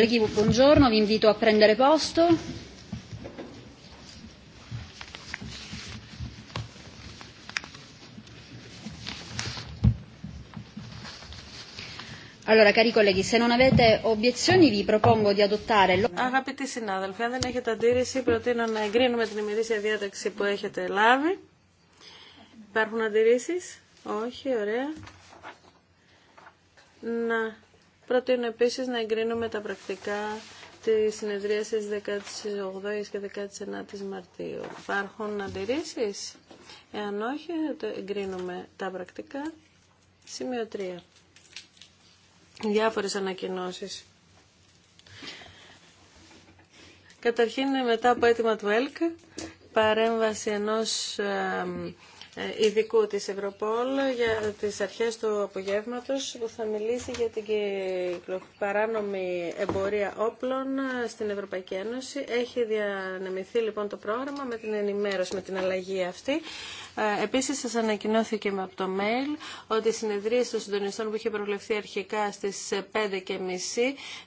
Colleghi, buongiorno, vi invito a prendere posto. Allora, cari colleghi, se non avete obiezioni vi propongo di adottare... συνάδελφοι, αν δεν έχετε αντίρρηση, προτείνω να εγκρίνουμε την ημερήσια διάταξη που έχετε λάβει. Υπάρχουν αντιρρήσεις? Όχι, ωραία. Να Προτείνω επίση να εγκρίνουμε τα πρακτικά τη συνεδριαση στις 18 και 19 Μαρτίου. Υπάρχουν αντιρρήσει. Εάν όχι, εγκρίνουμε τα πρακτικά. Σημείο 3. Διάφορες ανακοινώσεις. Καταρχήν μετά από αίτημα του ΕΛΚ, παρέμβαση ενός ε, ειδικού της Ευρωπόλ για τις αρχές του απογεύματος που θα μιλήσει για την παράνομη εμπορία όπλων ε, στην Ευρωπαϊκή Ένωση. Έχει διανεμηθεί λοιπόν το πρόγραμμα με την ενημέρωση, με την αλλαγή αυτή. Ε, επίσης σας ανακοινώθηκε από το mail ότι η συνεδρία των συντονιστών που είχε προβλεφθεί αρχικά στις 5.30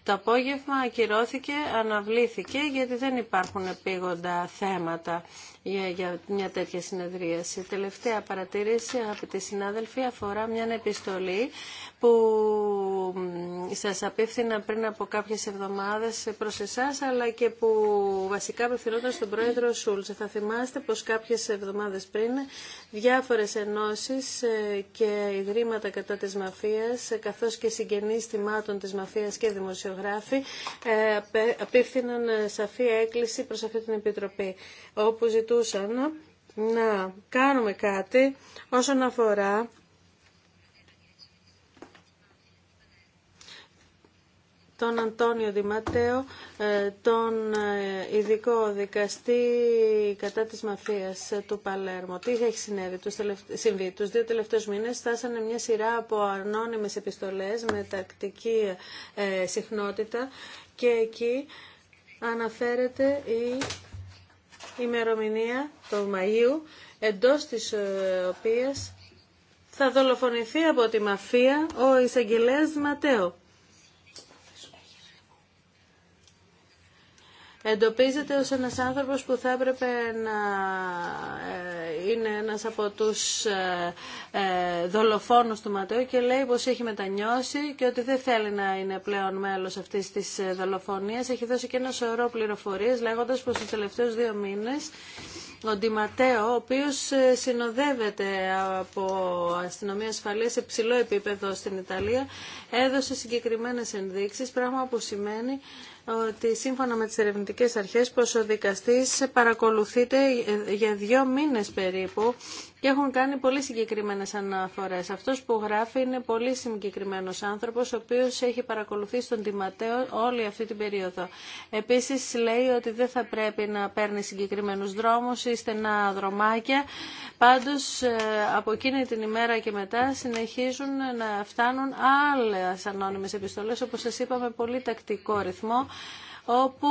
το απόγευμα ακυρώθηκε, αναβλήθηκε γιατί δεν υπάρχουν επίγοντα θέματα για μια τέτοια συνεδρίαση. Τελευταία παρατήρηση, αγαπητοί συνάδελφοι, αφορά μια επιστολή που σας απίφθηνα πριν από κάποιες εβδομάδες προς εσάς, αλλά και που βασικά απευθυνόταν στον πρόεδρο Σούλτσε. Θα θυμάστε πως κάποιες εβδομάδες πριν διάφορες ενώσεις ε, και ιδρύματα κατά της μαφίας, καθώς και συγγενείς θυμάτων της μαφίας και δημοσιογράφοι, ε, απίφθηναν σαφή έκκληση προς αυτή την Επιτροπή, όπου ζητούσαν να κάνουμε κάτι όσον αφορά τον Αντώνιο Δηματέο, ε, τον ε, ειδικό δικαστή κατά της μαφίας ε, του Παλέρμο. Τι έχει συνέβη, τους συμβεί. Τους δύο τελευταίους μήνες στάσανε μια σειρά από ανώνυμες επιστολές με τακτική συχνότητα και εκεί αναφέρεται η ημερομηνία του Μαΐου εντός της οποίας θα δολοφονηθεί από τη μαφία ο εισαγγελέας Ματέο. εντοπίζεται ως ένας άνθρωπος που θα έπρεπε να ε, είναι ένας από τους ε, ε, δολοφόνους του Ματέου και λέει πως έχει μετανιώσει και ότι δεν θέλει να είναι πλέον μέλος αυτής της δολοφονίας. Έχει δώσει και ένα σωρό πληροφορίες λέγοντας πως τους τελευταίους δύο μήνες ο Ντιματέο, ο οποίος συνοδεύεται από αστυνομία ασφαλείας σε ψηλό επίπεδο στην Ιταλία, έδωσε συγκεκριμένες ενδείξεις, πράγμα που σημαίνει ότι σύμφωνα με τις ερευνητικές αρχές πως ο δικαστής παρακολουθείται για δύο μήνες περίπου και έχουν κάνει πολύ συγκεκριμένε αναφορέ. Αυτό που γράφει είναι πολύ συγκεκριμένο άνθρωπο, ο οποίο έχει παρακολουθήσει τον Τιματέο όλη αυτή την περίοδο. Επίση, λέει ότι δεν θα πρέπει να παίρνει συγκεκριμένου δρόμου ή στενά δρομάκια. πάντω ε, από εκείνη την ημέρα και μετά συνεχίζουν να φτάνουν άλλες ανώνυμες επιστολές, όπως σας είπαμε πολύ τακτικό ρυθμό, όπου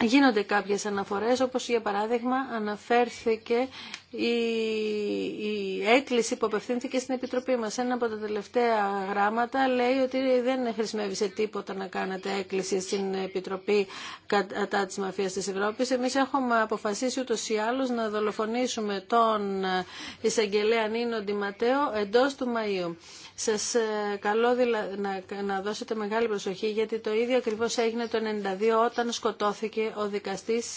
Γίνονται κάποιες αναφορές, όπως για παράδειγμα αναφέρθηκε η, η έκκληση που απευθύνθηκε στην Επιτροπή μας. Ένα από τα τελευταία γράμματα λέει ότι δεν χρησιμεύει σε τίποτα να κάνετε έκκληση στην Επιτροπή κατά της Μαφίας της Ευρώπης. Εμείς έχουμε αποφασίσει ούτως ή άλλως να δολοφονήσουμε τον εισαγγελέα Νίνο Ντιματέο εντός του Μαΐου. Σας ε, καλώ να, δώσετε μεγάλη προσοχή γιατί το ίδιο ακριβώς έγινε το 1992 όταν σκοτώθηκε ο δικαστής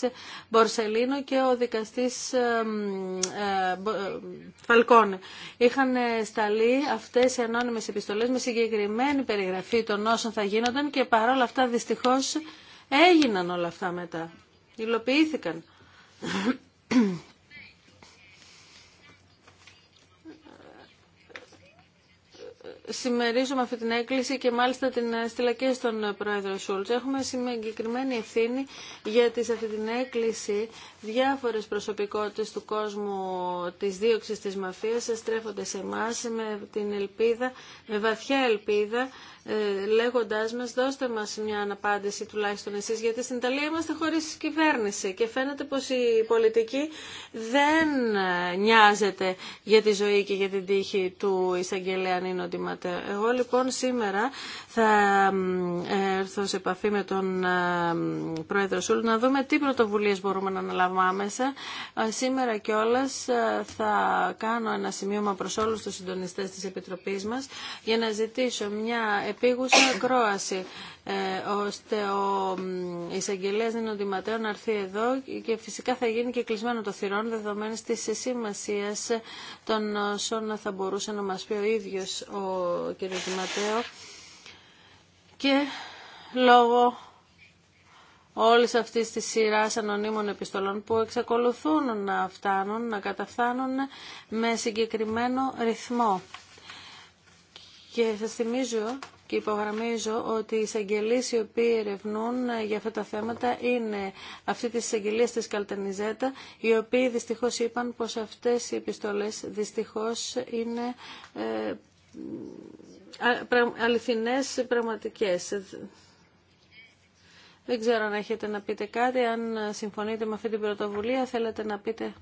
Μπορσελίνο και ο δικαστής Φαλκόνε ε, Είχαν σταλεί αυτές οι ανώνυμες επιστολές με συγκεκριμένη περιγραφή των όσων θα γίνονταν και παρόλα αυτά δυστυχώς έγιναν όλα αυτά μετά. Υλοποιήθηκαν. Σημερίζουμε αυτή την έκκληση και μάλιστα την στείλα και στον πρόεδρο Σούλτ. Έχουμε συγκεκριμένη ευθύνη γιατί σε αυτή την έκκληση διάφορες προσωπικότητες του κόσμου της δίωξης της μαφίας στρέφονται σε εμά με την ελπίδα, με βαθιά ελπίδα, ε, λέγοντάς μας δώστε μας μια αναπάντηση τουλάχιστον εσείς, γιατί στην Ιταλία είμαστε χωρίς κυβέρνηση και φαίνεται πως η πολιτική δεν νοιάζεται για τη ζωή και για την τύχη του εισαγγελέα Νίνο Ντιματέ. Εγώ λοιπόν σήμερα θα έρθω σε επαφή με τον ε, πρόεδρο Σούλ να δούμε τι πρωτοβουλίες μπορούμε να αναλάβουμε άμεσα. Ε, σήμερα κιόλας ε, θα κάνω ένα σημείωμα προ όλου του συντονιστέ της Επιτροπής μας για να ζητήσω μια επίγουσα ακρόαση ε, ώστε ο εισαγγελέας Ντιματέο να έρθει εδώ και φυσικά θα γίνει και κλεισμένο το θυρόν, δεδομένης τη σημασία των όσων θα μπορούσε να μας πει ο ίδιος ο κ. Ντιματέο. και λόγω όλης αυτής της σειράς ανωνύμων επιστολών που εξακολουθούν να φτάνουν, να καταφθάνουν με συγκεκριμένο ρυθμό. Και σας θυμίζω και υπογραμμίζω ότι οι εισαγγελίες οι οποίοι ερευνούν για αυτά τα θέματα είναι αυτή της εισαγγελίας της καλτενιζέτα οι οποίοι δυστυχώς είπαν πως αυτές οι επιστολές δυστυχώς είναι ε, αληθινές πραγματικές. Δεν ξέρω αν έχετε να πείτε κάτι, αν συμφωνείτε με αυτή την πρωτοβουλία, θέλετε να πείτε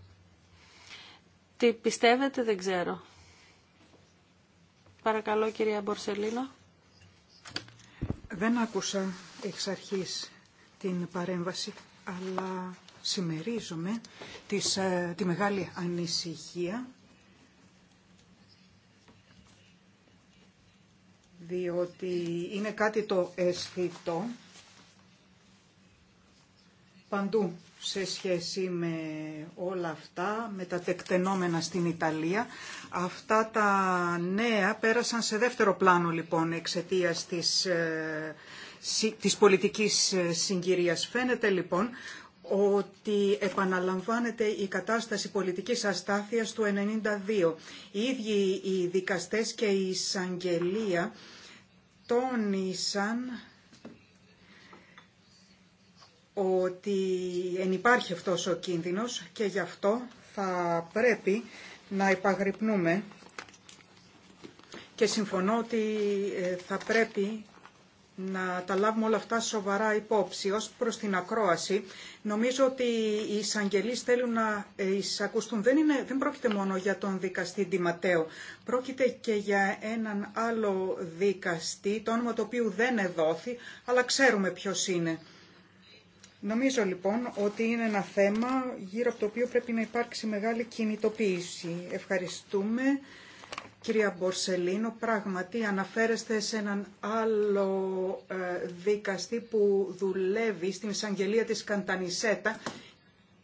τι πιστεύετε, δεν ξέρω. Παρακαλώ κυρία Μπορσελίνο. Δεν άκουσα εξ αρχής την παρέμβαση, αλλά συμμερίζομαι της, ε, τη μεγάλη ανησυχία διότι είναι κάτι το αισθητό παντού σε σχέση με όλα αυτά, με τα τεκτενόμενα στην Ιταλία. Αυτά τα νέα πέρασαν σε δεύτερο πλάνο λοιπόν εξαιτίας της, ε, της πολιτικής ε, συγκυρίας. Φαίνεται λοιπόν ότι επαναλαμβάνεται η κατάσταση πολιτικής αστάθειας του 1992. Οι ίδιοι οι δικαστές και η εισαγγελία τόνισαν ότι ενυπάρχει αυτός ο κίνδυνος και γι' αυτό θα πρέπει να υπαγρυπνούμε και συμφωνώ ότι ε, θα πρέπει να τα λάβουμε όλα αυτά σοβαρά υπόψη. Ως προς την ακρόαση, νομίζω ότι οι εισαγγελείς θέλουν να ε, εισακουστούν. Δεν, είναι, δεν πρόκειται μόνο για τον δικαστή Ντιματέο. Πρόκειται και για έναν άλλο δικαστή, το όνομα του οποίου δεν εδόθη, αλλά ξέρουμε ποιος είναι. Νομίζω λοιπόν ότι είναι ένα θέμα γύρω από το οποίο πρέπει να υπάρξει μεγάλη κινητοποίηση. Ευχαριστούμε. Κυρία Μπορσελίνο, πράγματι αναφέρεστε σε έναν άλλο ε, δικαστή που δουλεύει στην εισαγγελία της Καντανισέτα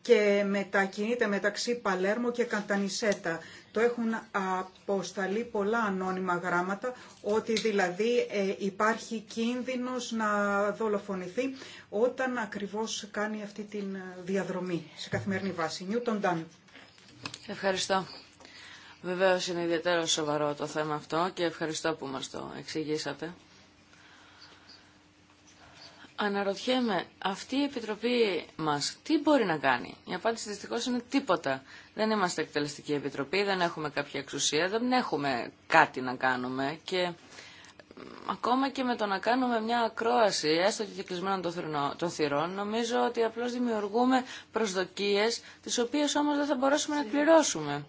και μετακινείται μεταξύ Παλέρμο και Καντανισέτα. Το έχουν αποσταλεί πολλά ανώνυμα γράμματα, ότι δηλαδή ε, υπάρχει κίνδυνος να δολοφονηθεί όταν ακριβώς κάνει αυτή τη ε, διαδρομή σε καθημερινή βάση. Νιούτον Ντάν. Ευχαριστώ. Βεβαίω είναι ιδιαίτερα σοβαρό το θέμα αυτό και ευχαριστώ που μας το εξηγήσατε. Αναρωτιέμαι, αυτή η Επιτροπή μας τι μπορεί να κάνει. Η απάντηση δυστυχώς είναι τίποτα. Δεν είμαστε εκτελεστική επιτροπή, δεν έχουμε κάποια εξουσία, δεν έχουμε κάτι να κάνουμε και ακόμα και με το να κάνουμε μια ακρόαση, έστω και κλεισμένων των θυρών, νομίζω ότι απλώς δημιουργούμε προσδοκίες, τις οποίες όμως δεν θα μπορέσουμε να πληρώσουμε.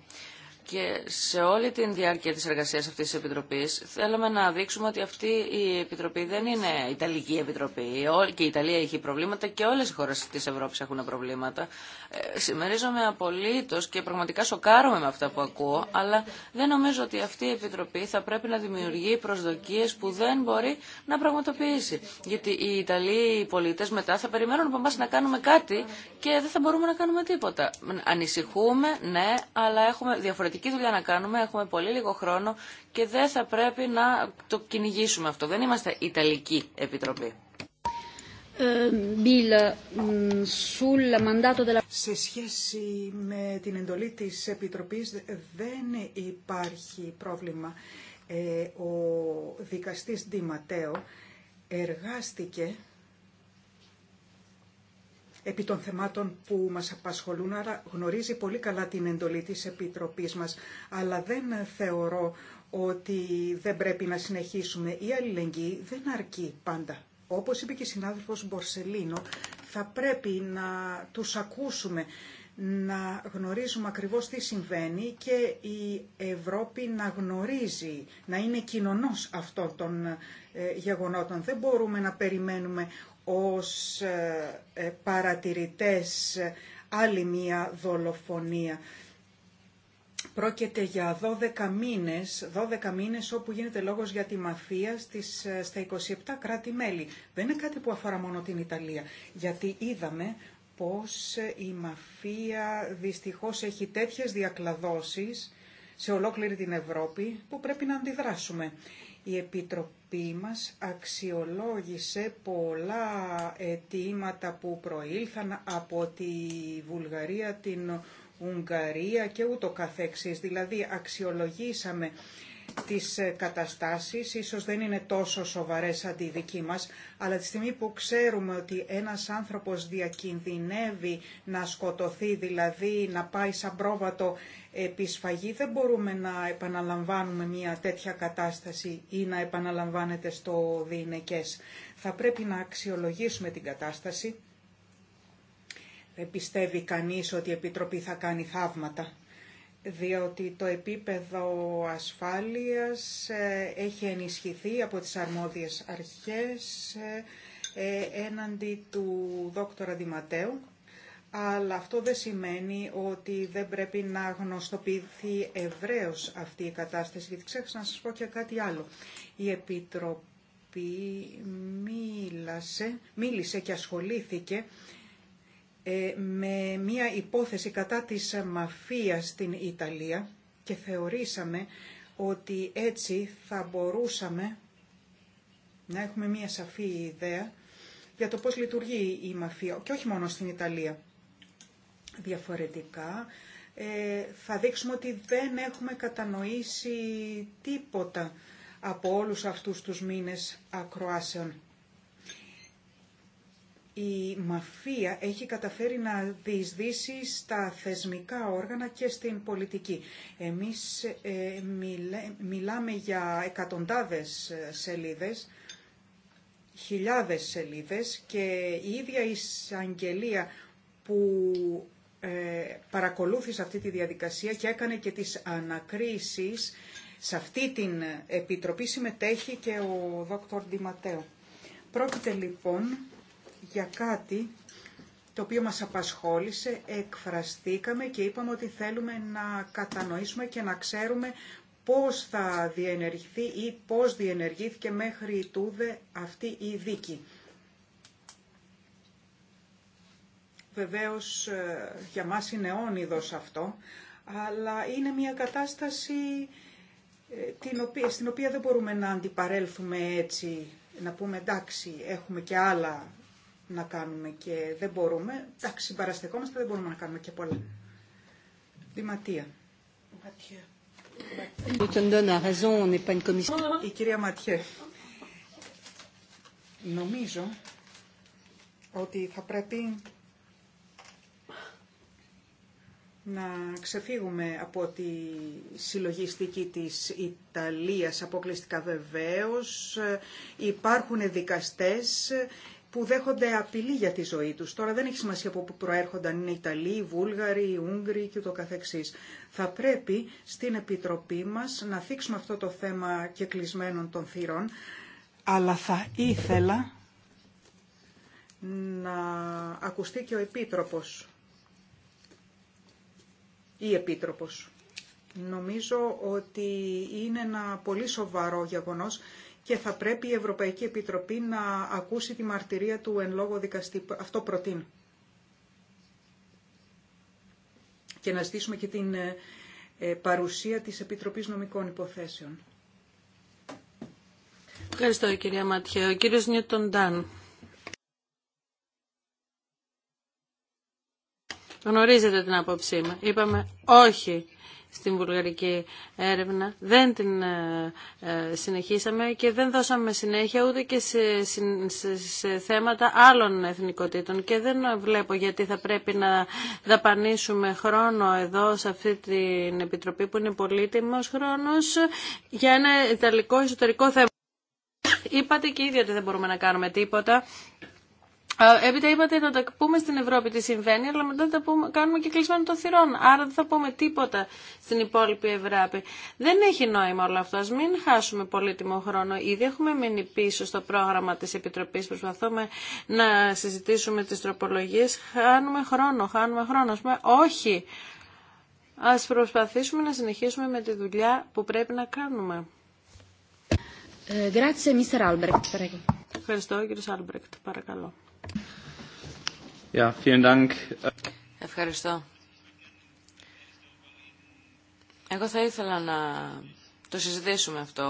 Και σε όλη την διάρκεια της εργασίας αυτής της Επιτροπής θέλουμε να δείξουμε ότι αυτή η Επιτροπή δεν είναι Ιταλική Επιτροπή και η Ιταλία έχει προβλήματα και όλες οι χώρες της Ευρώπης έχουν προβλήματα. Ε, συμμερίζομαι απολύτως και πραγματικά σοκάρομαι με αυτά που ακούω, αλλά δεν νομίζω ότι αυτή η Επιτροπή θα πρέπει να δημιουργεί προσδοκίες που δεν μπορεί να πραγματοποιήσει. Γιατί οι Ιταλοί πολίτες μετά θα περιμένουν από εμάς να κάνουμε κάτι και δεν θα μπορούμε να κάνουμε τίποτα. Ανησυχούμε, ναι, αλλά έχουμε διαφορετικά εξαιρετική δουλειά να κάνουμε, έχουμε πολύ λίγο χρόνο και δεν θα πρέπει να το κυνηγήσουμε αυτό. Δεν είμαστε Ιταλική Επιτροπή. Ε, Σε σχέση με την εντολή της Επιτροπής δεν υπάρχει πρόβλημα. Ε, ο δικαστής Ντιματέο εργάστηκε επί των θεμάτων που μας απασχολούν, άρα γνωρίζει πολύ καλά την εντολή της Επιτροπής μας, αλλά δεν θεωρώ ότι δεν πρέπει να συνεχίσουμε. Η αλληλεγγύη δεν αρκεί πάντα. Όπως είπε και η συνάδελφος Μπορσελίνο, θα πρέπει να τους ακούσουμε, να γνωρίζουμε ακριβώς τι συμβαίνει και η Ευρώπη να γνωρίζει, να είναι κοινωνός αυτών των ε, γεγονότων. Δεν μπορούμε να περιμένουμε ως ε, ε, παρατηρητές άλλη μία δολοφονία. Πρόκειται για 12 μήνες, 12 μήνες όπου γίνεται λόγος για τη μαφία στις, ε, στα 27 κράτη-μέλη. Δεν είναι κάτι που αφορά μόνο την Ιταλία, γιατί είδαμε πως η μαφία δυστυχώς έχει τέτοιες διακλαδώσεις σε ολόκληρη την Ευρώπη που πρέπει να αντιδράσουμε. Η Επιτροπή Επιτροπή αξιολόγησε πολλά αιτήματα που προήλθαν από τη Βουλγαρία, την Ουγγαρία και ούτω καθεξής. Δηλαδή αξιολογήσαμε τις ε, καταστάσεις, ίσως δεν είναι τόσο σοβαρές σαν τη δική μας, αλλά τη στιγμή που ξέρουμε ότι ένας άνθρωπος διακινδυνεύει να σκοτωθεί, δηλαδή να πάει σαν πρόβατο επί σφαγή, δεν μπορούμε να επαναλαμβάνουμε μια τέτοια κατάσταση ή να επαναλαμβάνεται στο διηνεκές. Θα πρέπει να αξιολογήσουμε την κατάσταση. Δεν πιστεύει κανείς ότι η Επιτροπή θα κάνει θαύματα διότι το επίπεδο ασφάλειας ε, έχει ενισχυθεί από τις αρμόδιες αρχές ε, ε, έναντι του δόκτωρα Δηματέου, αλλά αυτό δεν σημαίνει ότι δεν πρέπει να γνωστοποιηθεί ευρέως αυτή η κατάσταση, γιατί ξέχασα να σας πω και κάτι άλλο. Η Επιτροπή μίλασε, μίλησε και ασχολήθηκε ε, με μία υπόθεση κατά της μαφίας στην Ιταλία και θεωρήσαμε ότι έτσι θα μπορούσαμε να έχουμε μία σαφή ιδέα για το πώς λειτουργεί η μαφία και όχι μόνο στην Ιταλία. Διαφορετικά ε, θα δείξουμε ότι δεν έχουμε κατανοήσει τίποτα από όλους αυτούς τους μήνες ακροάσεων η μαφία έχει καταφέρει να διεισδύσει στα θεσμικά όργανα και στην πολιτική. Εμείς ε, μιλάμε για εκατοντάδες ε, σελίδες, χιλιάδες σελίδες και η ίδια εισαγγελία που ε, παρακολούθησε αυτή τη διαδικασία και έκανε και τις ανακρίσεις σε αυτή την επιτροπή συμμετέχει και ο δόκτωρ Ντιματέο. Πρόκειται λοιπόν για κάτι το οποίο μας απασχόλησε, εκφραστήκαμε και είπαμε ότι θέλουμε να κατανοήσουμε και να ξέρουμε πώς θα διενεργηθεί ή πώς διενεργήθηκε μέχρι τούδε αυτή η δίκη. Βεβαίως ε, για μας είναι όνειδος αυτό, αλλά είναι μια κατάσταση ε, την οποία, στην οποία δεν μπορούμε να αντιπαρέλθουμε έτσι, να πούμε εντάξει έχουμε και άλλα να κάνουμε και δεν μπορούμε. Εντάξει, συμπαραστεκόμαστε, δεν μπορούμε να κάνουμε και πολλά. Δηματία. Η κυρία Ματιέ. Νομίζω ότι θα πρέπει να ξεφύγουμε από τη συλλογιστική της Ιταλίας αποκλειστικά βεβαίως. Υπάρχουν δικαστές που δέχονται απειλή για τη ζωή τους. Τώρα δεν έχει σημασία από πού προέρχονταν, είναι Ιταλοί, Βούλγαροι, Ούγγροι και ούτω καθεξής. Θα πρέπει στην Επιτροπή μας να θίξουμε αυτό το θέμα και κλεισμένων των θύρων, αλλά θα ήθελα να ακουστεί και ο Επίτροπος ή Επίτροπος. Νομίζω ότι είναι ένα πολύ σοβαρό γεγονός και θα πρέπει η Ευρωπαϊκή Επιτροπή να ακούσει τη μαρτυρία του εν λόγω δικαστή. Αυτό προτείνω. Και να ζητήσουμε και την ε, ε, παρουσία της Επιτροπής Νομικών Υποθέσεων. Ευχαριστώ κυρία Ματιέ. Ο κύριος Νιούτον Ντάν. Γνωρίζετε την άποψή μου. Είπαμε όχι στην βουλγαρική έρευνα. Δεν την ε, ε, συνεχίσαμε και δεν δώσαμε συνέχεια ούτε και σε, θέματα άλλων εθνικότητων και δεν βλέπω γιατί θα πρέπει να δαπανίσουμε χρόνο εδώ σε αυτή την Επιτροπή που είναι πολύτιμος χρόνος για ένα ιταλικό εσωτερικό θέμα. Είπατε και ίδια ότι δεν μπορούμε να κάνουμε τίποτα. Ε, έπειτα είπατε να τα πούμε στην Ευρώπη τι συμβαίνει, αλλά μετά τα πούμε, κάνουμε και κλεισμένο των θυρών. Άρα δεν θα πούμε τίποτα στην υπόλοιπη Ευρώπη. Δεν έχει νόημα όλο αυτό. Α μην χάσουμε πολύτιμο χρόνο. Ήδη έχουμε μείνει πίσω στο πρόγραμμα τη Επιτροπή. Προσπαθούμε να συζητήσουμε τι τροπολογίε. Χάνουμε χρόνο, χάνουμε χρόνο. Α πούμε, όχι. Α προσπαθήσουμε να συνεχίσουμε με τη δουλειά που πρέπει να κάνουμε. Ε, Ευχαριστώ, κύριε Σάλμπρεκτ. Παρακαλώ. Ευχαριστώ. Εγώ θα ήθελα να το συζητήσουμε αυτό,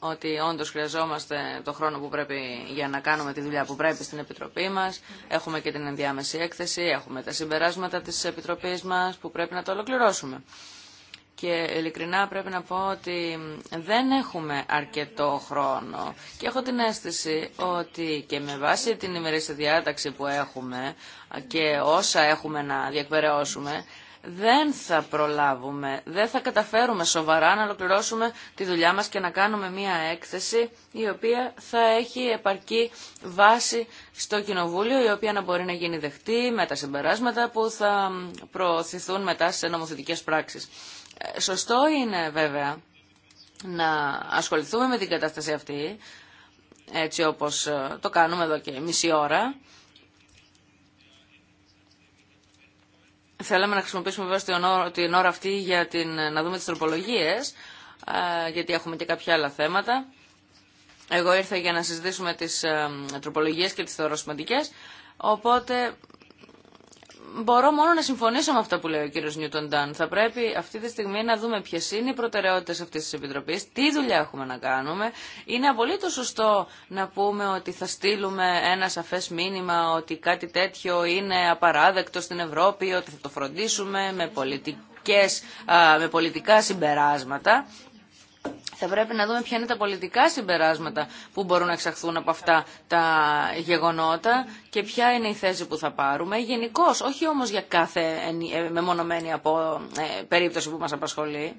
ότι όντω χρειαζόμαστε το χρόνο που πρέπει για να κάνουμε τη δουλειά που πρέπει στην Επιτροπή μα. Έχουμε και την ενδιάμεση έκθεση, έχουμε τα συμπεράσματα τη Επιτροπή μα που πρέπει να το ολοκληρώσουμε και ειλικρινά πρέπει να πω ότι δεν έχουμε αρκετό χρόνο και έχω την αίσθηση ότι και με βάση την ημερήσια διάταξη που έχουμε και όσα έχουμε να διακπεραιώσουμε δεν θα προλάβουμε, δεν θα καταφέρουμε σοβαρά να ολοκληρώσουμε τη δουλειά μας και να κάνουμε μία έκθεση η οποία θα έχει επαρκή βάση στο Κοινοβούλιο, η οποία να μπορεί να γίνει δεχτή με τα συμπεράσματα που θα προωθηθούν μετά σε νομοθετικές πράξεις. Σωστό είναι βέβαια να ασχοληθούμε με την κατάσταση αυτή, έτσι όπως ε, το κάνουμε εδώ και μισή ώρα. Θέλαμε να χρησιμοποιήσουμε βέβαια την ώρα αυτή για την, να δούμε τις τροπολογίες, ε, γιατί έχουμε και κάποια άλλα θέματα. Εγώ ήρθα για να συζητήσουμε τις ε, τροπολογίες και τις θεωρώ Οπότε μπορώ μόνο να συμφωνήσω με αυτά που λέει ο κύριο Νιούτον Ντάν. Θα πρέπει αυτή τη στιγμή να δούμε ποιε είναι οι προτεραιότητε αυτής της επιτροπή, τι δουλειά έχουμε να κάνουμε. Είναι απολύτως σωστό να πούμε ότι θα στείλουμε ένα σαφέ μήνυμα ότι κάτι τέτοιο είναι απαράδεκτο στην Ευρώπη, ότι θα το φροντίσουμε με, πολιτικές, με πολιτικά συμπεράσματα. Θα πρέπει να δούμε ποια είναι τα πολιτικά συμπεράσματα που μπορούν να εξαχθούν από αυτά τα γεγονότα και ποια είναι η θέση που θα πάρουμε γενικώ, όχι όμω για κάθε ε, μεμονωμένη από ε, περίπτωση που μα απασχολεί.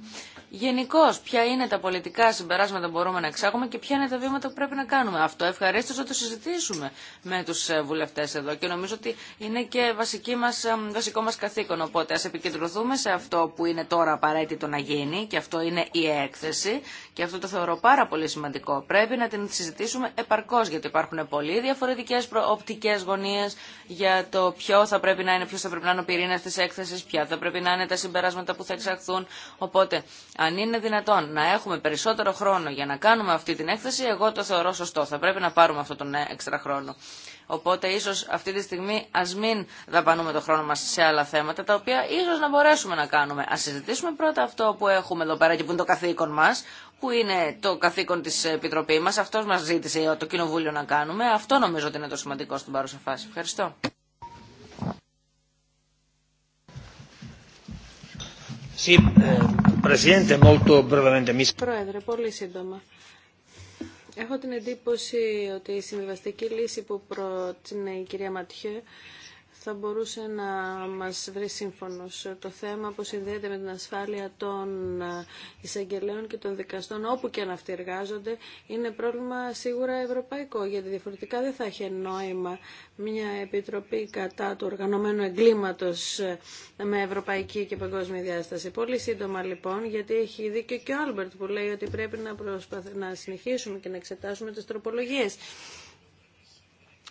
Γενικώ, ποια είναι τα πολιτικά συμπεράσματα που μπορούμε να εξάγουμε και ποια είναι τα βήματα που πρέπει να κάνουμε. Αυτό ευχαρίστω να το συζητήσουμε με του ε, βουλευτέ εδώ και νομίζω ότι είναι και βασική μας, βασικό μα καθήκον. Οπότε α επικεντρωθούμε σε αυτό που είναι τώρα απαραίτητο να γίνει και αυτό είναι η έκθεση και αυτό το θεωρώ πάρα πολύ σημαντικό. Πρέπει να την συζητήσουμε επαρκώ γιατί υπάρχουν πολύ διαφορετικέ οπτικέ για το ποιο θα πρέπει να είναι, ποιο θα πρέπει να είναι ο πυρήνα τη έκθεση, ποια θα πρέπει να είναι τα συμπεράσματα που θα εξαρθούν. Οπότε, αν είναι δυνατόν να έχουμε περισσότερο χρόνο για να κάνουμε αυτή την έκθεση, εγώ το θεωρώ σωστό. Θα πρέπει να πάρουμε αυτόν τον ε, έξτρα χρόνο. Οπότε ίσω αυτή τη στιγμή α μην δαπανούμε το χρόνο μα σε άλλα θέματα, τα οποία ίσω να μπορέσουμε να κάνουμε. Α συζητήσουμε πρώτα αυτό που έχουμε εδώ πέρα και που είναι το καθήκον μα, που είναι το καθήκον τη Επιτροπή μα. Αυτό μα ζήτησε το Κοινοβούλιο να κάνουμε. Αυτό νομίζω ότι είναι το σημαντικό στην παρούσα φάση. Ευχαριστώ. Eh, Πρόεδρε, πολύ σύντομα. Έχω την εντύπωση ότι η συμβιβαστική λύση που προτείνει η κυρία Ματιέ θα μπορούσε να μας βρει σύμφωνος. Το θέμα που συνδέεται με την ασφάλεια των εισαγγελέων και των δικαστών, όπου και αν αυτοί εργάζονται, είναι πρόβλημα σίγουρα ευρωπαϊκό, γιατί διαφορετικά δεν θα έχει νόημα μια επιτροπή κατά του οργανωμένου εγκλήματος με ευρωπαϊκή και παγκόσμια διάσταση. Πολύ σύντομα λοιπόν, γιατί έχει δίκιο και ο Άλμπερτ που λέει ότι πρέπει να, να συνεχίσουμε και να εξετάσουμε τις τροπολογίες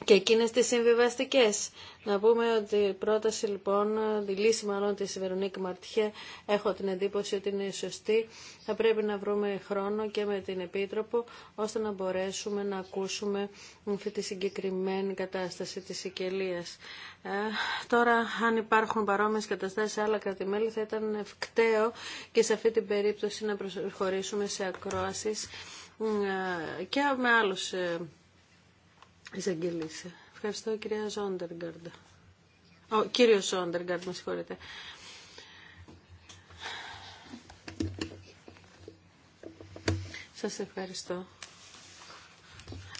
και εκείνες τις συμβιβαστικές. Να πούμε ότι η πρόταση λοιπόν, τη λύση μάλλον της Βερονίκη Μαρτιέ, έχω την εντύπωση ότι είναι σωστή. Θα πρέπει να βρούμε χρόνο και με την Επίτροπο, ώστε να μπορέσουμε να ακούσουμε αυτή τη συγκεκριμένη κατάσταση της Σικελίας. Ε, τώρα, αν υπάρχουν παρόμοιες καταστάσεις σε άλλα κρατημέλη, θα ήταν ευκταίο και σε αυτή την περίπτωση να προχωρήσουμε σε ακρόασεις ε, και με άλλους ε, εισαγγελίσει. Ευχαριστώ κυρία Ζόντεργαρντ. Ο κύριος Ζόντεργαρντ, με συγχωρείτε. Σας ευχαριστώ.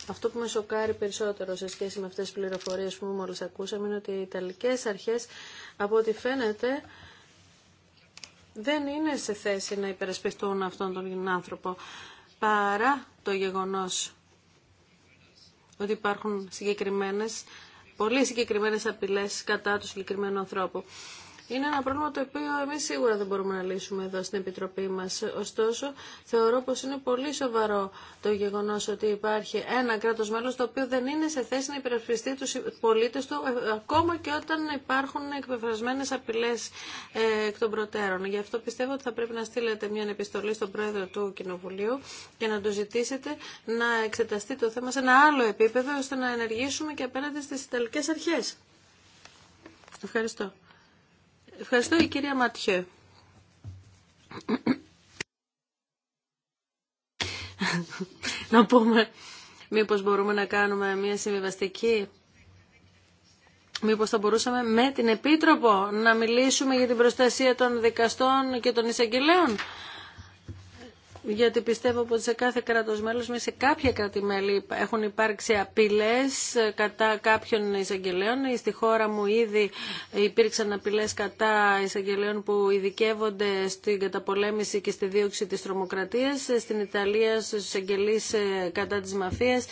Αυτό που με σοκάρει περισσότερο σε σχέση με αυτές τις πληροφορίες που μόλις ακούσαμε είναι ότι οι Ιταλικές αρχές από ό,τι φαίνεται δεν είναι σε θέση να υπερασπιστούν αυτόν τον άνθρωπο παρά το γεγονός ότι υπάρχουν συγκεκριμένες, πολύ συγκεκριμένες απειλές κατά του συγκεκριμένου ανθρώπου. Είναι ένα πρόβλημα το οποίο εμείς σίγουρα δεν μπορούμε να λύσουμε εδώ στην Επιτροπή μας. Ωστόσο, θεωρώ πως είναι πολύ σοβαρό το γεγονός ότι υπάρχει ένα κράτος μέλος το οποίο δεν είναι σε θέση να υπερασπιστεί του πολίτες του ε, ακόμα και όταν υπάρχουν εκπεφρασμένες απειλές ε, εκ των προτέρων. Γι' αυτό πιστεύω ότι θα πρέπει να στείλετε μια επιστολή στον Πρόεδρο του Κοινοβουλίου και να του ζητήσετε να εξεταστεί το θέμα σε ένα άλλο επίπεδο ώστε να ενεργήσουμε και απέναντι στις ιταλικέ αρχές. Ευχαριστώ. Ευχαριστώ η κυρία Ματιέ. να πούμε μήπως μπορούμε να κάνουμε μια συμβιβαστική Μήπως θα μπορούσαμε με την Επίτροπο να μιλήσουμε για την προστασία των δικαστών και των εισαγγελέων γιατί πιστεύω πως σε κάθε κράτος μέλος, σε κάποια κράτη-μέλη έχουν υπάρξει απειλές κατά κάποιων εισαγγελέων. Στη χώρα μου ήδη υπήρξαν απειλές κατά εισαγγελέων που ειδικεύονται στην καταπολέμηση και στη δίωξη της τρομοκρατίας, στην Ιταλία στους εισαγγελείς ε, κατά της μαφίας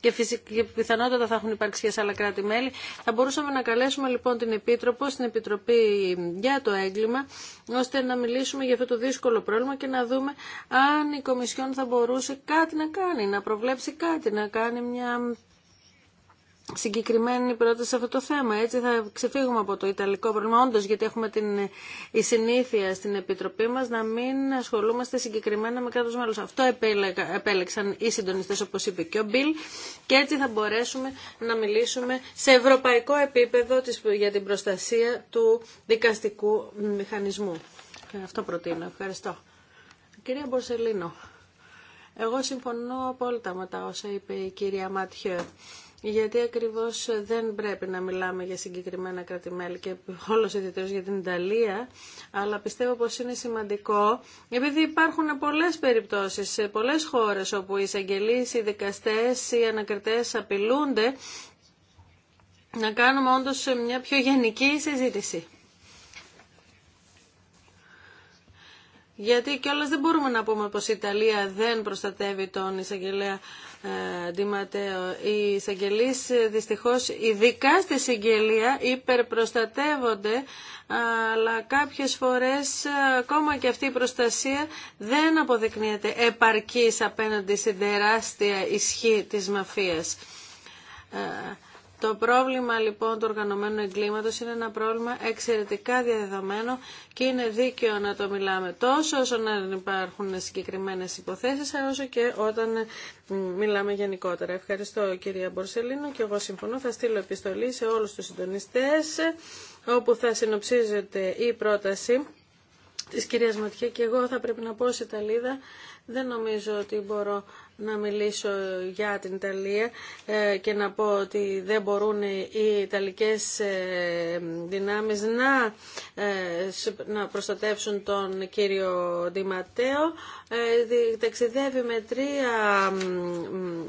και, φυσικά, πιθανότατα θα έχουν υπάρξει και σε άλλα κράτη-μέλη. Θα μπορούσαμε να καλέσουμε λοιπόν την Επίτροπο στην Επιτροπή για το έγκλημα, ώστε να μιλήσουμε για αυτό το δύσκολο πρόβλημα και να δούμε αν η Κομισιόν θα μπορούσε κάτι να κάνει, να προβλέψει κάτι, να κάνει μια συγκεκριμένη πρόταση σε αυτό το θέμα. Έτσι θα ξεφύγουμε από το Ιταλικό πρόβλημα. Όντω, γιατί έχουμε την η συνήθεια στην Επιτροπή μα να μην ασχολούμαστε συγκεκριμένα με κράτο μέλο. Αυτό επέλεξαν οι συντονιστέ, όπω είπε και ο Μπιλ, και έτσι θα μπορέσουμε να μιλήσουμε σε ευρωπαϊκό επίπεδο για την προστασία του δικαστικού μηχανισμού. Αυτό προτείνω. Ευχαριστώ. Κυρία Μπορσελίνο, εγώ συμφωνώ απόλυτα με τα όσα είπε η κυρία Ματιό γιατί ακριβώς δεν πρέπει να μιλάμε για συγκεκριμένα κρατημέλη και όλος ιδιαίτερος για την Ιταλία, αλλά πιστεύω πως είναι σημαντικό, επειδή υπάρχουν πολλές περιπτώσεις σε πολλές χώρες όπου οι εισαγγελείς, οι δικαστές, οι ανακριτές απειλούνται, να κάνουμε όντως μια πιο γενική συζήτηση. Γιατί κιόλας δεν μπορούμε να πούμε πως η Ιταλία δεν προστατεύει τον εισαγγελέα Ντι Οι εισαγγελεί δυστυχώς ειδικά στη συγγελία υπερπροστατεύονται αλλά κάποιες φορές ακόμα και αυτή η προστασία δεν αποδεικνύεται επαρκής απέναντι στην τεράστια ισχύ της μαφίας. Ε, το πρόβλημα λοιπόν του οργανωμένου εγκλήματος είναι ένα πρόβλημα εξαιρετικά διαδεδομένο και είναι δίκαιο να το μιλάμε τόσο όσον υπάρχουν συγκεκριμένες υποθέσεις όσο και όταν μιλάμε γενικότερα. Ευχαριστώ κυρία Μπορσελίνο και εγώ συμφωνώ. Θα στείλω επιστολή σε όλους τους συντονιστές όπου θα συνοψίζεται η πρόταση της κυρίας Ματιέ και εγώ θα πρέπει να πω σε ταλίδα. δεν νομίζω ότι μπορώ να μιλήσω για την Ιταλία ε, και να πω ότι δεν μπορούν οι Ιταλικές ε, δυνάμεις να, ε, να προστατεύσουν τον κύριο Ντιματέο. Ταξιδεύει με τρία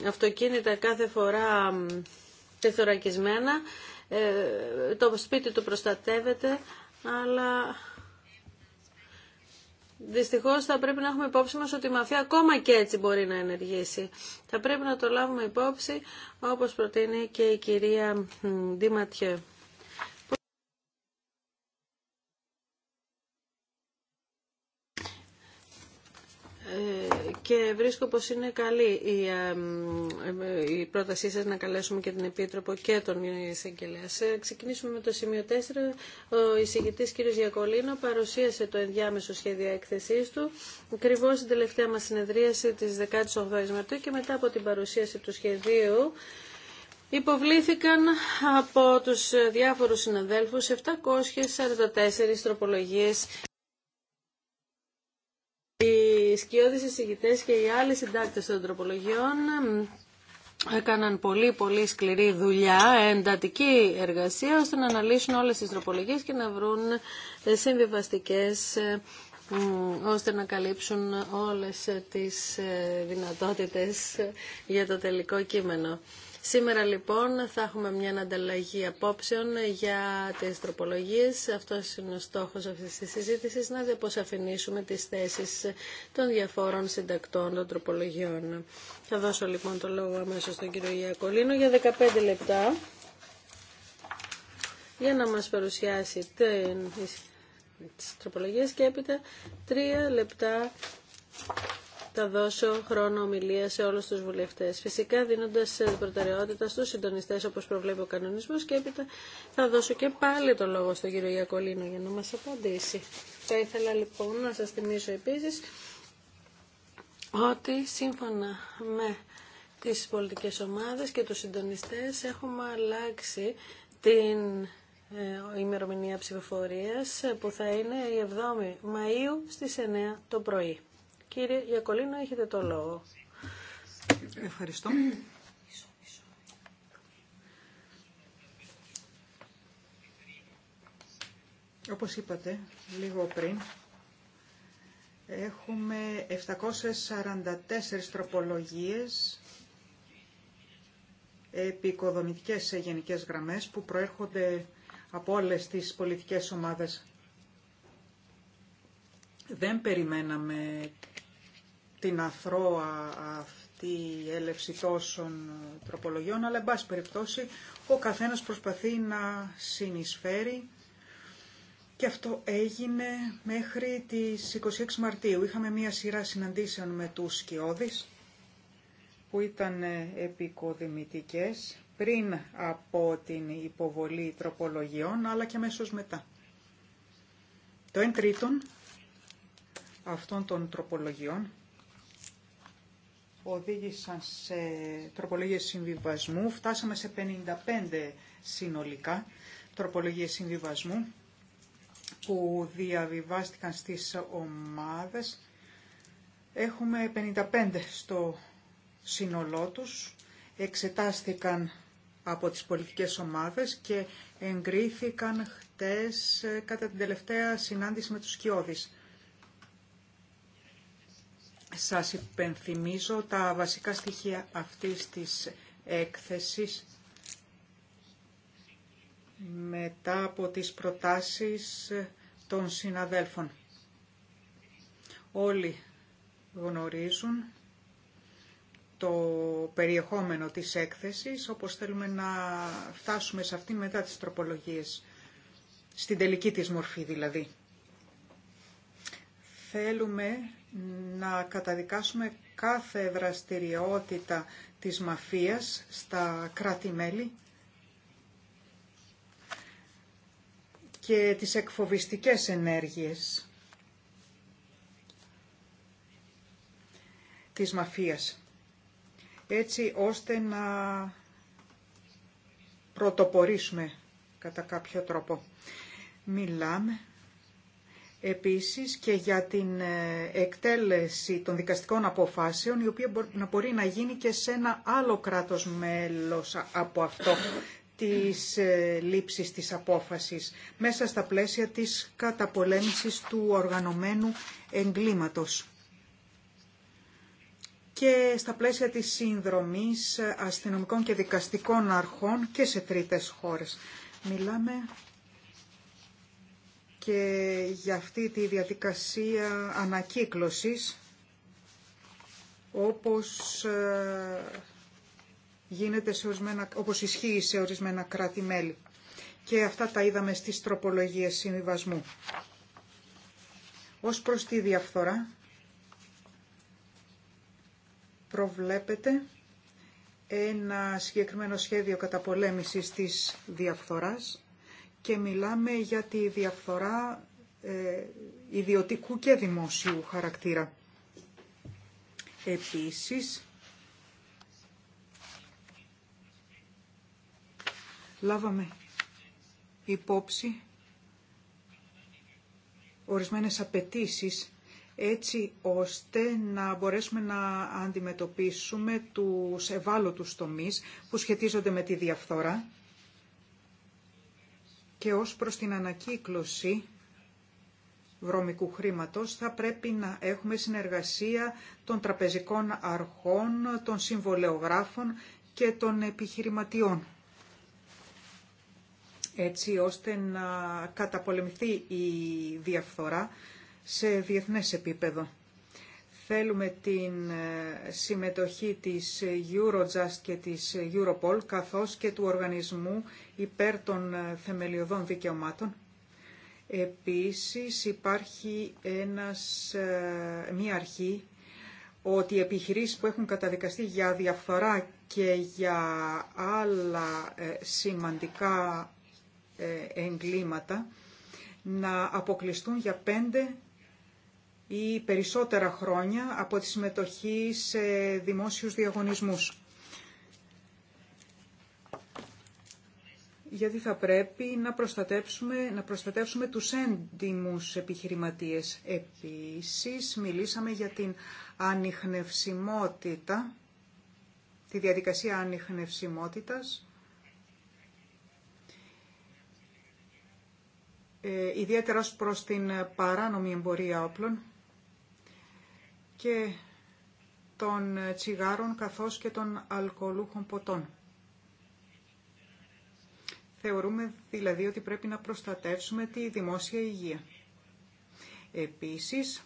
αυτοκίνητα κάθε φορά τεθωρακισμένα. Το σπίτι του προστατεύεται, αλλά Δυστυχώ, θα πρέπει να έχουμε υπόψη μα ότι η μαφία ακόμα και έτσι μπορεί να ενεργήσει. Θα πρέπει να το λάβουμε υπόψη όπως προτείνει και η κυρία Ντιματιέ. Ε, και βρίσκω πως είναι καλή η, η πρότασή σας να καλέσουμε και την Επίτροπο και τον Εισαγγελέα. Ξεκινήσουμε με το σημείο 4. Ο εισηγητής κ. Γιακολίνο παρουσίασε το ενδιάμεσο σχέδιο έκθεσής του ακριβώ στην τελευταία μας συνεδρίαση της 18ης Μαρτίου και μετά από την παρουσίαση του σχεδίου Υποβλήθηκαν από τους διάφορους συναδέλφους 744 τροπολογίες σκιώδεις εισηγητές και οι άλλοι συντάκτες των τροπολογιών έκαναν πολύ πολύ σκληρή δουλειά, εντατική εργασία ώστε να αναλύσουν όλες τις τροπολογίες και να βρουν ε, συμβιβαστικές ε, ώστε να καλύψουν όλες τις ε, δυνατότητες για το τελικό κείμενο. Σήμερα λοιπόν θα έχουμε μια ανταλλαγή απόψεων για τις τροπολογίες. Αυτός είναι ο στόχος αυτής της συζήτησης, να διαποσαφηνίσουμε τις θέσεις των διαφόρων συντακτών των τροπολογιών. Θα δώσω λοιπόν το λόγο αμέσως στον κύριο Ιακολίνο για 15 λεπτά για να μας παρουσιάσει τις τροπολογίες και έπειτα 3 λεπτά θα δώσω χρόνο ομιλία σε όλους τους βουλευτές. Φυσικά δίνοντας προτεραιότητα στους συντονιστές όπως προβλέπει ο κανονισμός και έπειτα θα δώσω και πάλι το λόγο στον κύριο Γιακολίνο για να μας απαντήσει. Θα ήθελα λοιπόν να σας θυμίσω επίσης ότι σύμφωνα με τις πολιτικές ομάδες και τους συντονιστές έχουμε αλλάξει την ε, ημερομηνία ψηφοφορίας που θα είναι η 7η Μαΐου στις 9 το πρωί. Κύριε Γιακολίνο, έχετε το λόγο. Ευχαριστώ. Όπως είπατε λίγο πριν, έχουμε 744 τροπολογίες επικοδομητικές σε γενικές γραμμές που προέρχονται από όλες τις πολιτικές ομάδες. Δεν περιμέναμε την αθρώα αυτή η έλευση τόσων τροπολογιών, αλλά εν πάση περιπτώσει ο καθένας προσπαθεί να συνεισφέρει και αυτό έγινε μέχρι τις 26 Μαρτίου. Είχαμε μία σειρά συναντήσεων με τους Σκιώδης που ήταν επικοδημητικές πριν από την υποβολή τροπολογιών αλλά και μέσως μετά. Το 1 τρίτον αυτών των τροπολογιών οδήγησαν σε τροπολογίες συμβιβασμού. Φτάσαμε σε 55 συνολικά τροπολογίες συμβιβασμού που διαβιβάστηκαν στις ομάδες. Έχουμε 55 στο σύνολό τους. Εξετάστηκαν από τις πολιτικές ομάδες και εγκρίθηκαν χτες ε, κατά την τελευταία συνάντηση με τους Κιώδης. Σας υπενθυμίζω τα βασικά στοιχεία αυτής της έκθεσης μετά από τις προτάσεις των συναδέλφων. Όλοι γνωρίζουν το περιεχόμενο της έκθεσης, όπως θέλουμε να φτάσουμε σε αυτήν μετά τις τροπολογίες, στην τελική της μορφή δηλαδή. Θέλουμε να καταδικάσουμε κάθε δραστηριότητα της μαφίας στα κράτη-μέλη και τις εκφοβιστικές ενέργειες της μαφίας έτσι ώστε να πρωτοπορήσουμε κατά κάποιο τρόπο. Μιλάμε Επίσης και για την ε, εκτέλεση των δικαστικών αποφάσεων, η οποία να μπορεί να γίνει και σε ένα άλλο κράτος μέλος από αυτό της ε, λήψης της απόφασης, μέσα στα πλαίσια της καταπολέμησης του οργανωμένου εγκλήματος και στα πλαίσια της συνδρομής ε, αστυνομικών και δικαστικών αρχών και σε τρίτες χώρες. Μιλάμε και για αυτή τη διαδικασία ανακύκλωσης όπως, ε, γίνεται σε όπως ισχύει σε ορισμένα κράτη-μέλη. Και αυτά τα είδαμε στις τροπολογίες συμβιβασμού. Ως προς τη διαφθορά προβλέπεται ένα συγκεκριμένο σχέδιο καταπολέμησης της διαφθοράς και μιλάμε για τη διαφθορά ε, ιδιωτικού και δημόσιου χαρακτήρα. Επίσης, λάβαμε υπόψη ορισμένες απαιτήσεις έτσι ώστε να μπορέσουμε να αντιμετωπίσουμε τους ευάλωτους τομείς που σχετίζονται με τη διαφθορά και ως προς την ανακύκλωση βρώμικου χρήματος θα πρέπει να έχουμε συνεργασία των τραπεζικών αρχών, των συμβολεογράφων και των επιχειρηματιών έτσι ώστε να καταπολεμηθεί η διαφθορά σε διεθνές επίπεδο. Θέλουμε την ε, συμμετοχή της Eurojust και της Europol, καθώς και του Οργανισμού Υπέρ των ε, Θεμελιωδών Δικαιωμάτων. Επίσης υπάρχει ένας, ε, μία αρχή ότι οι επιχειρήσεις που έχουν καταδικαστεί για διαφθορά και για άλλα σημαντικά εγκλήματα να αποκλειστούν για πέντε ή περισσότερα χρόνια από τη συμμετοχή σε δημόσιους διαγωνισμούς. Γιατί θα πρέπει να προστατεύσουμε, να προστατεύσουμε τους έντιμους επιχειρηματίες. Επίσης, μιλήσαμε για την ανιχνευσιμότητα, τη διαδικασία ανιχνευσιμότητας. Ε, ιδιαίτερα προς την παράνομη εμπορία όπλων και των τσιγάρων καθώς και των αλκοολούχων ποτών. Θεωρούμε δηλαδή ότι πρέπει να προστατεύσουμε τη δημόσια υγεία. Επίσης,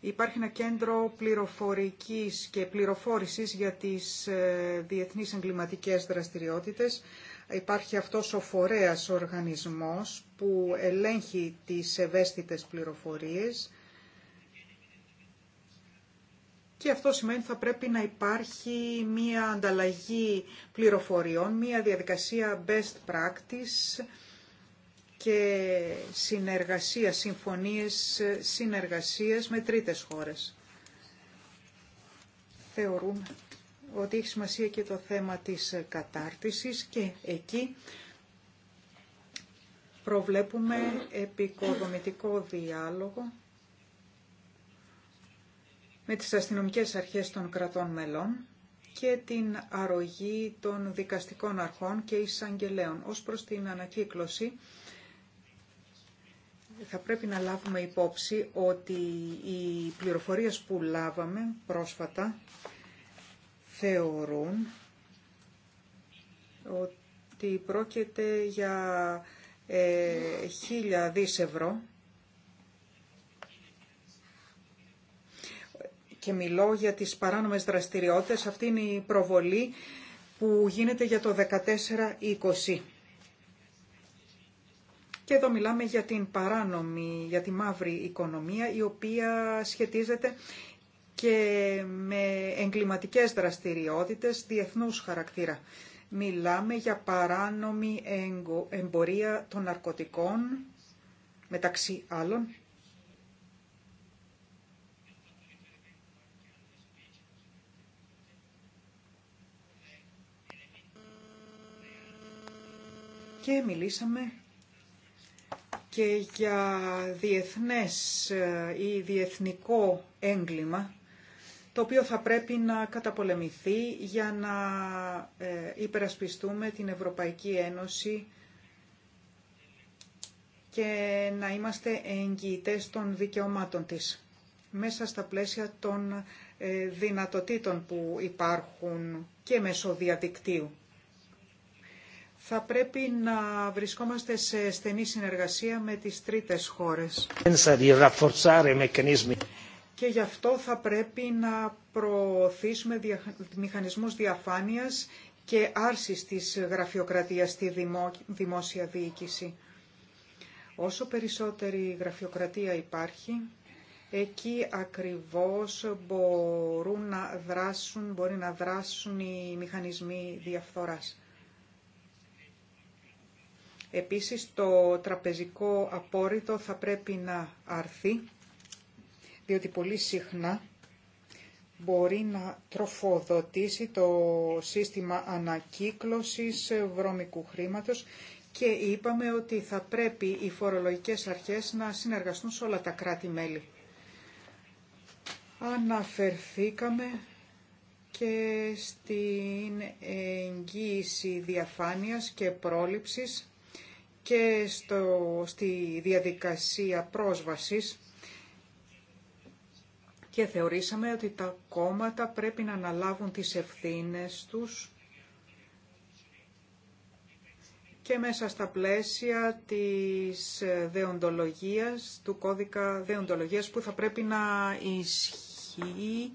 Υπάρχει ένα κέντρο πληροφορικής και πληροφόρησης για τις ε, διεθνείς εγκληματικές δραστηριότητες υπάρχει αυτός ο φορέας οργανισμός που ελέγχει τις ευαίσθητες πληροφορίες και αυτό σημαίνει ότι θα πρέπει να υπάρχει μία ανταλλαγή πληροφοριών, μία διαδικασία best practice και συνεργασία, συμφωνίες συνεργασίες με τρίτες χώρες. Θεωρούμε ότι έχει σημασία και το θέμα της κατάρτισης και εκεί προβλέπουμε επικοδομητικό διάλογο με τις αστυνομικές αρχές των κρατών μελών και την αρρωγή των δικαστικών αρχών και εισαγγελέων. Ως προς την ανακύκλωση, θα πρέπει να λάβουμε υπόψη ότι οι πληροφορίες που λάβαμε πρόσφατα θεωρούν ότι πρόκειται για ε, χίλια δις ευρώ και μιλώ για τις παράνομες δραστηριότητες. Αυτή είναι η προβολή που γίνεται για το 14-20. Και εδώ μιλάμε για την παράνομη, για τη μαύρη οικονομία, η οποία σχετίζεται και με εγκληματικές δραστηριότητες διεθνούς χαρακτήρα. Μιλάμε για παράνομη εμπορία των ναρκωτικών, μεταξύ άλλων, και μιλήσαμε και για διεθνές ε, ή διεθνικό έγκλημα το οποίο θα πρέπει να καταπολεμηθεί για να ε, υπερασπιστούμε την Ευρωπαϊκή Ένωση και να είμαστε εγγυητές των δικαιωμάτων της μέσα στα πλαίσια των ε, δυνατοτήτων που υπάρχουν και μέσω διαδικτύου. Θα πρέπει να βρισκόμαστε σε στενή συνεργασία με τις τρίτες χώρες και γι' αυτό θα πρέπει να προωθήσουμε δια... μηχανισμούς διαφάνειας και άρσης της γραφειοκρατίας στη δημόσια διοίκηση. Όσο περισσότερη γραφειοκρατία υπάρχει, εκεί ακριβώς μπορούν να δράσουν, μπορεί να δράσουν οι μηχανισμοί διαφθοράς. Επίσης, το τραπεζικό απόρριτο θα πρέπει να αρθεί διότι πολύ συχνά μπορεί να τροφοδοτήσει το σύστημα ανακύκλωσης βρώμικου χρήματος και είπαμε ότι θα πρέπει οι φορολογικές αρχές να συνεργαστούν σε όλα τα κράτη-μέλη. Αναφερθήκαμε και στην εγγύηση διαφάνειας και πρόληψης και στο, στη διαδικασία πρόσβασης και θεωρήσαμε ότι τα κόμματα πρέπει να αναλάβουν τις ευθύνες τους και μέσα στα πλαίσια της δεοντολογίας, του κώδικα δεοντολογίας που θα πρέπει να ισχύει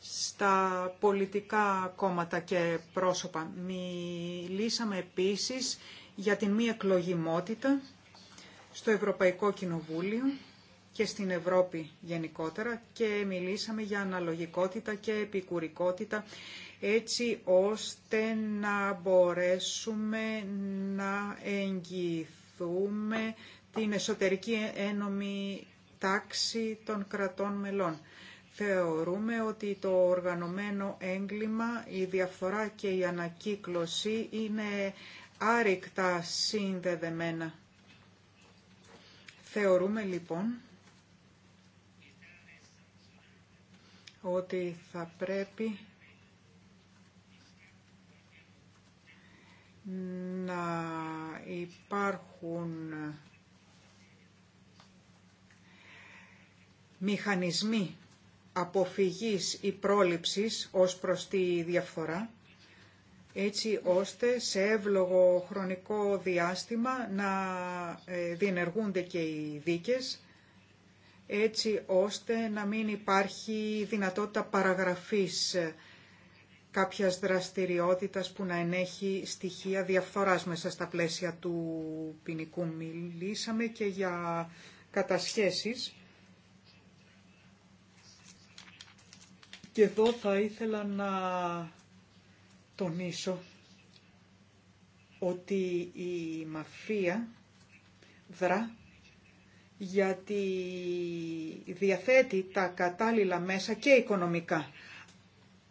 στα πολιτικά κόμματα και πρόσωπα. Μιλήσαμε επίσης για την μη εκλογιμότητα στο Ευρωπαϊκό Κοινοβούλιο και στην Ευρώπη γενικότερα και μιλήσαμε για αναλογικότητα και επικουρικότητα έτσι ώστε να μπορέσουμε να εγγυηθούμε την εσωτερική ένομη τάξη των κρατών μελών. Θεωρούμε ότι το οργανωμένο έγκλημα, η διαφορά και η ανακύκλωση είναι άρρηκτα συνδεδεμένα. Θεωρούμε λοιπόν ότι θα πρέπει να υπάρχουν μηχανισμοί αποφυγής ή πρόληψης ως προς τη διαφθορά, έτσι ώστε σε εύλογο χρονικό διάστημα να ε, διενεργούνται και οι δίκες έτσι ώστε να μην υπάρχει δυνατότητα παραγραφής κάποιας δραστηριότητας που να ενέχει στοιχεία διαφθοράς μέσα στα πλαίσια του ποινικού. Μιλήσαμε και για κατασχέσεις. Και εδώ θα ήθελα να τονίσω ότι η μαφία δρά γιατί διαθέτει τα κατάλληλα μέσα και οικονομικά.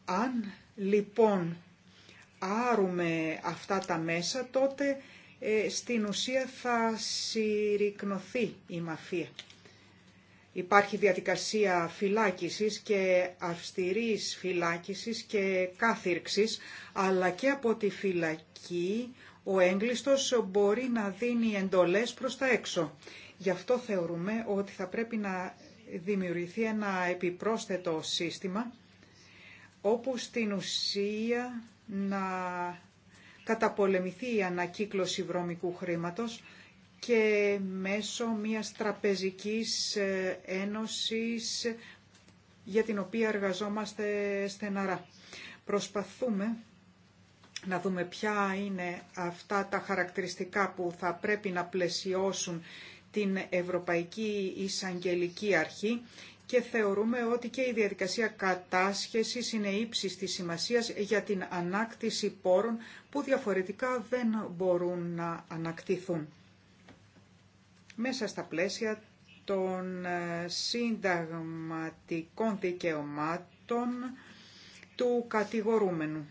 Αν λοιπόν άρουμε αυτά τα μέσα, τότε ε, στην ουσία θα συρρυκνωθεί η μαφία. Υπάρχει διαδικασία φυλάκισης και αυστηρής φυλάκισης και κάθυρξης, αλλά και από τη φυλακή ο έγκλειστος μπορεί να δίνει εντολές προς τα έξω. Γι' αυτό θεωρούμε ότι θα πρέπει να δημιουργηθεί ένα επιπρόσθετο σύστημα όπου στην ουσία να καταπολεμηθεί η ανακύκλωση βρώμικου χρήματος και μέσω μιας τραπεζικής ε, ένωσης για την οποία εργαζόμαστε στεναρά. Προσπαθούμε να δούμε ποια είναι αυτά τα χαρακτηριστικά που θα πρέπει να πλαισιώσουν την Ευρωπαϊκή Εισαγγελική Αρχή και θεωρούμε ότι και η διαδικασία κατάσχεσης είναι ύψης της σημασίας για την ανάκτηση πόρων που διαφορετικά δεν μπορούν να ανακτηθούν. Μέσα στα πλαίσια των ε, συνταγματικών δικαιωμάτων του κατηγορούμενου.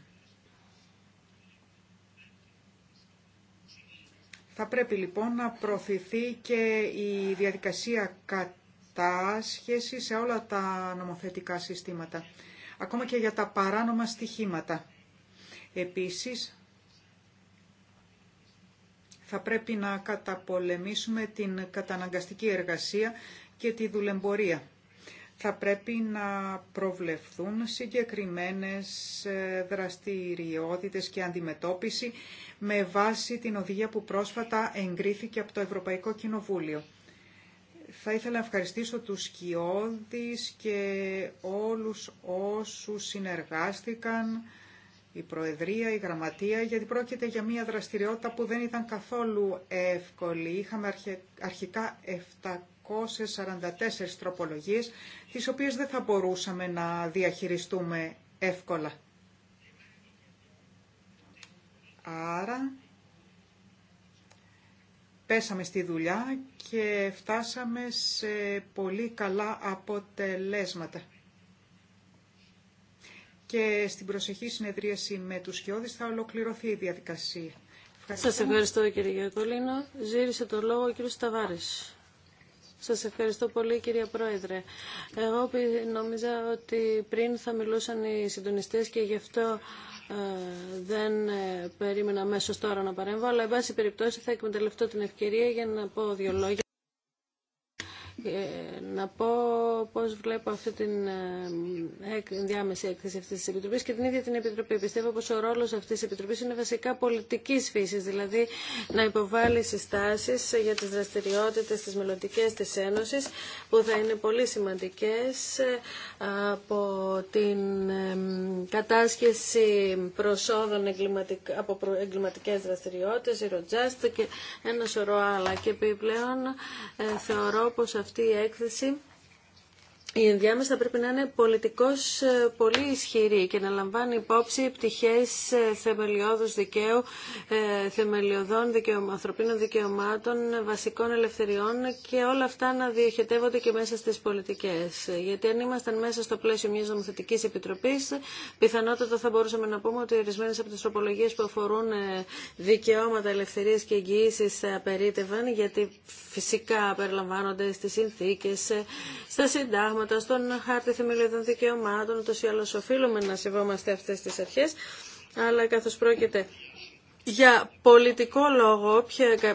Θα πρέπει λοιπόν να προωθηθεί και η διαδικασία κατάσχεση σε όλα τα νομοθετικά συστήματα, ακόμα και για τα παράνομα στοιχήματα. Επίσης, θα πρέπει να καταπολεμήσουμε την καταναγκαστική εργασία και τη δουλεμπορία θα πρέπει να προβλεφθούν συγκεκριμένες ε, δραστηριότητες και αντιμετώπιση με βάση την οδηγία που πρόσφατα εγκρίθηκε από το Ευρωπαϊκό Κοινοβούλιο. Θα ήθελα να ευχαριστήσω τους Σκιώδης και όλους όσους συνεργάστηκαν, η Προεδρία, η Γραμματεία, γιατί πρόκειται για μια δραστηριότητα που δεν ήταν καθόλου εύκολη. Είχαμε αρχικά 44 τροπολογίες, τις οποίες δεν θα μπορούσαμε να διαχειριστούμε εύκολα. Άρα, πέσαμε στη δουλειά και φτάσαμε σε πολύ καλά αποτελέσματα. Και στην προσεχή συνεδρίαση με τους Χιώδης θα ολοκληρωθεί η διαδικασία. Σας ευχαριστώ κύριε Γιακολίνο. Ζήρισε το λόγο ο κύριος Σταβάρης. Σας ευχαριστώ πολύ κυρία Πρόεδρε. Εγώ νόμιζα ότι πριν θα μιλούσαν οι συντονιστές και γι' αυτό ε, δεν ε, περίμενα μέσω τώρα να παρέμβω, αλλά εν πάση περιπτώσει θα εκμεταλλευτώ την ευκαιρία για να πω δύο λόγια. Ε, να πω πώς βλέπω αυτή την ε, διάμεση έκθεση αυτής της Επιτροπής και την ίδια την Επιτροπή. Πιστεύω πως ο ρόλος αυτής της Επιτροπής είναι βασικά πολιτικής φύσης, δηλαδή να υποβάλει συστάσεις για τις δραστηριότητες τις μελλοντικέ της Ένωσης που θα είναι πολύ σημαντικές ε, από την κατάσχεση προσόδων από εγκληματικές δραστηριότητες, η και ένα σωρό άλλα. Και επιπλέον θεωρώ πως αυτή η έκθεση η ενδιάμεσα πρέπει να είναι πολιτικός ε, πολύ ισχυρή και να λαμβάνει υπόψη πτυχές ε, θεμελιώδους δικαίου, ε, θεμελιωδών ανθρωπίνων δικαιωμάτων, βασικών ελευθεριών και όλα αυτά να διοχετεύονται και μέσα στις πολιτικές. Γιατί αν ήμασταν μέσα στο πλαίσιο μιας νομοθετικής επιτροπής, πιθανότατα θα μπορούσαμε να πούμε ότι ορισμένε από τις τροπολογίες που αφορούν δικαιώματα, ελευθερίες και εγγυήσεις απερίτευαν, γιατί φυσικά περιλαμβάνονται στις συνθήκες, στα συντάγματα, στον χάρτη θεμελιωδών δικαιωμάτων, ούτω ή άλλω οφείλουμε να σεβόμαστε αυτέ τι αρχέ, αλλά καθώ πρόκειται για πολιτικό λόγο,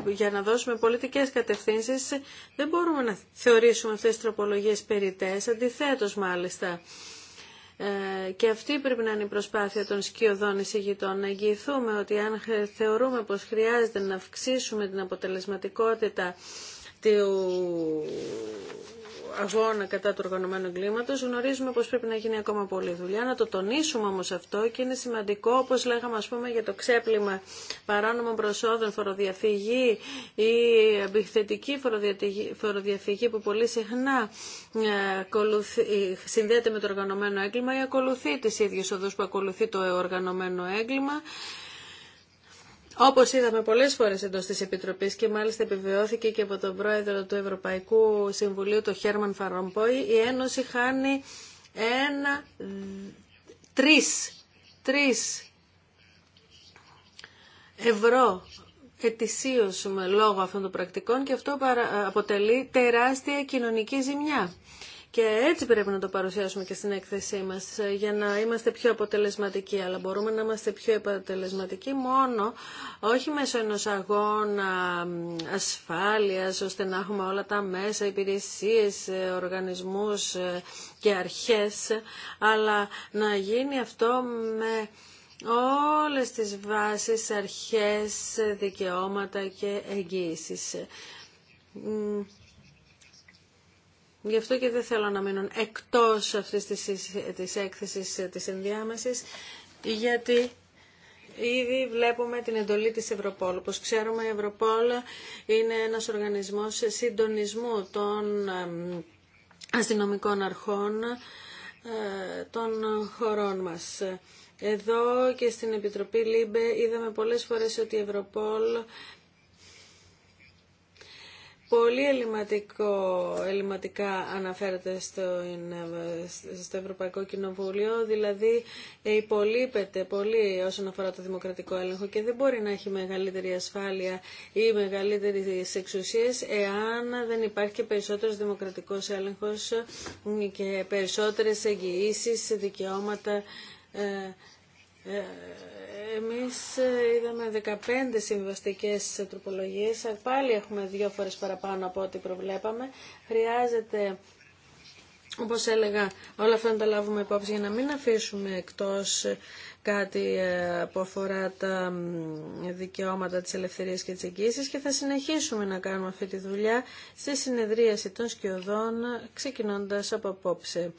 για να δώσουμε πολιτικέ κατευθύνσει, δεν μπορούμε να θεωρήσουμε αυτέ τι τροπολογίε περιττέ. αντιθέτω μάλιστα. Ε, και αυτή πρέπει να είναι η προσπάθεια των σκιωδών εισηγητών, να εγγυηθούμε ότι αν θεωρούμε πως χρειάζεται να αυξήσουμε την αποτελεσματικότητα του αγώνα κατά του οργανωμένου εγκλήματο. Γνωρίζουμε πως πρέπει να γίνει ακόμα πολλή δουλειά, να το τονίσουμε όμω αυτό και είναι σημαντικό, όπω λέγαμε ας πούμε για το ξέπλυμα παράνομων προσόδων, φοροδιαφυγή ή επιθετική φοροδιαφυγή που πολύ συχνά ε, συνδέεται με το οργανωμένο έγκλημα ή ακολουθεί τι ίδιε οδού που ακολουθεί το οργανωμένο έγκλημα. Όπως είδαμε πολλές φορές εντός της Επιτροπής και μάλιστα επιβεβαιώθηκε και από τον πρόεδρο του Ευρωπαϊκού Συμβουλίου, τον Χέρμαν Φαρομπόη, η Ένωση χάνει ένα, τρεις, τρεις ευρώ ετησίως λόγω αυτών των πρακτικών και αυτό αποτελεί τεράστια κοινωνική ζημιά. Και έτσι πρέπει να το παρουσιάσουμε και στην έκθεσή μας ε, για να είμαστε πιο αποτελεσματικοί. Αλλά μπορούμε να είμαστε πιο αποτελεσματικοί μόνο όχι μέσω ενός αγώνα ασφάλειας ώστε να έχουμε όλα τα μέσα, υπηρεσίες, ε, οργανισμούς ε, και αρχές αλλά να γίνει αυτό με όλες τις βάσεις, αρχές, δικαιώματα και εγγύησεις. Γι' αυτό και δεν θέλω να μείνω εκτός αυτής της, της έκθεσης της ενδιάμεσης, γιατί Ήδη βλέπουμε την εντολή της Ευρωπόλ. Όπως ξέρουμε, η Ευρωπόλ είναι ένας οργανισμός συντονισμού των αστυνομικών αρχών ε, των χωρών μας. Εδώ και στην Επιτροπή ΛΥΜΠΕ είδαμε πολλές φορές ότι η Ευρωπόλ πολύ ελληματικό, ελληματικά αναφέρεται στο, στο Ευρωπαϊκό Κοινοβούλιο, δηλαδή υπολείπεται πολύ όσον αφορά το δημοκρατικό έλεγχο και δεν μπορεί να έχει μεγαλύτερη ασφάλεια ή μεγαλύτερη εξουσίε εάν δεν υπάρχει και περισσότερος δημοκρατικός έλεγχος και περισσότερες εγγυήσεις, δικαιώματα, ε, ε εμείς ε, είδαμε 15 συμβαστικές τροπολογίες. Πάλι έχουμε δύο φορές παραπάνω από ό,τι προβλέπαμε. Χρειάζεται όπως έλεγα, όλα αυτά να τα λάβουμε υπόψη για να μην αφήσουμε εκτός ε, κάτι ε, που αφορά τα δικαιώματα της ελευθερίας και της εγγύησης και θα συνεχίσουμε να κάνουμε αυτή τη δουλειά στη συνεδρίαση των σκιωδών ξεκινώντας από απόψε.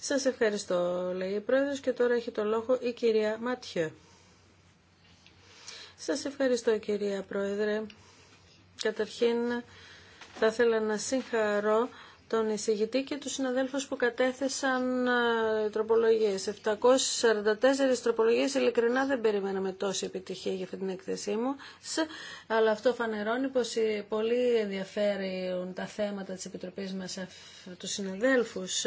Σας ευχαριστώ, λέει η Πρόεδρος και τώρα έχει το λόγο η κυρία Ματιέ. Σας ευχαριστώ κυρία Πρόεδρε. Καταρχήν θα ήθελα να συγχαρώ τον εισηγητή και τους συναδέλφους που κατέθεσαν ε, τροπολογίες. 744 τροπολογίες, ειλικρινά δεν περιμέναμε τόση επιτυχία για αυτή την έκθεσή μου, αλλά αυτό φανερώνει πως ε, πολύ ενδιαφέρουν τα θέματα της Επιτροπής μας τους συναδέλφους.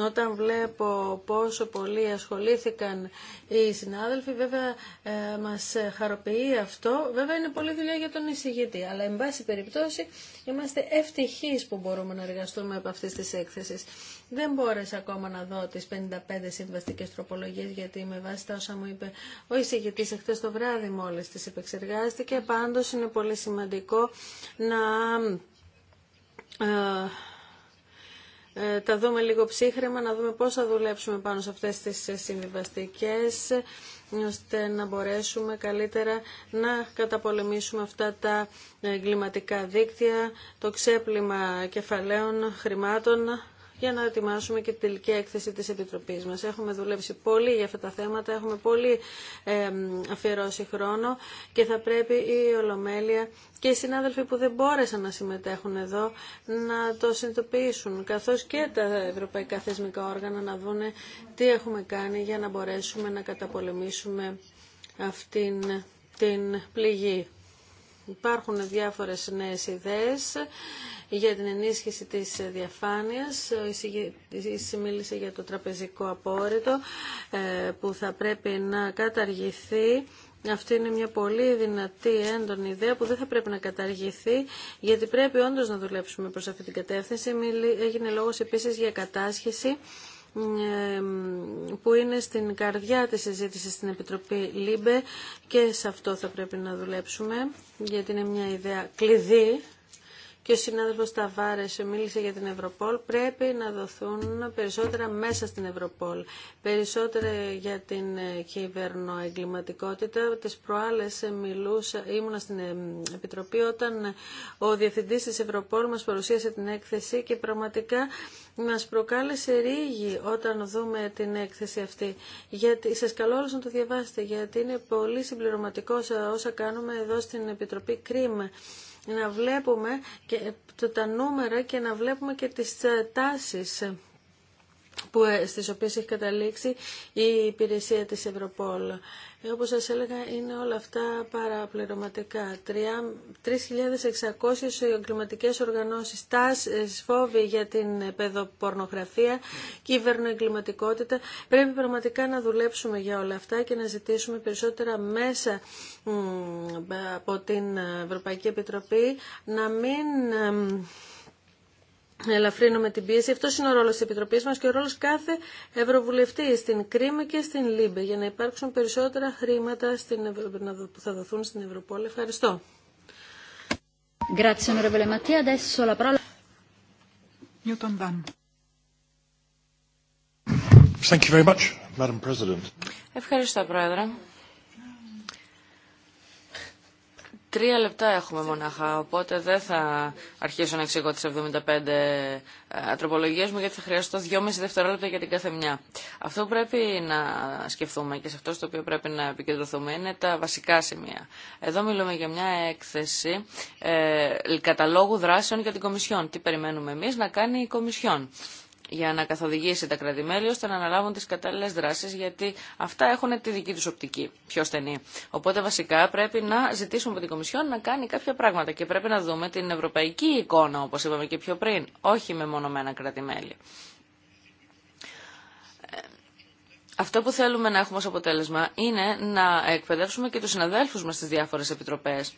Όταν βλέπω πόσο πολύ ασχολήθηκαν οι συνάδελφοι, βέβαια ε, μας χαροποιεί αυτό. Βέβαια είναι πολύ δουλειά για τον εισηγητή, αλλά εν πάση περιπτώσει είμαστε ευτυχείς που μπορούμε να εργαστούμε από αυτές τις έκθεση. Δεν μπόρεσα ακόμα να δω τις 55 συμβαστικές τροπολογίες, γιατί με βάση τα όσα μου είπε ο εισηγητής εχθές το βράδυ μόλις τις επεξεργάστηκε. Πάντως είναι πολύ σημαντικό να... Ε, ε, τα δούμε λίγο ψύχρεμα, να δούμε πώς θα δουλέψουμε πάνω σε αυτές τις ε, συμβιβαστικές, ώστε να μπορέσουμε καλύτερα να καταπολεμήσουμε αυτά τα εγκληματικά δίκτυα, το ξέπλυμα κεφαλαίων χρημάτων, για να ετοιμάσουμε και την τελική έκθεση της Επιτροπής μας. Έχουμε δουλέψει πολύ για αυτά τα θέματα, έχουμε πολύ αφιερώσει χρόνο και θα πρέπει η Ολομέλεια και οι συνάδελφοι που δεν μπόρεσαν να συμμετέχουν εδώ να το συνειδητοποιήσουν, καθώς και τα ευρωπαϊκά θεσμικά όργανα να δούνε τι έχουμε κάνει για να μπορέσουμε να καταπολεμήσουμε αυτήν την πληγή. Υπάρχουν διάφορες νέες ιδέες για την ενίσχυση της διαφάνειας. Η μίλησε για το τραπεζικό απόρριτο ε, που θα πρέπει να καταργηθεί. Αυτή είναι μια πολύ δυνατή, έντονη ιδέα που δεν θα πρέπει να καταργηθεί, γιατί πρέπει όντως να δουλέψουμε προς αυτή την κατεύθυνση. Έγινε λόγος επίσης για κατάσχεση ε, που είναι στην καρδιά της συζήτηση στην Επιτροπή ΛΥΜΠΕ και σε αυτό θα πρέπει να δουλέψουμε γιατί είναι μια ιδέα κλειδί και ο συνάδελφος Ταβάρες μίλησε για την Ευρωπόλ, πρέπει να δοθούν περισσότερα μέσα στην Ευρωπόλ, περισσότερα για την ε, κυβερνοεγκληματικότητα. Τις προάλλες ε, μιλούσα, ήμουνα στην ε, Επιτροπή όταν ο Διευθυντής της Ευρωπόλ μας παρουσίασε την έκθεση και πραγματικά μας προκάλεσε ρίγη όταν δούμε την έκθεση αυτή. Γιατί, σας καλώ όλους να το διαβάσετε, γιατί είναι πολύ συμπληρωματικό όσα κάνουμε εδώ στην Επιτροπή Κρίμα να βλέπουμε και τα νούμερα και να βλέπουμε και τις ε, τάσεις που, ε, στις οποίες έχει καταλήξει η υπηρεσία της Ευρωπόλ. Ε, όπως σας έλεγα, είναι όλα αυτά παραπληρωματικά. 3.600 εγκληματικέ οργανώσεις, τάσεις, ε, φόβοι για την παιδοπορνογραφία, εγκληματικότητα. Πρέπει πραγματικά να δουλέψουμε για όλα αυτά και να ζητήσουμε περισσότερα μέσα από την Ευρωπαϊκή Επιτροπή να μην ελαφρύνουμε την πίεση. Αυτό είναι ο ρόλο τη Επιτροπή μα και ο ρόλο κάθε Ευρωβουλευτή στην Κρήμη και στην ΛΥΜΠΕ για να υπάρξουν περισσότερα χρήματα στην Ευρω... που θα δοθούν στην Ευρωπόλ. Ευχαριστώ. Ευχαριστώ, Πρόεδρε. Τρία λεπτά έχουμε μονάχα, οπότε δεν θα αρχίσω να εξηγώ τις 75 ε, τροπολογίες μου, γιατί θα χρειαστώ δυόμιση δευτερόλεπτα για την κάθε μια. Αυτό που πρέπει να σκεφτούμε και σε αυτό στο οποίο πρέπει να επικεντρωθούμε είναι τα βασικά σημεία. Εδώ μιλούμε για μια έκθεση ε, καταλόγου δράσεων για την Κομισιόν. Τι περιμένουμε εμείς να κάνει η Κομισιόν για να καθοδηγήσει τα κρατημέλη ώστε να αναλάβουν τι κατάλληλε δράσει γιατί αυτά έχουν τη δική του οπτική πιο στενή. Οπότε βασικά πρέπει να ζητήσουμε από την Κομισιόν να κάνει κάποια πράγματα και πρέπει να δούμε την ευρωπαϊκή εικόνα όπω είπαμε και πιο πριν, όχι με μονομένα κρατημέλη. Αυτό που θέλουμε να έχουμε ως αποτέλεσμα είναι να εκπαιδεύσουμε και τους συναδέλφους μας στις διάφορες επιτροπές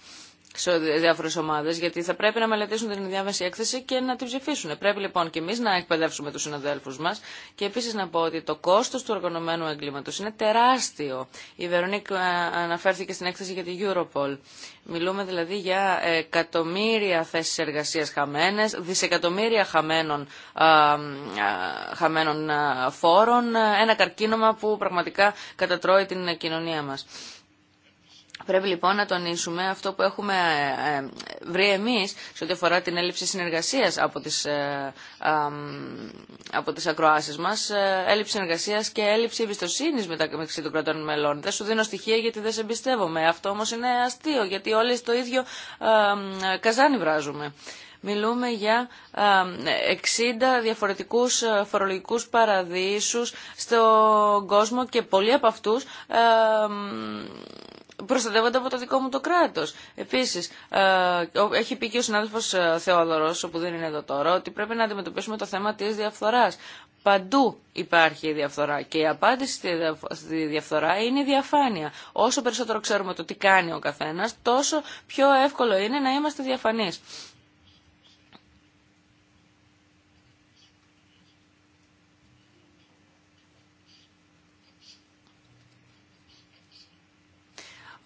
σε διάφορε ομάδε, γιατί θα πρέπει να μελετήσουν την διάβαση έκθεση και να την ψηφίσουν. Πρέπει λοιπόν και εμεί να εκπαιδεύσουμε του συναδέλφου μα και επίση να πω ότι το κόστο του οργανωμένου εγκλήματο είναι τεράστιο. Η Βερονίκ ε, αναφέρθηκε στην έκθεση για την Europol. Μιλούμε δηλαδή για εκατομμύρια θέσει εργασία χαμένε, δισεκατομμύρια χαμένων, χαμένων φόρων, ένα καρκίνωμα που πραγματικά κατατρώει την κοινωνία μας. Πρέπει λοιπόν να τονίσουμε αυτό που έχουμε ε, ε, βρει εμείς σε ό,τι αφορά την έλλειψη συνεργασίας από τις, ε, από τις ακροάσεις μας, έλλειψη συνεργασίας και έλλειψη εμπιστοσύνη μεταξύ των κρατών μελών. Δεν σου δίνω στοιχεία γιατί δεν σε εμπιστεύομαι. Αυτό όμως είναι αστείο γιατί όλοι στο ίδιο καζάνι βράζουμε. Μιλούμε για 60 διαφορετικούς φορολογικούς παραδείσους στον κόσμο και πολλοί από αυτούς προστατεύονται από το δικό μου το κράτο. Επίση, ε, έχει πει και ο συνάδελφο ε, Θεόδωρο, που δεν είναι εδώ τώρα, ότι πρέπει να αντιμετωπίσουμε το θέμα τη διαφθορά. Παντού υπάρχει η διαφθορά και η απάντηση στη διαφθορά είναι η διαφάνεια. Όσο περισσότερο ξέρουμε το τι κάνει ο καθένα, τόσο πιο εύκολο είναι να είμαστε διαφανεί.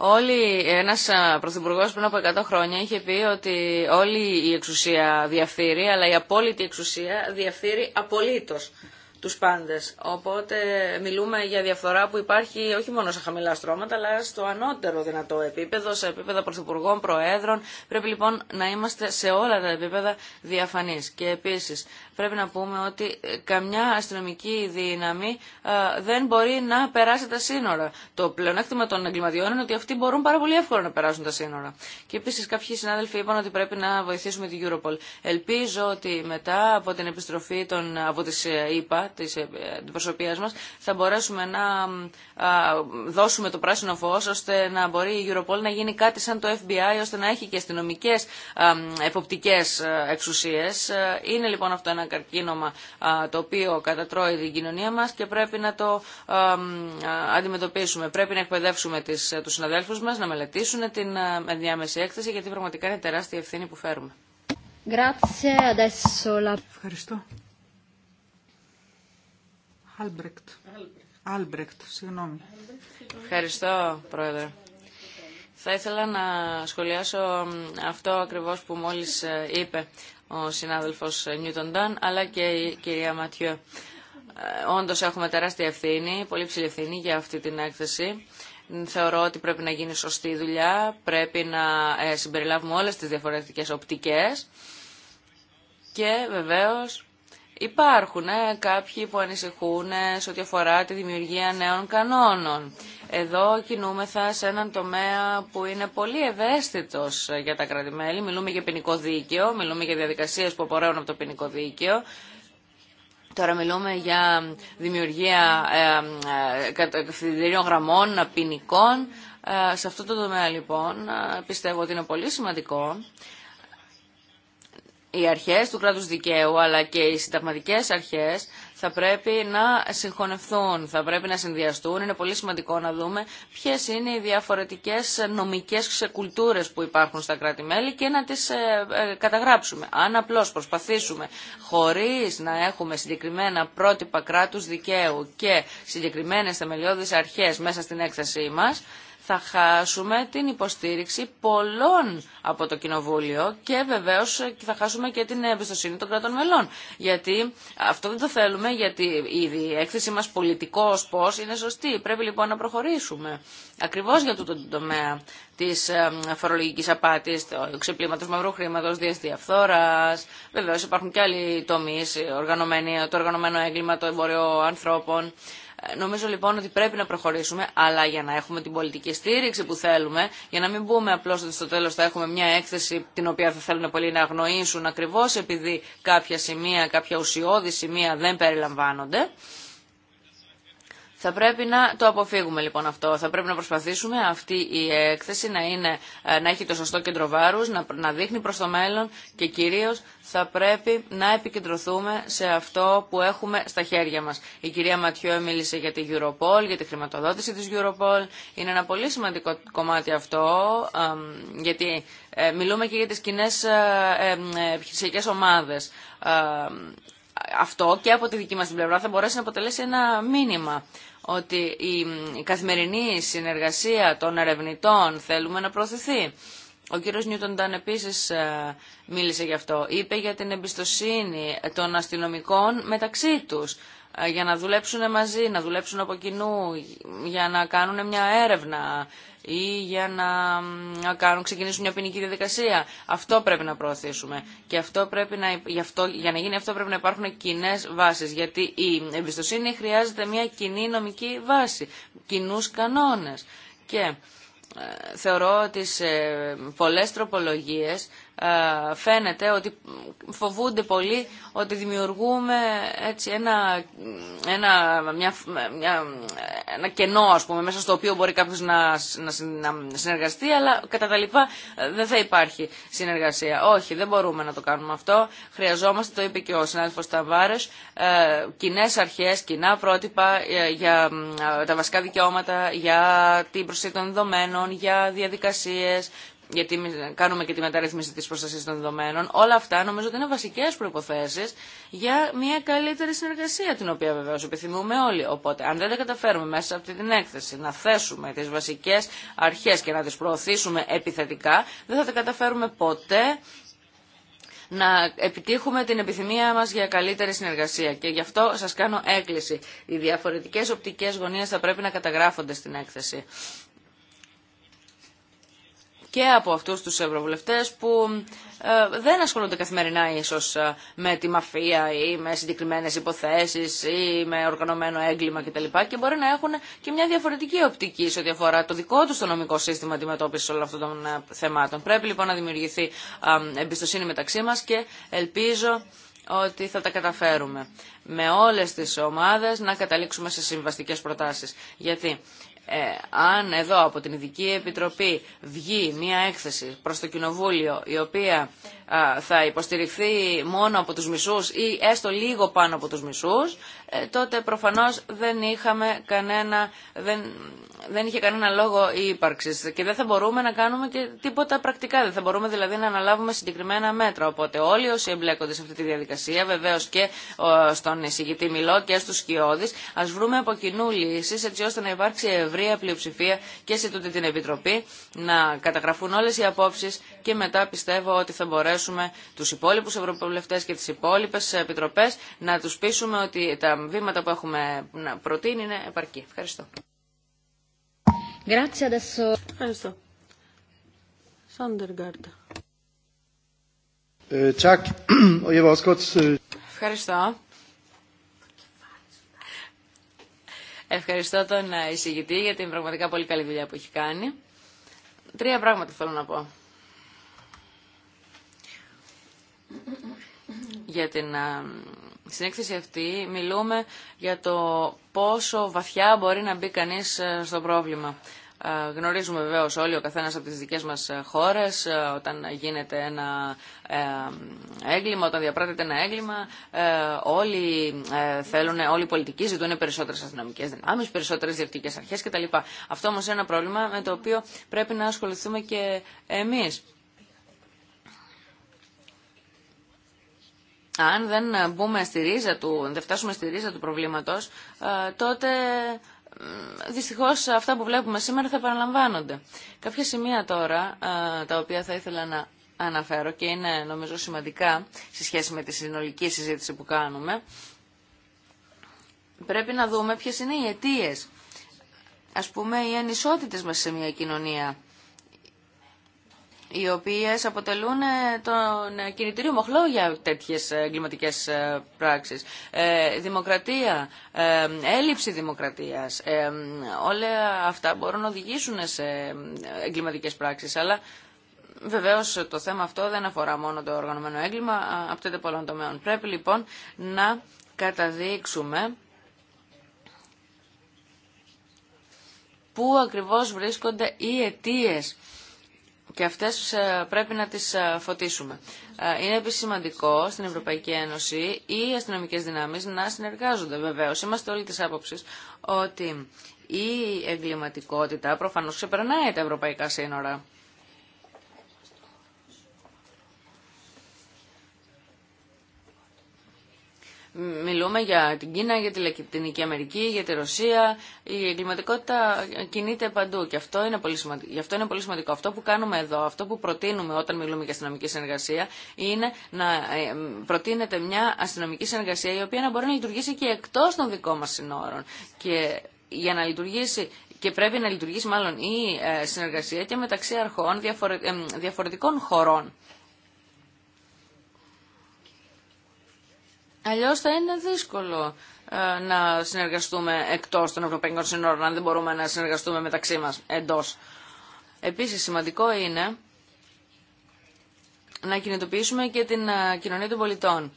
Όλοι, ένας πρωθυπουργό πριν από 100 χρόνια είχε πει ότι όλη η εξουσία διαφθείρει, αλλά η απόλυτη εξουσία διαφθείρει απολύτως τους πάντες. Οπότε μιλούμε για διαφθορά που υπάρχει όχι μόνο σε χαμηλά στρώματα, αλλά στο ανώτερο δυνατό επίπεδο, σε επίπεδα πρωθυπουργών, προέδρων. Πρέπει λοιπόν να είμαστε σε όλα τα επίπεδα διαφανείς. Και επίσης πρέπει να πούμε ότι ε, καμιά αστυνομική δύναμη ε, δεν μπορεί να περάσει τα σύνορα. Το πλεονέκτημα των εγκληματιών είναι ότι αυτοί μπορούν πάρα πολύ εύκολα να περάσουν τα σύνορα. Και επίση κάποιοι συνάδελφοι είπαν ότι πρέπει να βοηθήσουμε την Europol. Ελπίζω ότι μετά από την επιστροφή των, από τις ΕΠΑ, τη ε, προσωπία μας, θα μπορέσουμε να δώσουμε το πράσινο φω, ώστε να μπορεί η Europol να γίνει κάτι σαν το FBI ώστε να έχει και αστυνομικέ εποπτικέ εξουσίε. Είναι λοιπόν αυτό ένα καρκίνωμα το οποίο κατατρώει την κοινωνία μας και πρέπει να το αντιμετωπίσουμε. Πρέπει να εκπαιδεύσουμε τις, ε, τους συναδέλφους μας να μελετήσουν την ενδιάμεση έκθεση γιατί πραγματικά είναι τεράστια ευθύνη που φέρουμε. Ευχαριστώ. Albrecht. Albrecht. συγγνώμη. Ευχαριστώ, Πρόεδρε. Θα ήθελα να σχολιάσω αυτό ακριβώς που μόλις ε, είπε ο συνάδελφος Νιούτον Ντάν, αλλά και η κυρία Ματιού. Ε, όντως έχουμε τεράστια ευθύνη, πολύ ψηλή ευθύνη για αυτή την έκθεση. Θεωρώ ότι πρέπει να γίνει σωστή δουλειά, πρέπει να ε, συμπεριλάβουμε όλες τις διαφορετικές οπτικές και βεβαίως Υπάρχουν ε, κάποιοι που ανησυχούν ε, σε ό,τι αφορά τη δημιουργία νέων κανόνων. Εδώ κινούμεθα σε έναν τομέα που είναι πολύ ευαίσθητος ε, για τα κρατημέλη. Μιλούμε για ποινικό δίκαιο, μιλούμε για διαδικασίες που απορρέουν από το ποινικό δίκαιο. Τώρα μιλούμε για δημιουργία κατευθυντηρίων γραμμών, ποινικών. Σε αυτό το τομέα λοιπόν πιστεύω ότι είναι πολύ σημαντικό οι αρχές του κράτους δικαίου αλλά και οι συνταγματικές αρχές θα πρέπει να συγχωνευτούν, θα πρέπει να συνδυαστούν. Είναι πολύ σημαντικό να δούμε ποιες είναι οι διαφορετικές νομικές κουλτούρες που υπάρχουν στα κράτη-μέλη και να τις ε, ε, καταγράψουμε. Αν απλώς προσπαθήσουμε χωρίς να έχουμε συγκεκριμένα πρότυπα κράτους δικαίου και συγκεκριμένες θεμελιώδεις αρχές μέσα στην έκθεσή μας, θα χάσουμε την υποστήριξη πολλών από το Κοινοβούλιο και βεβαίω θα χάσουμε και την εμπιστοσύνη των κρατών μελών. Γιατί αυτό δεν το θέλουμε, γιατί η έκθεση μας πολιτικό πώ είναι σωστή. Πρέπει λοιπόν να προχωρήσουμε. Ακριβώς για το τομέα της ε, φορολογική απάτης, του ξεπλήματο μαύρου χρήματος, διαστδιαφθόρας. Βεβαίω υπάρχουν και άλλοι τομείς, το οργανωμένο έγκλημα, το εμπορίο ανθρώπων. Νομίζω λοιπόν ότι πρέπει να προχωρήσουμε, αλλά για να έχουμε την πολιτική στήριξη που θέλουμε, για να μην μπούμε απλώ ότι στο τέλο θα έχουμε μια έκθεση την οποία θα θέλουν πολλοί να αγνοήσουν ακριβώ επειδή κάποια σημεία, κάποια ουσιώδη σημεία δεν περιλαμβάνονται. Θα πρέπει να το αποφύγουμε λοιπόν αυτό. Θα πρέπει να προσπαθήσουμε αυτή η έκθεση να, είναι, ε, να έχει το σωστό κέντρο βάρους, να, να δείχνει προς το μέλλον και κυρίως θα πρέπει να επικεντρωθούμε σε αυτό που έχουμε στα χέρια μας. Η κυρία Ματιό μίλησε για τη Europol, για τη χρηματοδότηση της Europol. Είναι ένα πολύ σημαντικό κομμάτι αυτό, γιατί ε, μιλούμε και για τις κοινέ ε, επιχειρησιακές ομάδες αυτό και από τη δική μας την πλευρά θα μπορέσει να αποτελέσει ένα μήνυμα ότι η καθημερινή συνεργασία των ερευνητών θέλουμε να προωθηθεί. Ο κύριος Νιούτον Ταν επίσης ε, μίλησε γι' αυτό. Είπε για την εμπιστοσύνη των αστυνομικών μεταξύ τους ε, για να δουλέψουν μαζί, να δουλέψουν από κοινού, για να κάνουν μια έρευνα, ή για να κάνουν, ξεκινήσουν μια ποινική διαδικασία. Αυτό πρέπει να προωθήσουμε. Και αυτό πρέπει να, για αυτό, για να γίνει αυτό πρέπει να υπάρχουν κοινέ βάσει. Γιατί η εμπιστοσύνη χρειάζεται μια κοινή νομική βάση, κοινού κανόνε. Και ε, θεωρώ ότι σε πολλέ τροπολογίε ε, φαίνεται ότι φοβούνται πολύ ότι δημιουργούμε έτσι ένα, ένα, μια, μια, ένα κενό ας πούμε, μέσα στο οποίο μπορεί κάποιος να, να, να συνεργαστεί αλλά κατά τα λοιπά ε, δεν θα υπάρχει συνεργασία. Όχι, δεν μπορούμε να το κάνουμε αυτό. Χρειαζόμαστε, το είπε και ο συνάδελφος Ταβάρες, ε, κοινέ αρχές, κοινά πρότυπα για τα βασικά δικαιώματα, για την προσέγγιση των δεδομένων, για διαδικασίες, γιατί κάνουμε και τη μεταρρύθμιση της προστασίας των δεδομένων. Όλα αυτά νομίζω ότι είναι βασικές προϋποθέσεις για μια καλύτερη συνεργασία, την οποία βεβαίω επιθυμούμε όλοι. Οπότε, αν δεν τα καταφέρουμε μέσα από την έκθεση να θέσουμε τις βασικές αρχές και να τις προωθήσουμε επιθετικά, δεν θα τα καταφέρουμε ποτέ να επιτύχουμε την επιθυμία μας για καλύτερη συνεργασία. Και γι' αυτό σας κάνω έκκληση. Οι διαφορετικές οπτικές γωνίες θα πρέπει να καταγράφονται στην έκθεση και από αυτούς τους ευρωβουλευτές που ε, δεν ασχολούνται καθημερινά ίσως ε, με τη μαφία ή με συγκεκριμένες υποθέσεις ή με οργανωμένο έγκλημα κτλ. Και μπορεί να έχουν και μια διαφορετική οπτική σε ό,τι αφορά το δικό του το νομικό σύστημα αντιμετώπιση όλων αυτών των ε, θεμάτων. Πρέπει λοιπόν να δημιουργηθεί εμπιστοσύνη μεταξύ μας και ελπίζω ότι θα τα καταφέρουμε με όλες τις ομάδες να καταλήξουμε σε συμβαστικές προτάσεις. Γιατί ε, αν εδώ από την Ειδική Επιτροπή βγει μια έκθεση προς το Κοινοβούλιο η οποία θα υποστηριχθεί μόνο από τους μισούς ή έστω λίγο πάνω από τους μισούς, ε, τότε προφανώς δεν, είχαμε κανένα, δεν, δεν είχε κανένα λόγο ύπαρξη. και δεν θα μπορούμε να κάνουμε και τίποτα πρακτικά, δεν θα μπορούμε δηλαδή να αναλάβουμε συγκεκριμένα μέτρα. Οπότε όλοι όσοι εμπλέκονται σε αυτή τη διαδικασία, βεβαίω και στον εισηγητή Μιλό και στους Σκιώδης, ας βρούμε από κοινού λύσει έτσι ώστε να υπάρξει ευρεία πλειοψηφία και σε τούτη την Επιτροπή, να καταγραφούν όλες οι απόψει και μετά πιστεύω ότι θα μπορέσουμε τους υπόλοιπους ευρωβουλευτέ και τις υπόλοιπες επιτροπές να τους πείσουμε ότι τα βήματα που έχουμε προτείνει είναι επαρκή. Ευχαριστώ. Grazie adesso. Ευχαριστώ. Ε, ε. Ευχαριστώ. Ευχαριστώ τον εισηγητή για την πραγματικά πολύ καλή δουλειά που έχει κάνει. Τρία πράγματα θέλω να πω. για την έκθεση αυτή μιλούμε για το πόσο βαθιά μπορεί να μπει κανείς στο πρόβλημα. Γνωρίζουμε βεβαίω όλοι ο καθένας από τις δικές μας χώρες όταν γίνεται ένα ε, έγκλημα, όταν διαπράττεται ένα έγκλημα ε, όλοι ε, θέλουν, όλοι οι πολιτικοί ζητούν περισσότερες αστυνομικέ δυνάμεις, περισσότερες διεκτικές αρχές κτλ. Αυτό όμως είναι ένα πρόβλημα με το οποίο πρέπει να ασχοληθούμε και εμείς. αν δεν ε, μπούμε στη ρίζα του, δεν φτάσουμε στη ρίζα του προβλήματος, ε, τότε δυστυχώς αυτά που βλέπουμε σήμερα θα επαναλαμβάνονται. Κάποια σημεία τώρα, ε, τα οποία θα ήθελα να αναφέρω και είναι νομίζω σημαντικά σε σχέση με τη συνολική συζήτηση που κάνουμε, πρέπει να δούμε ποιες είναι οι αιτίες. Ας πούμε οι ανισότητες μας σε μια κοινωνία οι οποίε αποτελούν ε, τον κινητήριο μοχλό για τέτοιε εγκληματικέ ε, πράξεις. Ε, δημοκρατία, έλλειψη δημοκρατίας, όλα αυτά μπορούν να οδηγήσουν σε εγκληματικέ πράξει, αλλά βεβαίω το θέμα αυτό δεν αφορά μόνο το οργανωμένο έγκλημα, απτείται πολλών τομέων. Πρέπει λοιπόν να καταδείξουμε πού ακριβώς βρίσκονται οι αιτίες και αυτές ε, πρέπει να τις ε, φωτίσουμε. Ε, είναι επίσης σημαντικό στην Ευρωπαϊκή Ένωση οι αστυνομικές δυνάμεις να συνεργάζονται. Βεβαίως, είμαστε όλοι της άποψης ότι η εγκληματικότητα προφανώς ξεπερνάει τα ευρωπαϊκά σύνορα. Μιλούμε για την Κίνα, για την Λατινική Αμερική, για τη Ρωσία. Η εγκληματικότητα κινείται παντού και αυτό είναι πολύ σημαντικό. Γι' αυτό είναι πολύ σημαντικό. Αυτό που κάνουμε εδώ, αυτό που προτείνουμε όταν μιλούμε για αστυνομική συνεργασία, είναι να ε, προτείνεται μια αστυνομική συνεργασία η οποία να μπορεί να λειτουργήσει και εκτό των δικών μα συνόρων. Και να λειτουργήσει και πρέπει να λειτουργήσει μάλλον η ε, συνεργασία και μεταξύ αρχών ε, διαφορετικών χωρών. Αλλιώς θα είναι δύσκολο ε, να συνεργαστούμε εκτός των ευρωπαϊκών συνόρων, αν δεν μπορούμε να συνεργαστούμε μεταξύ μας εντός. Επίσης σημαντικό είναι να κινητοποιήσουμε και την ε, κοινωνία των πολιτών.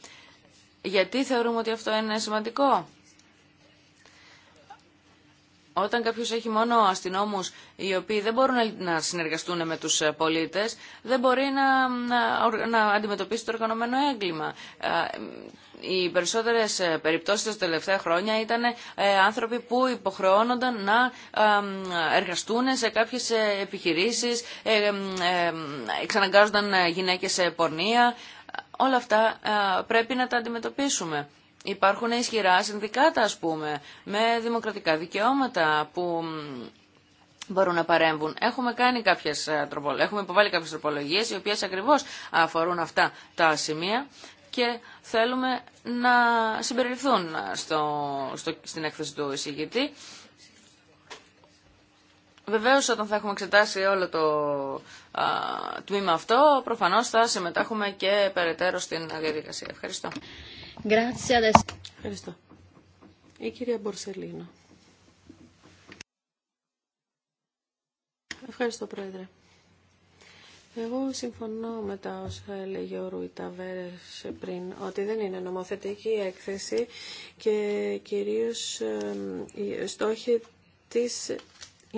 Γιατί θεωρούμε ότι αυτό είναι σημαντικό. Όταν κάποιος έχει μόνο αστυνόμους οι οποίοι δεν μπορούν να συνεργαστούν με τους ε, πολίτες, δεν μπορεί να, να, αντιμετωπίσει το οργανωμένο έγκλημα. Ε, οι περισσότερες ε, περιπτώσεις τα τελευταία χρόνια ήταν άνθρωποι που υποχρεώνονταν να εργαστούν σε κάποιες επιχειρήσεις, εξαναγκάζονταν γυναίκες σε πορνεία. Όλα αυτά πρέπει να τα αντιμετωπίσουμε υπάρχουν ισχυρά συνδικάτα, ας πούμε, με δημοκρατικά δικαιώματα που μπορούν να παρέμβουν. Έχουμε, κάνει κάποιες, ε, έχουμε υποβάλει κάποιες τροπολογίες, οι οποίες ακριβώς αφορούν αυτά τα σημεία και θέλουμε να συμπεριληφθούν στο, στην έκθεση του εισηγητή. Βεβαίω, όταν θα έχουμε εξετάσει όλο το α, τμήμα αυτό, προφανώ θα συμμετάχουμε και περαιτέρω στην διαδικασία. Ευχαριστώ. Ευχαριστώ. Η κυρία Μπορσελίνο. Ευχαριστώ, Πρόεδρε. Εγώ συμφωνώ με τα όσα έλεγε ο Ρουι πριν, ότι δεν είναι νομοθετική έκθεση και κυρίως οι στόχοι της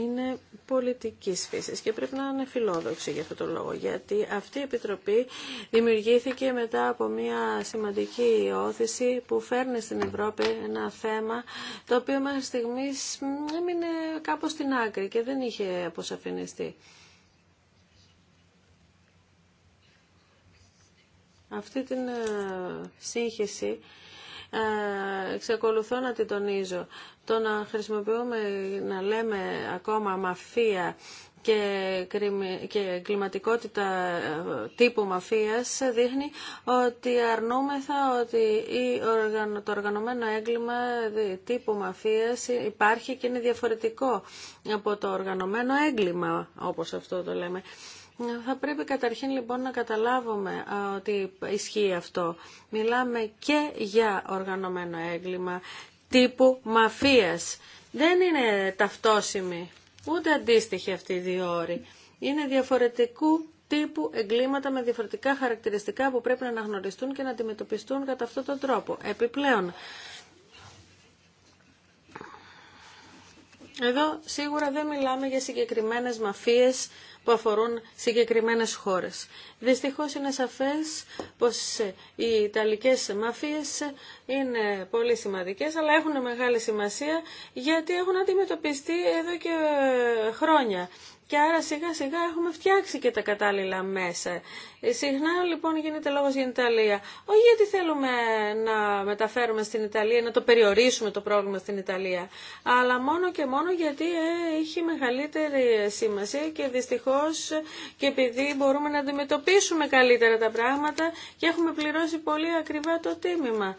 είναι πολιτικής φύσης και πρέπει να είναι φιλόδοξη για αυτό το λόγο γιατί αυτή η Επιτροπή δημιουργήθηκε μετά από μια σημαντική όθηση που φέρνει στην Ευρώπη ένα θέμα το οποίο μέχρι στιγμή έμεινε κάπως στην άκρη και δεν είχε αποσαφινιστεί. Αυτή την ε, σύγχυση ε, εξακολουθώ να τη τονίζω. Το να χρησιμοποιούμε, να λέμε ακόμα μαφία και κλιματικότητα ε, τύπου μαφίας δείχνει ότι αρνούμεθα ότι το οργανωμένο έγκλημα τύπου μαφίας υπάρχει και είναι διαφορετικό από το οργανωμένο έγκλημα όπως αυτό το λέμε. Θα πρέπει καταρχήν λοιπόν να καταλάβουμε ότι ισχύει αυτό. Μιλάμε και για οργανωμένο έγκλημα τύπου μαφίας. Δεν είναι ταυτόσιμη, ούτε αντίστοιχη αυτή η δύο Είναι διαφορετικού τύπου εγκλήματα με διαφορετικά χαρακτηριστικά που πρέπει να αναγνωριστούν και να αντιμετωπιστούν κατά αυτόν τον τρόπο. Επιπλέον, εδώ σίγουρα δεν μιλάμε για συγκεκριμένες μαφίες που αφορούν συγκεκριμένες χώρες. Δυστυχώς είναι σαφές πως οι Ιταλικές μαφίες είναι πολύ σημαντικές, αλλά έχουν μεγάλη σημασία γιατί έχουν αντιμετωπιστεί εδώ και χρόνια. Και άρα σιγά σιγά έχουμε φτιάξει και τα κατάλληλα μέσα. Ε, συχνά λοιπόν γίνεται λόγος για την Ιταλία. Όχι γιατί θέλουμε να μεταφέρουμε στην Ιταλία, να το περιορίσουμε το πρόβλημα στην Ιταλία, αλλά μόνο και μόνο γιατί ε, έχει μεγαλύτερη σήμαση και δυστυχώς και επειδή μπορούμε να αντιμετωπίσουμε καλύτερα τα πράγματα και έχουμε πληρώσει πολύ ακριβά το τίμημα.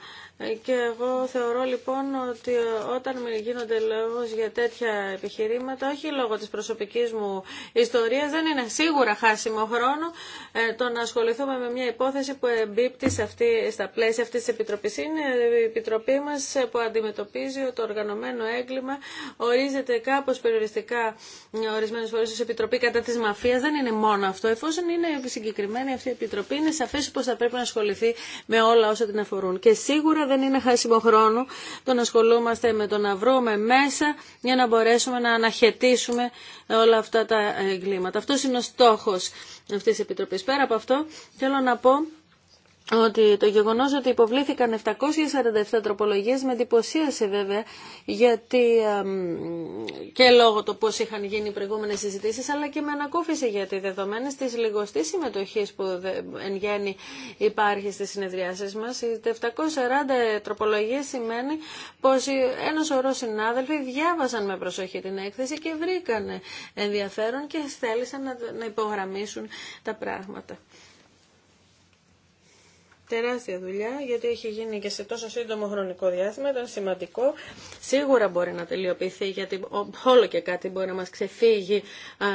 Και εγώ θεωρώ λοιπόν ότι όταν γίνονται λόγος για τέτοια επιχειρήματα, όχι λόγω της προσωπικής μου ιστορίας, δεν είναι σίγουρα χάσιμο χρόνο ε, το να ασχοληθούμε με μια υπόθεση που εμπίπτει αυτή, στα πλαίσια αυτής της Επιτροπής. Είναι η Επιτροπή μας που αντιμετωπίζει το οργανωμένο έγκλημα, ορίζεται κάπως περιοριστικά ε, ορισμένες φορές ως Επιτροπή κατά της μαφίας. Δεν είναι μόνο αυτό. Εφόσον είναι συγκεκριμένη αυτή η Επιτροπή, είναι σαφές πως θα πρέπει να ασχοληθεί με όλα όσα την αφορούν. Και σίγουρα δεν είναι χάσιμο χρόνο το να ασχολούμαστε με το να βρούμε μέσα για να μπορέσουμε να αναχαιτήσουμε όλα αυτά τα εγκλήματα. Αυτό είναι ο στόχος αυτής της Επιτροπής. Πέρα από αυτό θέλω να πω ότι το γεγονός ότι υποβλήθηκαν 747 τροπολογίες με εντυπωσίασε βέβαια γιατί και λόγω το πώς είχαν γίνει οι προηγούμενες συζητήσεις αλλά και με ανακούφιση γιατί δεδομένη της λιγοστής συμμετοχής που εν γέννη υπάρχει στις συνεδριάσεις μας οι 740 τροπολογίες σημαίνει πως ένα σωρό συνάδελφοι διάβασαν με προσοχή την έκθεση και βρήκαν ενδιαφέρον και θέλησαν να υπογραμμίσουν τα πράγματα τεράστια δουλειά, γιατί έχει γίνει και σε τόσο σύντομο χρονικό διάστημα, ήταν σημαντικό. Σίγουρα μπορεί να τελειοποιηθεί, γιατί όλο και κάτι μπορεί να μας ξεφύγει,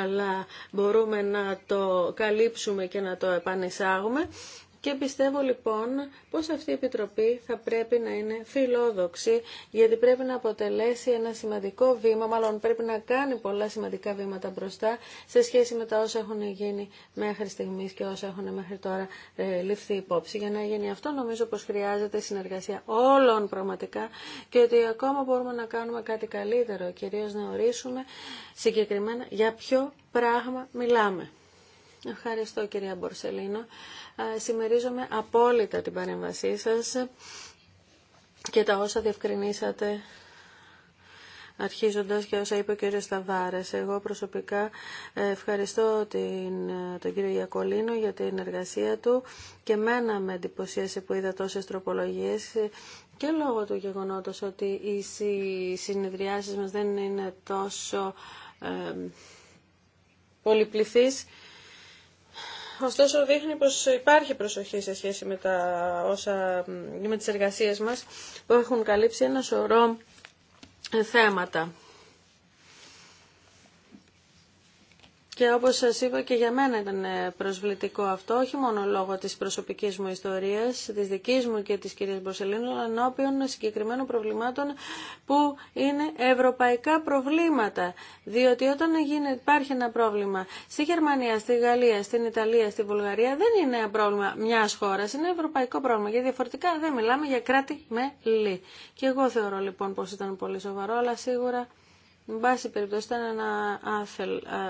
αλλά μπορούμε να το καλύψουμε και να το επανεισάγουμε. Και πιστεύω λοιπόν πως αυτή η Επιτροπή θα πρέπει να είναι φιλόδοξη, γιατί πρέπει να αποτελέσει ένα σημαντικό βήμα, μάλλον πρέπει να κάνει πολλά σημαντικά βήματα μπροστά σε σχέση με τα όσα έχουν γίνει μέχρι στιγμή και όσα έχουν μέχρι τώρα ε, ληφθεί υπόψη. Για να γίνει αυτό νομίζω πως χρειάζεται συνεργασία όλων πραγματικά και ότι ακόμα μπορούμε να κάνουμε κάτι καλύτερο, κυρίως να ορίσουμε συγκεκριμένα για ποιο πράγμα μιλάμε. Ευχαριστώ κυρία Μπορσελίνο. Ε, συμμερίζομαι απόλυτα την παρέμβασή σας και τα όσα διευκρινίσατε αρχίζοντας και όσα είπε ο κύριος Σταβάρες. Εγώ προσωπικά ε, ευχαριστώ την, τον κύριο Γιακολίνο για την εργασία του και μένα με εντυπωσίασε που είδα τόσες τροπολογίες και λόγω του γεγονότος ότι οι συνεδριάσεις μας δεν είναι τόσο ε, ωστόσο δείχνει πως υπάρχει προσοχή σε σχέση με, τα όσα, με τις εργασίες μας που έχουν καλύψει ένα σωρό θέματα. και όπως σας είπα και για μένα ήταν ε, προσβλητικό αυτό, όχι μόνο λόγω της προσωπικής μου ιστορίας, της δικής μου και της κυρίας Μπορσελίνου, αλλά ενώπιον συγκεκριμένων προβλημάτων που είναι ευρωπαϊκά προβλήματα. Διότι όταν υπάρχει ένα πρόβλημα στη Γερμανία, στη Γαλλία, στην Ιταλία, στη Βουλγαρία, δεν είναι ένα πρόβλημα μιας χώρας, είναι ευρωπαϊκό πρόβλημα. Γιατί διαφορετικά δεν μιλάμε για κράτη με λί. Και εγώ θεωρώ λοιπόν πως ήταν πολύ σοβαρό, αλλά σίγουρα Εν πάση περιπτώσει ήταν ένα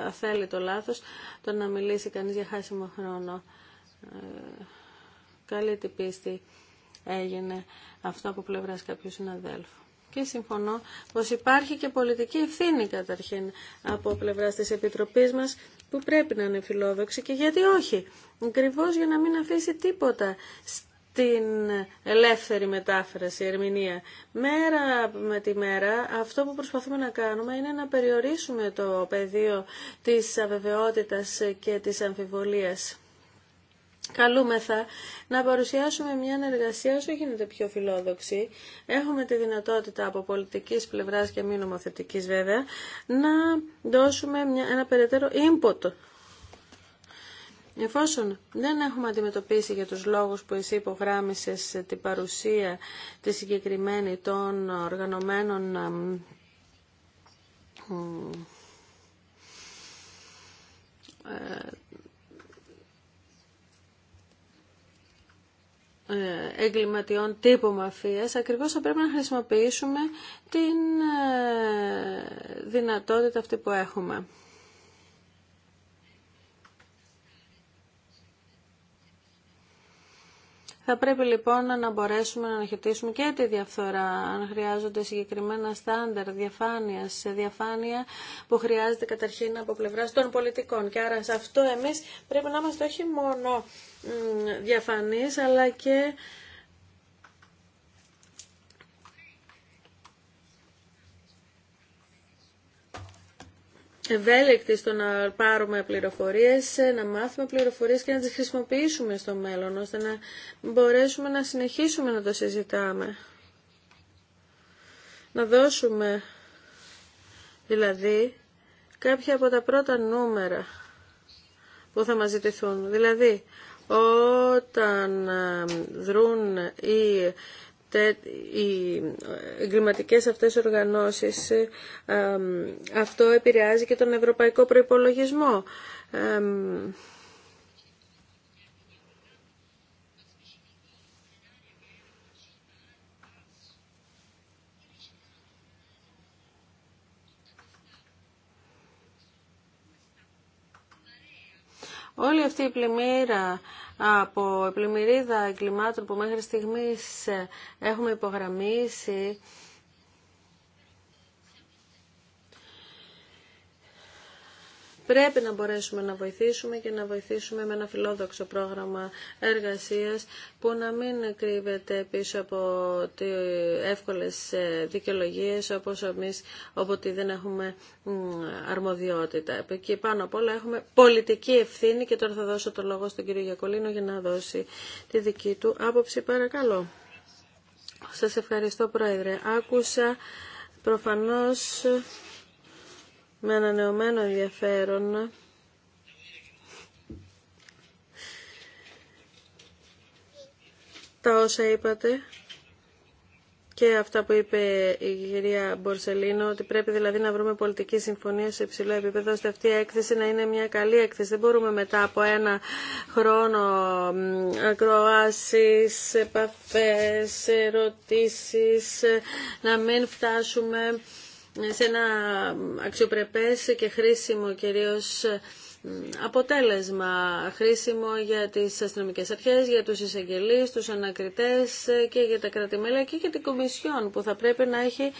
αθέλητο λάθος το να μιλήσει κανείς για χάσιμο χρόνο. Ε, καλή την πίστη έγινε αυτό από πλευράς κάποιου συναδέλφου. Και συμφωνώ πως υπάρχει και πολιτική ευθύνη καταρχήν από πλευράς της Επιτροπής μας που πρέπει να είναι φιλόδοξη και γιατί όχι. Ακριβώ για να μην αφήσει τίποτα την ελεύθερη μετάφραση, ερμηνεία. Μέρα με τη μέρα αυτό που προσπαθούμε να κάνουμε είναι να περιορίσουμε το πεδίο της αβεβαιότητας και της αμφιβολίας. Καλούμεθα να παρουσιάσουμε μια εργασία όσο γίνεται πιο φιλόδοξη. Έχουμε τη δυνατότητα από πολιτικής πλευράς και μη νομοθετικής βέβαια να δώσουμε μια, ένα περαιτέρω input Εφόσον δεν έχουμε αντιμετωπίσει για τους λόγους που εσύ υπογράμμισες την παρουσία τη συγκεκριμένη των οργανωμένων ε, ε, εγκληματιών τύπου μαφίας, ακριβώς θα πρέπει να χρησιμοποιήσουμε την ε, δυνατότητα αυτή που έχουμε. Θα πρέπει λοιπόν να μπορέσουμε να αναχαιτήσουμε και τη διαφθορά, αν χρειάζονται συγκεκριμένα στάνταρ διαφάνεια, σε διαφάνεια που χρειάζεται καταρχήν από πλευρά των πολιτικών. Και άρα σε αυτό εμείς πρέπει να είμαστε όχι μόνο διαφανείς αλλά και ευέλικτοι στο να πάρουμε πληροφορίες, ε, να μάθουμε πληροφορίες και να τις χρησιμοποιήσουμε στο μέλλον, ώστε να μπορέσουμε να συνεχίσουμε να το συζητάμε. Να δώσουμε, δηλαδή, κάποια από τα πρώτα νούμερα που θα μας ζητηθούν. Δηλαδή, όταν ε, δρούν οι οι εγκληματικές αυτές οργανώσεις ε, ε, αυτό επηρεάζει και τον ευρωπαϊκό προϋπολογισμό. Ε, Όλη αυτή η πλημμύρα από πλημμυρίδα εγκλημάτων που μέχρι στιγμής έχουμε υπογραμμίσει Πρέπει να μπορέσουμε να βοηθήσουμε και να βοηθήσουμε με ένα φιλόδοξο πρόγραμμα εργασίας που να μην κρύβεται πίσω από εύκολες ε, δικαιολογίες όπως εμείς όποτε δεν έχουμε αρμοδιότητα. Και πάνω απ' όλα έχουμε πολιτική ευθύνη και τώρα θα δώσω το λόγο στον κύριο Γιακολίνο για να δώσει τη δική του άποψη. Παρακαλώ. Σας ευχαριστώ Πρόεδρε. Άκουσα προφανώς με ανανεωμένο ενδιαφέρον τα όσα είπατε και αυτά που είπε η κυρία Μπορσελίνο, ότι πρέπει δηλαδή να βρούμε πολιτική συμφωνία σε υψηλό επίπεδο, ώστε αυτή η έκθεση να είναι μια καλή έκθεση. Δεν μπορούμε μετά από ένα χρόνο ακροάσει, επαφές... ερωτήσεις... να μην φτάσουμε σε ένα αξιοπρεπές και χρήσιμο κυρίως αποτέλεσμα χρήσιμο για τις αστυνομικές αρχές, για τους εισαγγελείς, τους ανακριτές και για τα κράτη-μέλη και για την Κομισιόν που θα πρέπει να έχει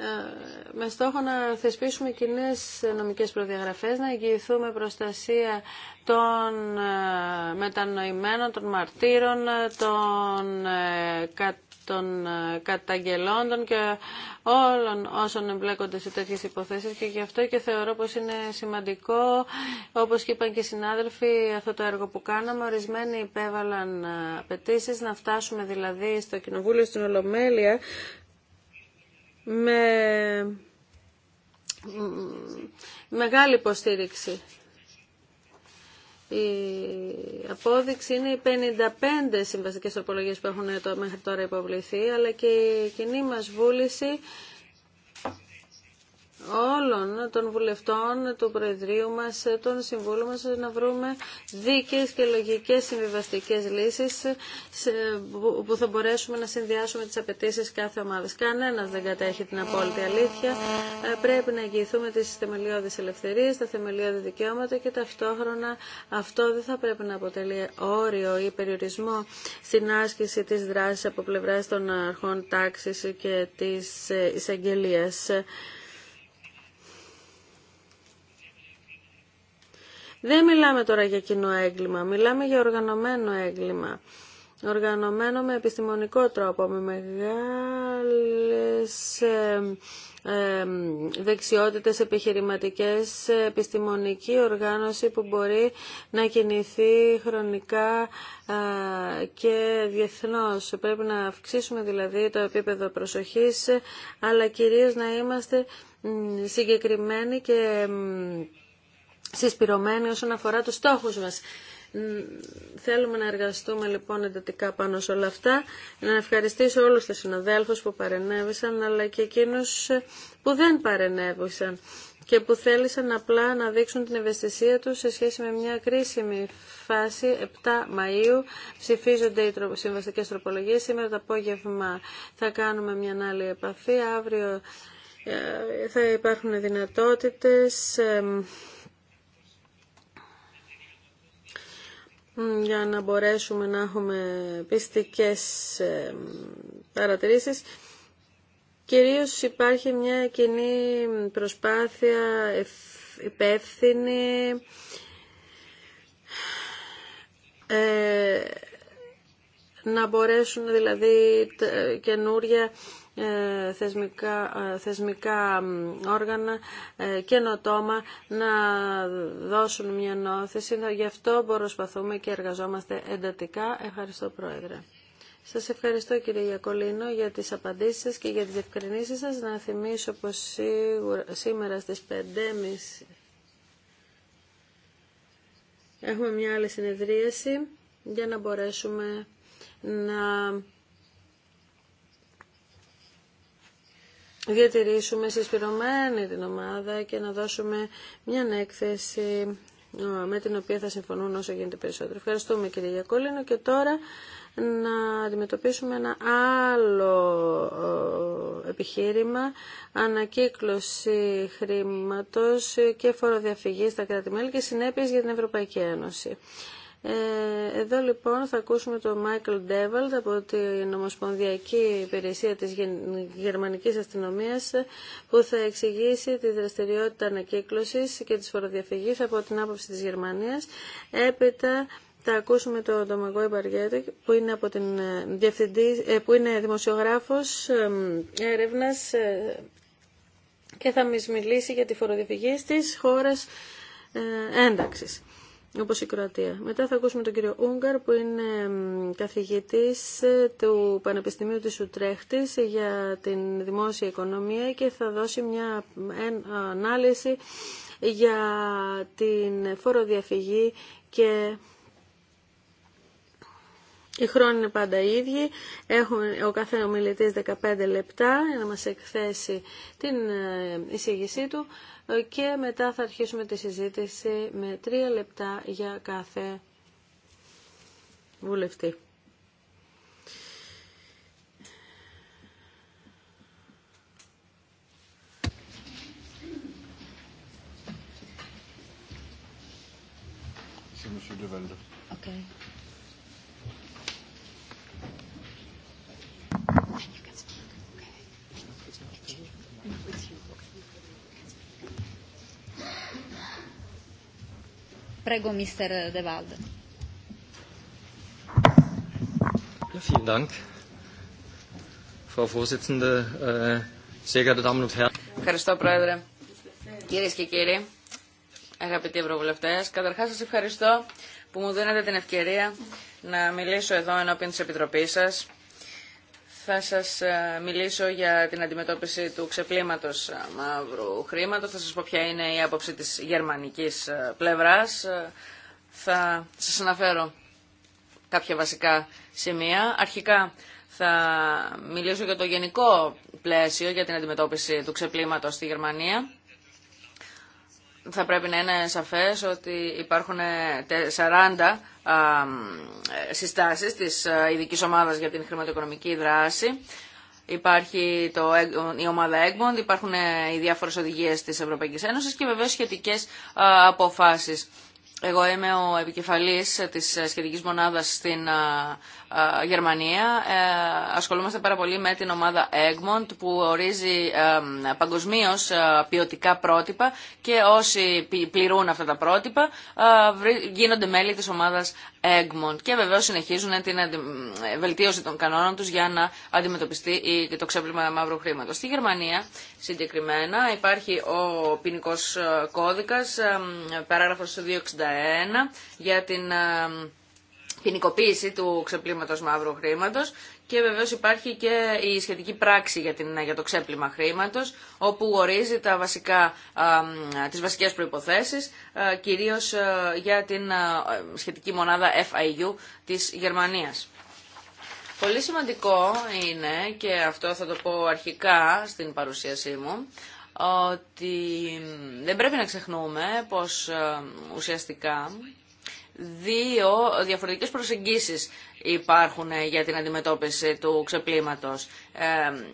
Ε, με στόχο να θεσπίσουμε κοινέ νομικές προδιαγραφέ, να εγγυηθούμε προστασία των ε, μετανοημένων, των μαρτύρων, ε, των, των καταγγελόντων και όλων όσων εμπλέκονται σε τέτοιες υποθέσεις και γι' αυτό και θεωρώ πως είναι σημαντικό, όπως και είπαν και οι συνάδελφοι, αυτό το έργο που κάναμε, ορισμένοι υπέβαλαν απαιτήσει να φτάσουμε δηλαδή στο Κοινοβούλιο στην Ολομέλεια με μεγάλη υποστήριξη. Η απόδειξη είναι οι 55 συμβαστικές τροπολογίες που έχουν μέχρι τώρα υποβληθεί, αλλά και η κοινή μας βούληση όλων των βουλευτών του Προεδρείου μας, των συμβούλων μας, να βρούμε δίκαιες και λογικές συμβιβαστικές λύσεις που θα μπορέσουμε να συνδυάσουμε τις απαιτήσει κάθε ομάδας. Κανένας δεν κατέχει την απόλυτη αλήθεια. Ε, πρέπει να εγγυηθούμε τις θεμελιώδεις ελευθερίες, τα θεμελιώδη δικαιώματα και ταυτόχρονα αυτό δεν θα πρέπει να αποτελεί όριο ή περιορισμό στην άσκηση της δράσης από πλευράς των αρχών τάξης και της ε, εισαγγελίας. Δεν μιλάμε τώρα για κοινό έγκλημα, μιλάμε για οργανωμένο έγκλημα. Οργανωμένο με επιστημονικό τρόπο, με μεγάλες δεξιότητες επιχειρηματικές, επιστημονική οργάνωση που μπορεί να κινηθεί χρονικά και διεθνώς. Πρέπει να αυξήσουμε δηλαδή το επίπεδο προσοχής, αλλά κυρίως να είμαστε συγκεκριμένοι και συσπηρωμένοι όσον αφορά τους στόχους μας. Θέλουμε να εργαστούμε λοιπόν εντατικά πάνω σε όλα αυτά. Να ευχαριστήσω όλους τους συναδέλφους που παρενέβησαν αλλά και εκείνους ε, που δεν παρενέβησαν και που θέλησαν απλά να δείξουν την ευαισθησία τους σε σχέση με μια κρίσιμη φάση 7 Μαΐου. Ψηφίζονται οι συμβαστικές τροπολογίες. Σήμερα το απόγευμα θα κάνουμε μια άλλη επαφή. Αύριο ε, θα υπάρχουν δυνατότητες για να μπορέσουμε να έχουμε πιστικές παρατηρήσεις. Κυρίως υπάρχει μια κοινή προσπάθεια υπεύθυνη ε, να μπορέσουν δηλαδή καινούρια ε, θεσμικά, ε, θεσμικά όργανα ε, καινοτόμα να δώσουν μια νόθεση. Γι' αυτό προσπαθούμε και εργαζόμαστε εντατικά. Ευχαριστώ Πρόεδρε. Σας ευχαριστώ κύριε Γιακολίνο για τις απαντήσεις σας και για τις ευκρινήσεις σας. Να θυμίσω πως σίγουρα, σήμερα στις 5.30 έχουμε μια άλλη συνεδρίαση για να μπορέσουμε να διατηρήσουμε συσπηρωμένη την ομάδα και να δώσουμε μια έκθεση με την οποία θα συμφωνούν όσο γίνεται περισσότερο. Ευχαριστούμε κύριε Γιακόλινο και τώρα να αντιμετωπίσουμε ένα άλλο επιχείρημα ανακύκλωση χρήματος και φοροδιαφυγής στα κράτη-μέλη και συνέπειες για την Ευρωπαϊκή Ένωση. Ε, εδώ λοιπόν θα ακούσουμε τον Μάικλ Ντέβαλτ από την Ομοσπονδιακή Υπηρεσία της Γερμανικής Αστυνομίας που θα εξηγήσει τη δραστηριότητα ανακύκλωσης και της φοροδιαφυγής από την άποψη της Γερμανίας. Έπειτα θα ακούσουμε τον Ντομαγκό Ιμπαριέτο που είναι, από την ε, διευθυντή, ε, που είναι δημοσιογράφος έρευνας και θα μιλήσει για τη φοροδιαφυγή στις χώρες ένταξης όπως η Κροατία. Μετά θα ακούσουμε τον κύριο Ούγκαρ που είναι καθηγητής ε, του Πανεπιστημίου της Ουτρέχτης για την δημόσια οικονομία και θα δώσει μια ανάλυση για την φοροδιαφυγή και η χρόνοι είναι πάντα ίδιοι. Έχουμε ο κάθε ομιλητής 15 λεπτά για να μας εκθέσει την ε, εισήγησή του και μετά θα αρχίσουμε τη συζήτηση με τρία λεπτά για κάθε βουλευτή. Okay. Ευχαριστώ, Πρόεδρε. Κυρίες και κύριοι, αγαπητοί ευρωβουλευτές, καταρχάς σας ευχαριστώ που μου δίνετε την ευκαιρία να μιλήσω εδώ ενώπιν της Επιτροπής σας θα σας ε, μιλήσω για την αντιμετώπιση του ξεπλήματος ε, μαύρου χρήματος. Θα σας πω ποια είναι η άποψη της γερμανικής ε, πλευράς. Θα σας αναφέρω κάποια βασικά σημεία. Αρχικά θα μιλήσω για το γενικό πλαίσιο για την αντιμετώπιση του ξεπλήματος στη Γερμανία θα πρέπει να είναι σαφές ότι υπάρχουν 40 ε, ε, συστάσεις της ε, ειδική ομάδας για την χρηματοοικονομική δράση. Υπάρχει το, η ομάδα Egmont, υπάρχουν οι διάφορες οδηγίες της Ευρωπαϊκής Ένωσης και βεβαίως σχετικές αποφάσεις. Εγώ είμαι ο επικεφαλής της σχετικής μονάδας στην Γερμανία. Ε, ασχολούμαστε πάρα πολύ με την ομάδα Egmont που ορίζει ε, παγκοσμίω ε, ποιοτικά πρότυπα και όσοι πληρούν αυτά τα πρότυπα γίνονται μέλη της ομάδας Egmont και βεβαίως συνεχίζουν την βελτίωση των κανόνων τους για να αντιμετωπιστεί το ξέπλυμα μαύρου χρήματος. Στη Γερμανία συγκεκριμένα υπάρχει ο ποινικό κώδικας, παράγραφος 261 για την ποινικοποίηση ε, του ξεπλήματος μαύρου χρήματος και βεβαίως υπάρχει και η σχετική πράξη για, την, για το ξέπλυμα χρήματος όπου ορίζει τα βασικά, ε, τις βασικές προϋποθέσεις ε, κυρίως για την σχετική μονάδα FIU της Γερμανίας. Πολύ σημαντικό είναι, και αυτό θα το πω αρχικά στην παρουσίασή μου, ότι δεν πρέπει να ξεχνούμε πως ε, ουσιαστικά δύο διαφορετικές προσεγγίσεις υπάρχουν ε, για την αντιμετώπιση του ξεπλήματος. Ε,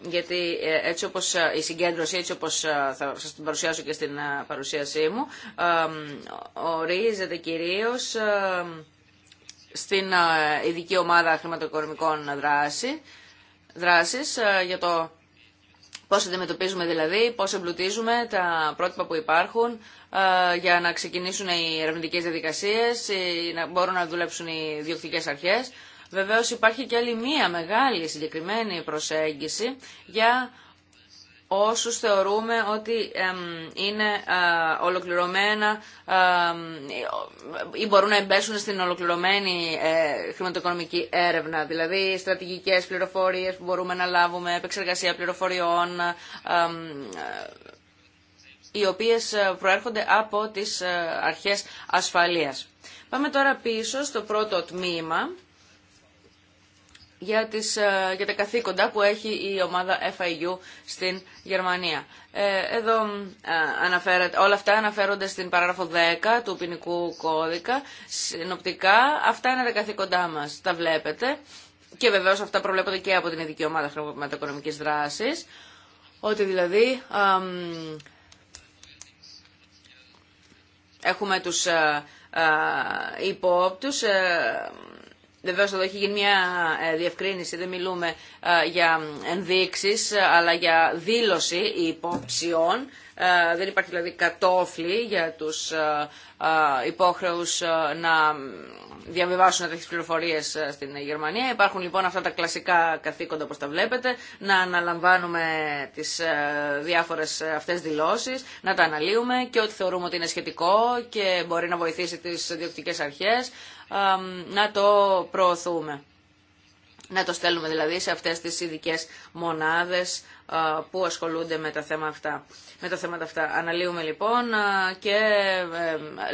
γιατί έτσι όπως η συγκέντρωση, έτσι όπως θα σας την παρουσιάσω και στην παρουσίασή μου, ορίζεται κυρίως στην ειδική ομάδα χρηματοοικονομικών δράση, δράσης για το Πώς αντιμετωπίζουμε δηλαδή, πώς εμπλουτίζουμε τα πρότυπα που υπάρχουν ε, για να ξεκινήσουν οι ερευνητικέ διαδικασίες, ε, να μπορούν να δουλέψουν οι διοκτικές αρχές. Βεβαίως υπάρχει και άλλη μία μεγάλη συγκεκριμένη προσέγγιση για όσους θεωρούμε ότι είναι ολοκληρωμένα ή μπορούν να εμπέσουν στην ολοκληρωμένη ε, χρηματοοικονομική έρευνα, δηλαδή στρατηγικές πληροφορίες που μπορούμε να λάβουμε, επεξεργασία πληροφοριών, οι οποίες ε, προέρχονται από τις ε, αρχές ασφαλείας. Πάμε τώρα πίσω στο πρώτο τμήμα για, τις, ε, για τα καθήκοντα που έχει η ομάδα FIU στην Γερμανία. Ε, εδώ ε, αναφέρεται, όλα αυτά αναφέρονται στην παράγραφο 10 του ποινικού κώδικα. Συνοπτικά αυτά είναι τα καθήκοντά μας, τα βλέπετε. Και βεβαίως αυτά προβλέπονται και από την ειδική ομάδα χρηματοοικονομικής δράσης. Ότι δηλαδή έχουμε τους α, υπόπτους, Βεβαίω εδώ έχει γίνει μια ε, διευκρίνηση, δεν μιλούμε ε, για ενδείξεις, ε, αλλά για δήλωση υποψιών. Δεν υπάρχει δηλαδή κατόφλι για τους υπόχρεου να διαβιβάσουν τέτοιες πληροφορίε στην Γερμανία. Υπάρχουν λοιπόν αυτά τα κλασικά καθήκοντα όπω τα βλέπετε, να αναλαμβάνουμε τις διάφορε αυτέ δηλώσει, να τα αναλύουμε και ό,τι θεωρούμε ότι είναι σχετικό και μπορεί να βοηθήσει τι διοκτικέ αρχέ να το προωθούμε. Να το στέλνουμε δηλαδή σε αυτές τις ειδικέ μονάδες που ασχολούνται με τα, θέματα αυτά. με τα θέματα αυτά. Αναλύουμε λοιπόν και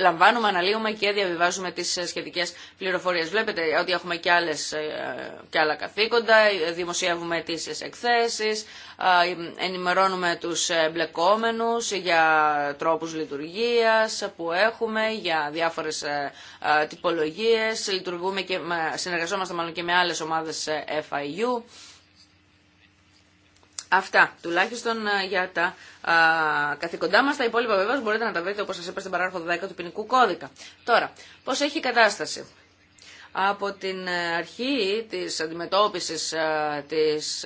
λαμβάνουμε, αναλύουμε και διαβιβάζουμε τις ε, σχετικές πληροφορίες. Βλέπετε ότι έχουμε και, άλλες, ε, και άλλα καθήκοντα, δημοσιεύουμε τις ε, εκθέσεις, ενημερώνουμε τους εμπλεκόμενους για τρόπους λειτουργίας που έχουμε, για διάφορες τυπολογίες, λειτουργούμε και, συνεργαζόμαστε μάλλον και με άλλες ομάδες FIU. Αυτά, τουλάχιστον ε, για τα α, καθηκοντά μας, τα υπόλοιπα βεβαίω μπορείτε να τα βρείτε όπως σας είπα στην παράγραφο 10 του ποινικού κώδικα. Τώρα, πώς έχει η κατάσταση. Από την ε, αρχή της αντιμετώπισης α, ε, της,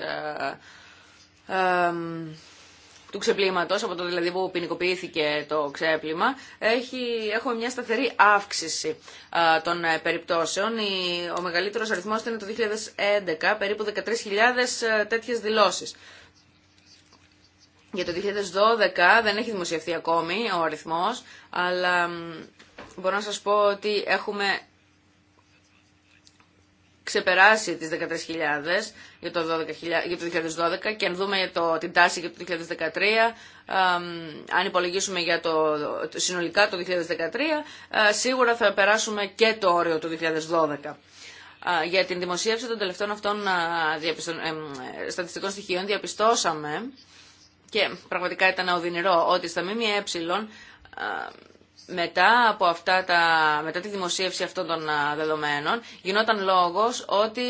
του ξεπλήματος, από το δηλαδή που ποινικοποιήθηκε το ξέπλυμα, έχει, έχουμε μια σταθερή αύξηση των περιπτώσεων. Η, ο μεγαλύτερος αριθμός ήταν το 2011, περίπου 13.000 τέτοιες δηλώσεις. Για το 2012 δεν έχει δημοσιευτεί ακόμη ο αριθμός, αλλά μπορώ να σας πω ότι έχουμε ξεπεράσει τις 13.000 για το, 2012 και αν δούμε το, την τάση για το 2013, αν υπολογίσουμε για το, συνολικά το 2013, σίγουρα θα περάσουμε και το όριο του 2012. Για την δημοσίευση των τελευταίων αυτών στατιστικών στοιχείων διαπιστώσαμε και πραγματικά ήταν οδυνηρό ότι στα ΜΜΕ ε, μετά από αυτά τα, μετά τη δημοσίευση αυτών των δεδομένων γινόταν λόγος ότι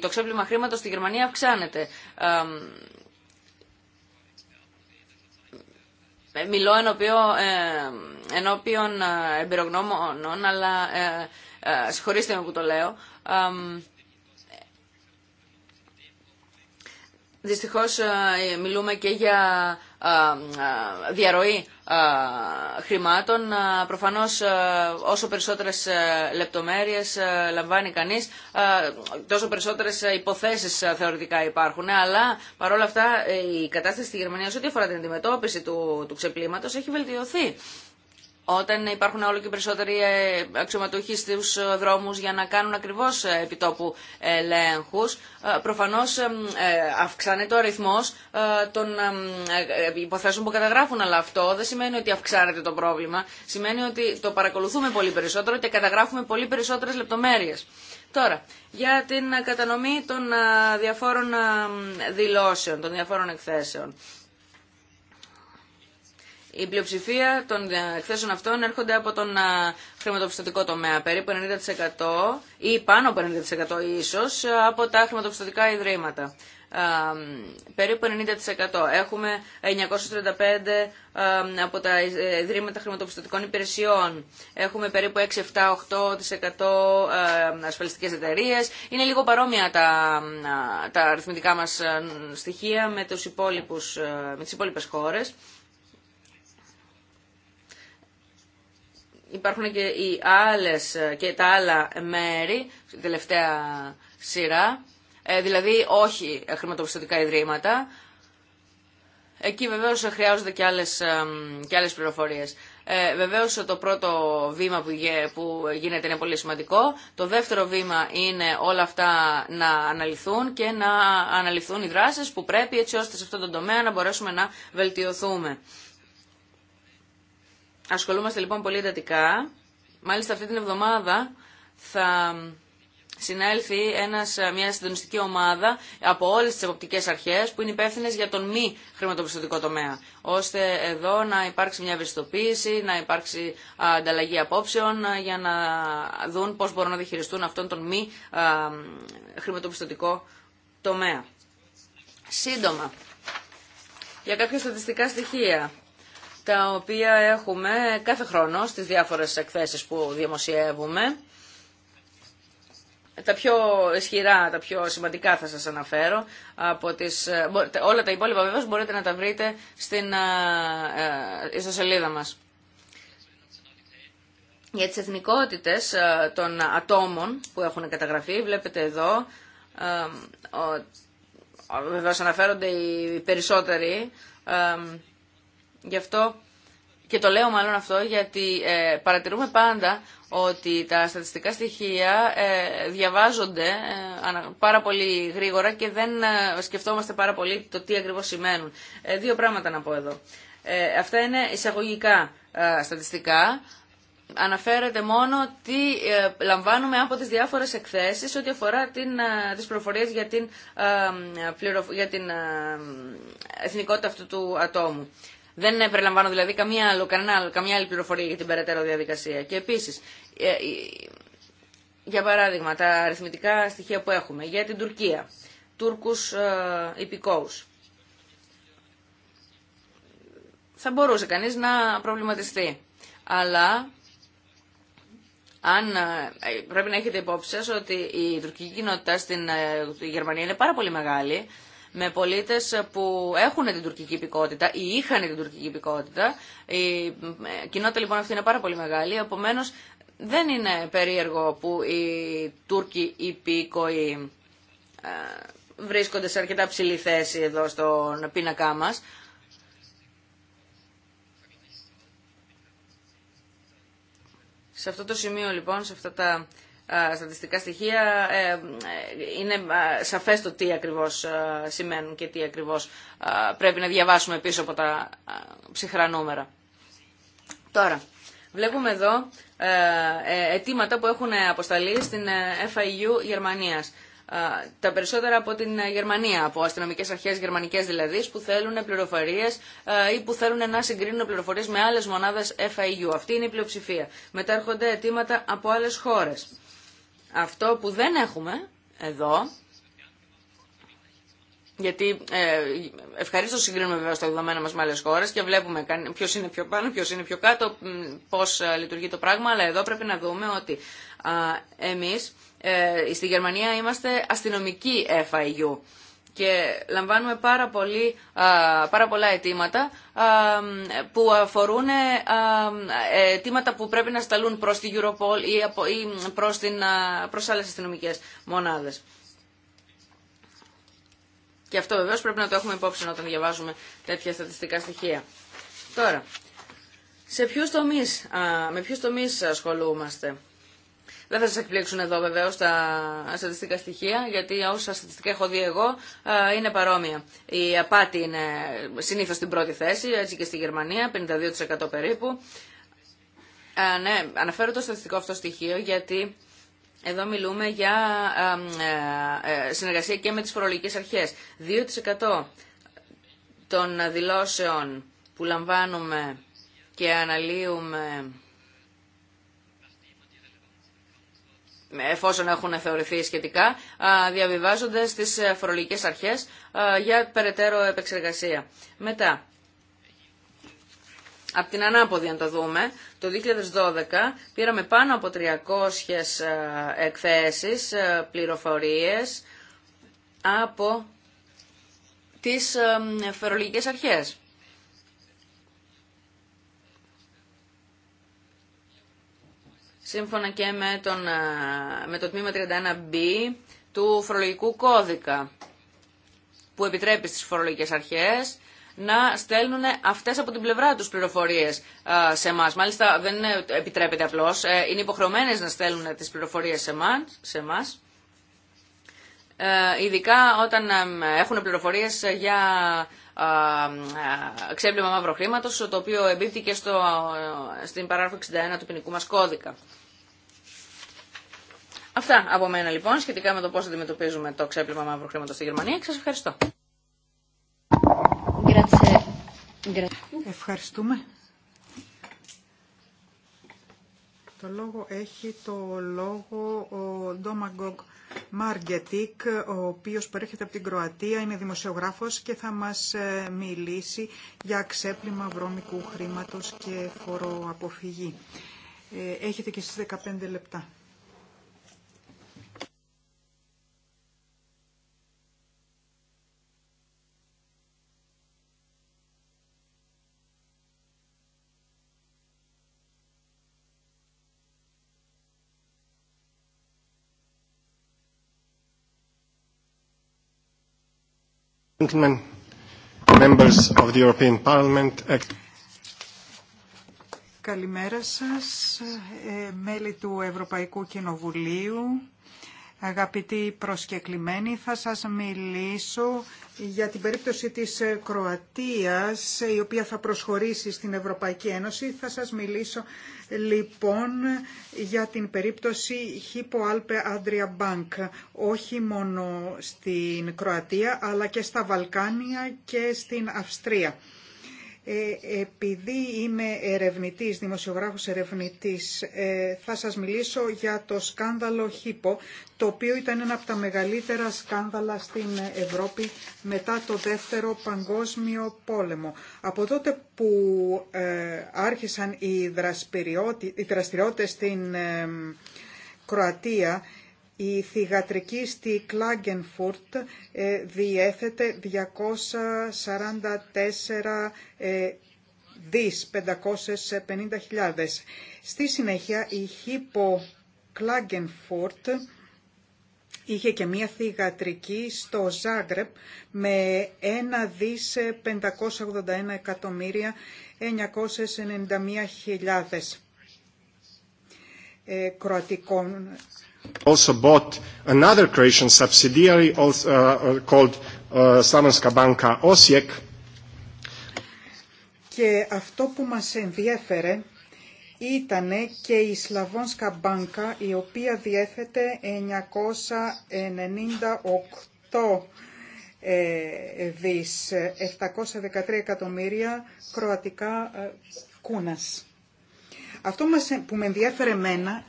το ξέπλυμα χρήματος στη Γερμανία αυξάνεται. μιλώ ε, ενώπιον, ε, ενώπιον εμπειρογνώμων, αλλά ε, ε, συγχωρήστε με που το λέω. Δυστυχώς ε, μιλούμε και για ε, ε, διαρροή χρημάτων. Προφανώς όσο περισσότερες λεπτομέρειες λαμβάνει κανείς, τόσο περισσότερες υποθέσεις θεωρητικά υπάρχουν. Αλλά παρόλα αυτά η κατάσταση στη Γερμανία σε ό,τι αφορά την αντιμετώπιση του, του ξεπλήματος έχει βελτιωθεί όταν υπάρχουν όλο και περισσότεροι ε, αξιωματούχοι στου ε, δρόμους για να κάνουν ακριβώς ε, επιτόπου ελέγχους, προφανώς αυξάνεται ο αριθμός των υποθέσεων που καταγράφουν, αλλά αυτό δεν σημαίνει ότι αυξάνεται το πρόβλημα, σημαίνει ότι το παρακολουθούμε πολύ περισσότερο και καταγράφουμε πολύ περισσότερες λεπτομέρειες. Τώρα, για την κατανομή των διαφόρων δηλώσεων, των διαφόρων εκθέσεων. Η πλειοψηφία των ε, εκθέσεων αυτών έρχονται από τον ε, χρηματοπιστωτικό τομέα. Περίπου 90% ή πάνω από 90% ίσως ε, από τα χρηματοπιστωτικά ιδρύματα. Περίπου 90%. Έχουμε 935 από τα ιδρύματα χρηματοπιστωτικών υπηρεσιών. Έχουμε περίπου 6-7-8% ασφαλιστικές εταιρείες. Είναι λίγο παρόμοια τα, τα αριθμητικά μας στοιχεία με, τους με τις υπόλοιπες χώρες. υπάρχουν και, οι άλλες, και τα άλλα μέρη, τελευταία σειρά, ε, δηλαδή όχι χρηματοπιστωτικά ιδρύματα. Εκεί βεβαίως χρειάζονται και άλλες, και άλλες πληροφορίες. Ε, βεβαίως το πρώτο βήμα που, που γίνεται είναι πολύ σημαντικό. Το δεύτερο βήμα είναι όλα αυτά να αναλυθούν και να αναλυθούν οι δράσεις που πρέπει έτσι ώστε σε αυτό το τομέα να μπορέσουμε να βελτιωθούμε. Ασχολούμαστε λοιπόν πολύ εντατικά. Μάλιστα αυτή την εβδομάδα θα συνέλθει ένας, μια συντονιστική ομάδα από όλες τις εποπτικές αρχές που είναι υπεύθυνε για τον μη χρηματοπιστωτικό τομέα, ώστε εδώ να υπάρξει μια ευαισθητοποίηση, να υπάρξει ανταλλαγή απόψεων για να δουν πώς μπορούν να διχειριστούν αυτόν τον μη χρηματοπιστωτικό τομέα. Σύντομα, για κάποια στατιστικά στοιχεία τα οποία έχουμε κάθε χρόνο στις διάφορες εκθέσεις που δημοσιεύουμε. Τα πιο ισχυρά, τα πιο σημαντικά θα σας αναφέρω. Από τις, όλα τα υπόλοιπα βέβαια μπορείτε να τα βρείτε στην ε, ε, ιστοσελίδα μας. Για τις εθνικότητες ε, των ατόμων που έχουν καταγραφεί, βλέπετε εδώ, βεβαίως αναφέρονται οι περισσότεροι, Γι' αυτό και το λέω μάλλον αυτό γιατί ε, παρατηρούμε πάντα ότι τα στατιστικά στοιχεία ε, διαβάζονται ε, πάρα πολύ γρήγορα και δεν σκεφτόμαστε πάρα πολύ το τι ακριβώς σημαίνουν. Δύο πράγματα να πω εδώ. Αυτά είναι εισαγωγικά στατιστικά. Αναφέρεται μόνο τι λαμβάνουμε από τις διάφορες εκθέσεις ό,τι αφορά την, τις προφορίες για την, για την εθνικότητα αυτού του ατόμου. Δεν περιλαμβάνω δηλαδή καμία, άλλο, καμία άλλη πληροφορία για την περαιτέρω διαδικασία. Και επίση, ε, ε, για παράδειγμα, τα αριθμητικά στοιχεία που έχουμε για την Τουρκία, Τούρκου ε, υπηκόου. Θα μπορούσε κανείς να προβληματιστεί. Αλλά αν, πρέπει να έχετε υπόψη σας ότι η τουρκική κοινότητα στην η Γερμανία είναι πάρα πολύ μεγάλη με πολίτες που έχουν την τουρκική υπηκότητα ή είχαν την τουρκική υπηκότητα. Η κοινότητα λοιπόν αυτή είναι πάρα πολύ μεγάλη, επομένω δεν είναι περίεργο που οι Τούρκοι υπήκοοι ε, βρίσκονται σε αρκετά ψηλή θέση εδώ στον πίνακά μας. Σε αυτό το σημείο λοιπόν, σε αυτά τα στατιστικά στοιχεία ε, ε, είναι σαφές το τι ακριβώς σημαίνουν και τι ακριβώς πρέπει να διαβάσουμε πίσω από τα ψυχρά νούμερα. Τώρα, βλέπουμε εδώ ε, αιτήματα που έχουν αποσταλεί στην FIU Γερμανίας. Τα περισσότερα από την Γερμανία, από αστυνομικέ αρχέ γερμανικέ δηλαδή, που θέλουν πληροφορίε ή που θέλουν να συγκρίνουν πληροφορίε με άλλε μονάδε FIU. Αυτή είναι η πλειοψηφία. Μετά έρχονται αιτήματα από άλλε χώρε. Αυτό που δεν έχουμε εδώ, γιατί ε, ευχαρίστως συγκρίνουμε βέβαια στα δεδομένα μας με άλλες χώρες και βλέπουμε ποιος είναι πιο πάνω, ποιο είναι πιο κάτω, πώς ε, λειτουργεί το πράγμα, αλλά εδώ πρέπει να δούμε ότι εμείς ε, στη Γερμανία είμαστε αστυνομικοί FIU και λαμβάνουμε πάρα, πολύ, πάρα πολλά αιτήματα που αφορούν ε, αιτήματα που πρέπει να σταλούν προς την Europol ή προς, την, άλλες αστυνομικέ μονάδες. Και αυτό βεβαίως πρέπει να το έχουμε υπόψη όταν διαβάζουμε τέτοια στατιστικά στοιχεία. Τώρα, σε ποιους τομείς, με ποιους τομείς ασχολούμαστε. Δεν θα σας εκπλήξουν εδώ βεβαίω τα στατιστικά στοιχεία, γιατί όσα στατιστικά έχω δει εγώ είναι παρόμοια. Η απάτη είναι συνήθως στην πρώτη θέση, έτσι και στη Γερμανία, 52% περίπου. Α, ναι, αναφέρω το στατιστικό αυτό στοιχείο γιατί εδώ μιλούμε για ε, ε, συνεργασία και με τις φορολογικές αρχές. 2% των δηλώσεων που λαμβάνουμε και αναλύουμε εφόσον έχουν θεωρηθεί σχετικά, διαβιβάζονται στις φορολογικές αρχές για περαιτέρω επεξεργασία. Μετά, από την ανάποδη αν το δούμε, το 2012 πήραμε πάνω από 300 εκθέσεις, πληροφορίες από τις φορολογικές αρχές. σύμφωνα και με, τον, ε, με το τμήμα 31B του φορολογικού κώδικα που επιτρέπει στις φορολογικές αρχές να στέλνουν αυτές από την πλευρά τους πληροφορίες ε, σε εμά. Μάλιστα δεν επιτρέπεται απλώς, ε, είναι υποχρεωμένες να στέλνουν τις πληροφορίες σε εμά. Σε εμάς. Ειδικά όταν έχουν πληροφορίες για ξέπλυμα μαύρο χρήματος, το οποίο εμπίπτηκε στο, στην παράγραφο 61 του ποινικού μας κώδικα. Αυτά από μένα λοιπόν σχετικά με το πώς αντιμετωπίζουμε το ξέπλυμα μαύρο χρήματος στη Γερμανία σας ευχαριστώ. Ευχαριστούμε. Το λόγο έχει το λόγο ο Γκόγκ. Μάργκετικ, ο οποίος προέρχεται από την Κροατία, είναι δημοσιογράφος και θα μας ε, μιλήσει για ξέπλυμα βρώμικου χρήματος και φοροαποφυγή. Ε, έχετε και εσείς 15 λεπτά. Gentlemen, members of the European Parliament. Καλημέρα σας, ε, μέλη του Ευρωπαϊκού Κοινοβουλίου, Αγαπητοί προσκεκλημένοι, θα σας μιλήσω για την περίπτωση της Κροατίας, η οποία θα προσχωρήσει στην Ευρωπαϊκή Ένωση. Θα σας μιλήσω λοιπόν για την περίπτωση Χίπο Άλπε Adria όχι μόνο στην Κροατία, αλλά και στα Βαλκάνια και στην Αυστρία. Ε, επειδή είμαι ερευνητής, δημοσιογράφος ερευνητής, ε, θα σας μιλήσω για το σκάνδαλο ΧΥΠΟ, το οποίο ήταν ένα από τα μεγαλύτερα σκάνδαλα στην Ευρώπη μετά το Δεύτερο Παγκόσμιο Πόλεμο. Από τότε που ε, άρχισαν οι δραστηριότητες στην Κροατία η θηγατρική στη Κλάγκενφουρτ διέθετε 244 ε, δις 550.000. Στη συνέχεια η Χίπο Κλάγκενφουρτ είχε και μία θηγατρική στο Ζάγκρεπ με 1 δις 581 εκατομμύρια 991.000 ε, κροατικών also bought another Croatian subsidiary uh, uh, called uh, Slavonska Banka Osijek. Και αυτό που μας ενδιέφερε ήταν και η Σλαβόνσκα Μπάνκα η οποία διέθετε 998 ε, δις, 713 εκατομμύρια κροατικά ε, κούνας. Αυτό που με ενδιέφερε εμένα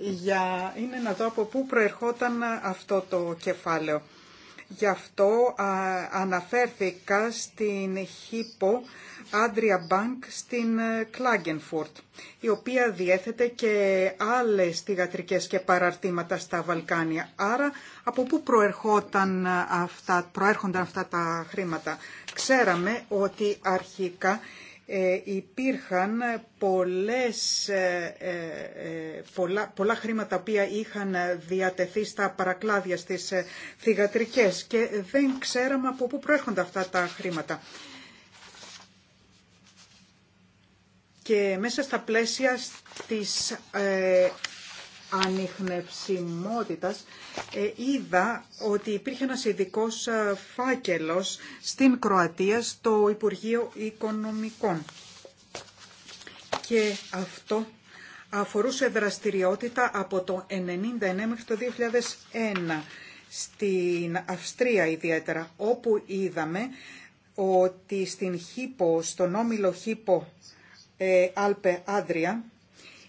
για... είναι να δω από πού προερχόταν αυτό το κεφάλαιο. Γι' αυτό αναφέρθηκα στην Hippo Άντρια Μπάνκ στην ε, Klagenfurt, η οποία διέθετε και άλλες θηγατρικές και παραρτήματα στα Βαλκάνια. Άρα, από πού προερχόταν ε, αυτά, προέρχονταν αυτά τα χρήματα. Ξέραμε ότι αρχικά ε, υπήρχαν πολλές, ε, ε, πολλά, χρήματα που είχαν διατεθεί στα παρακλάδια στις θυγατρικές και δεν ξέραμε από πού προέρχονται αυτά τα χρήματα. Και μέσα στα πλαίσια της ανιχνευσιμότητας ε, είδα ότι υπήρχε ένας ειδικό ε, φάκελος στην Κροατία στο Υπουργείο Οικονομικών. Και αυτό αφορούσε δραστηριότητα από το 1999 μέχρι το 2001 στην Αυστρία ιδιαίτερα, όπου είδαμε ότι στην Χίπο, στον όμιλο Χίπο Άλπε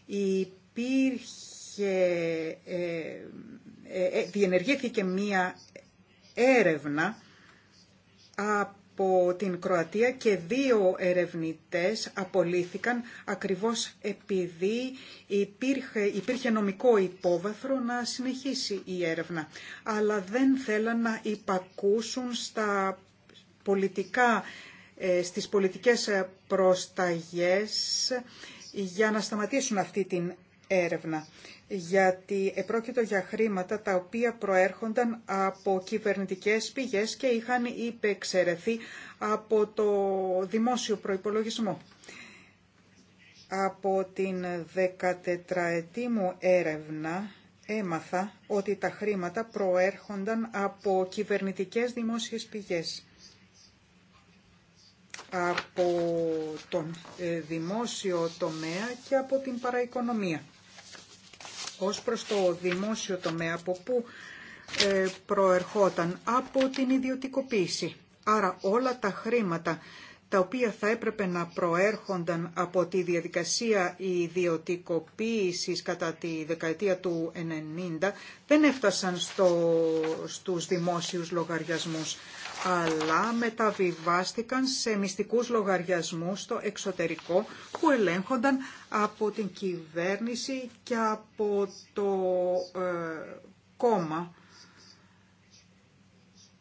η υπήρχε και ε, ε, ε, διενεργήθηκε μία έρευνα από την Κροατία και δύο ερευνητές απολύθηκαν ακριβώς επειδή υπήρχε, υπήρχε νομικό υπόβαθρο να συνεχίσει η έρευνα. Αλλά δεν θέλαν να υπακούσουν στα πολιτικά, στις πολιτικές προσταγές για να σταματήσουν αυτή την έρευνα γιατί επρόκειτο για χρήματα τα οποία προέρχονταν από κυβερνητικές πηγές και είχαν υπεξαιρεθεί από το δημόσιο προϋπολογισμό. Από την 14 η μου έρευνα έμαθα ότι τα χρήματα προέρχονταν από κυβερνητικές δημόσιες πηγές από τον ε, δημόσιο τομέα και από την παραοικονομία ως προς το δημόσιο τομέα από που ε, προερχόταν από την ιδιωτικοποίηση. Άρα όλα τα χρήματα τα οποία θα έπρεπε να προέρχονταν από τη διαδικασία ιδιωτικοποίησης κατά τη δεκαετία του 90 δεν έφτασαν στο, στους δημόσιους λογαριασμούς αλλά μεταβιβάστηκαν σε μυστικούς λογαριασμούς στο εξωτερικό που ελέγχονταν από την κυβέρνηση και από το ε, κόμμα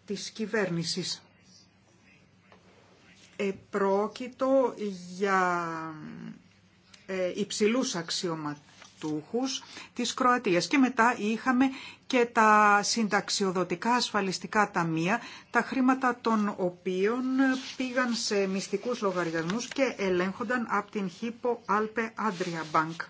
της κυβέρνησης. Πρόκειτο για ε, υψηλούς αξιωματικούς της Κροατίας. Και μετά είχαμε και τα συνταξιοδοτικά ασφαλιστικά ταμεία, τα χρήματα των οποίων πήγαν σε μυστικούς λογαριασμούς και ελέγχονταν από την Hippo Alpe Adria Bank.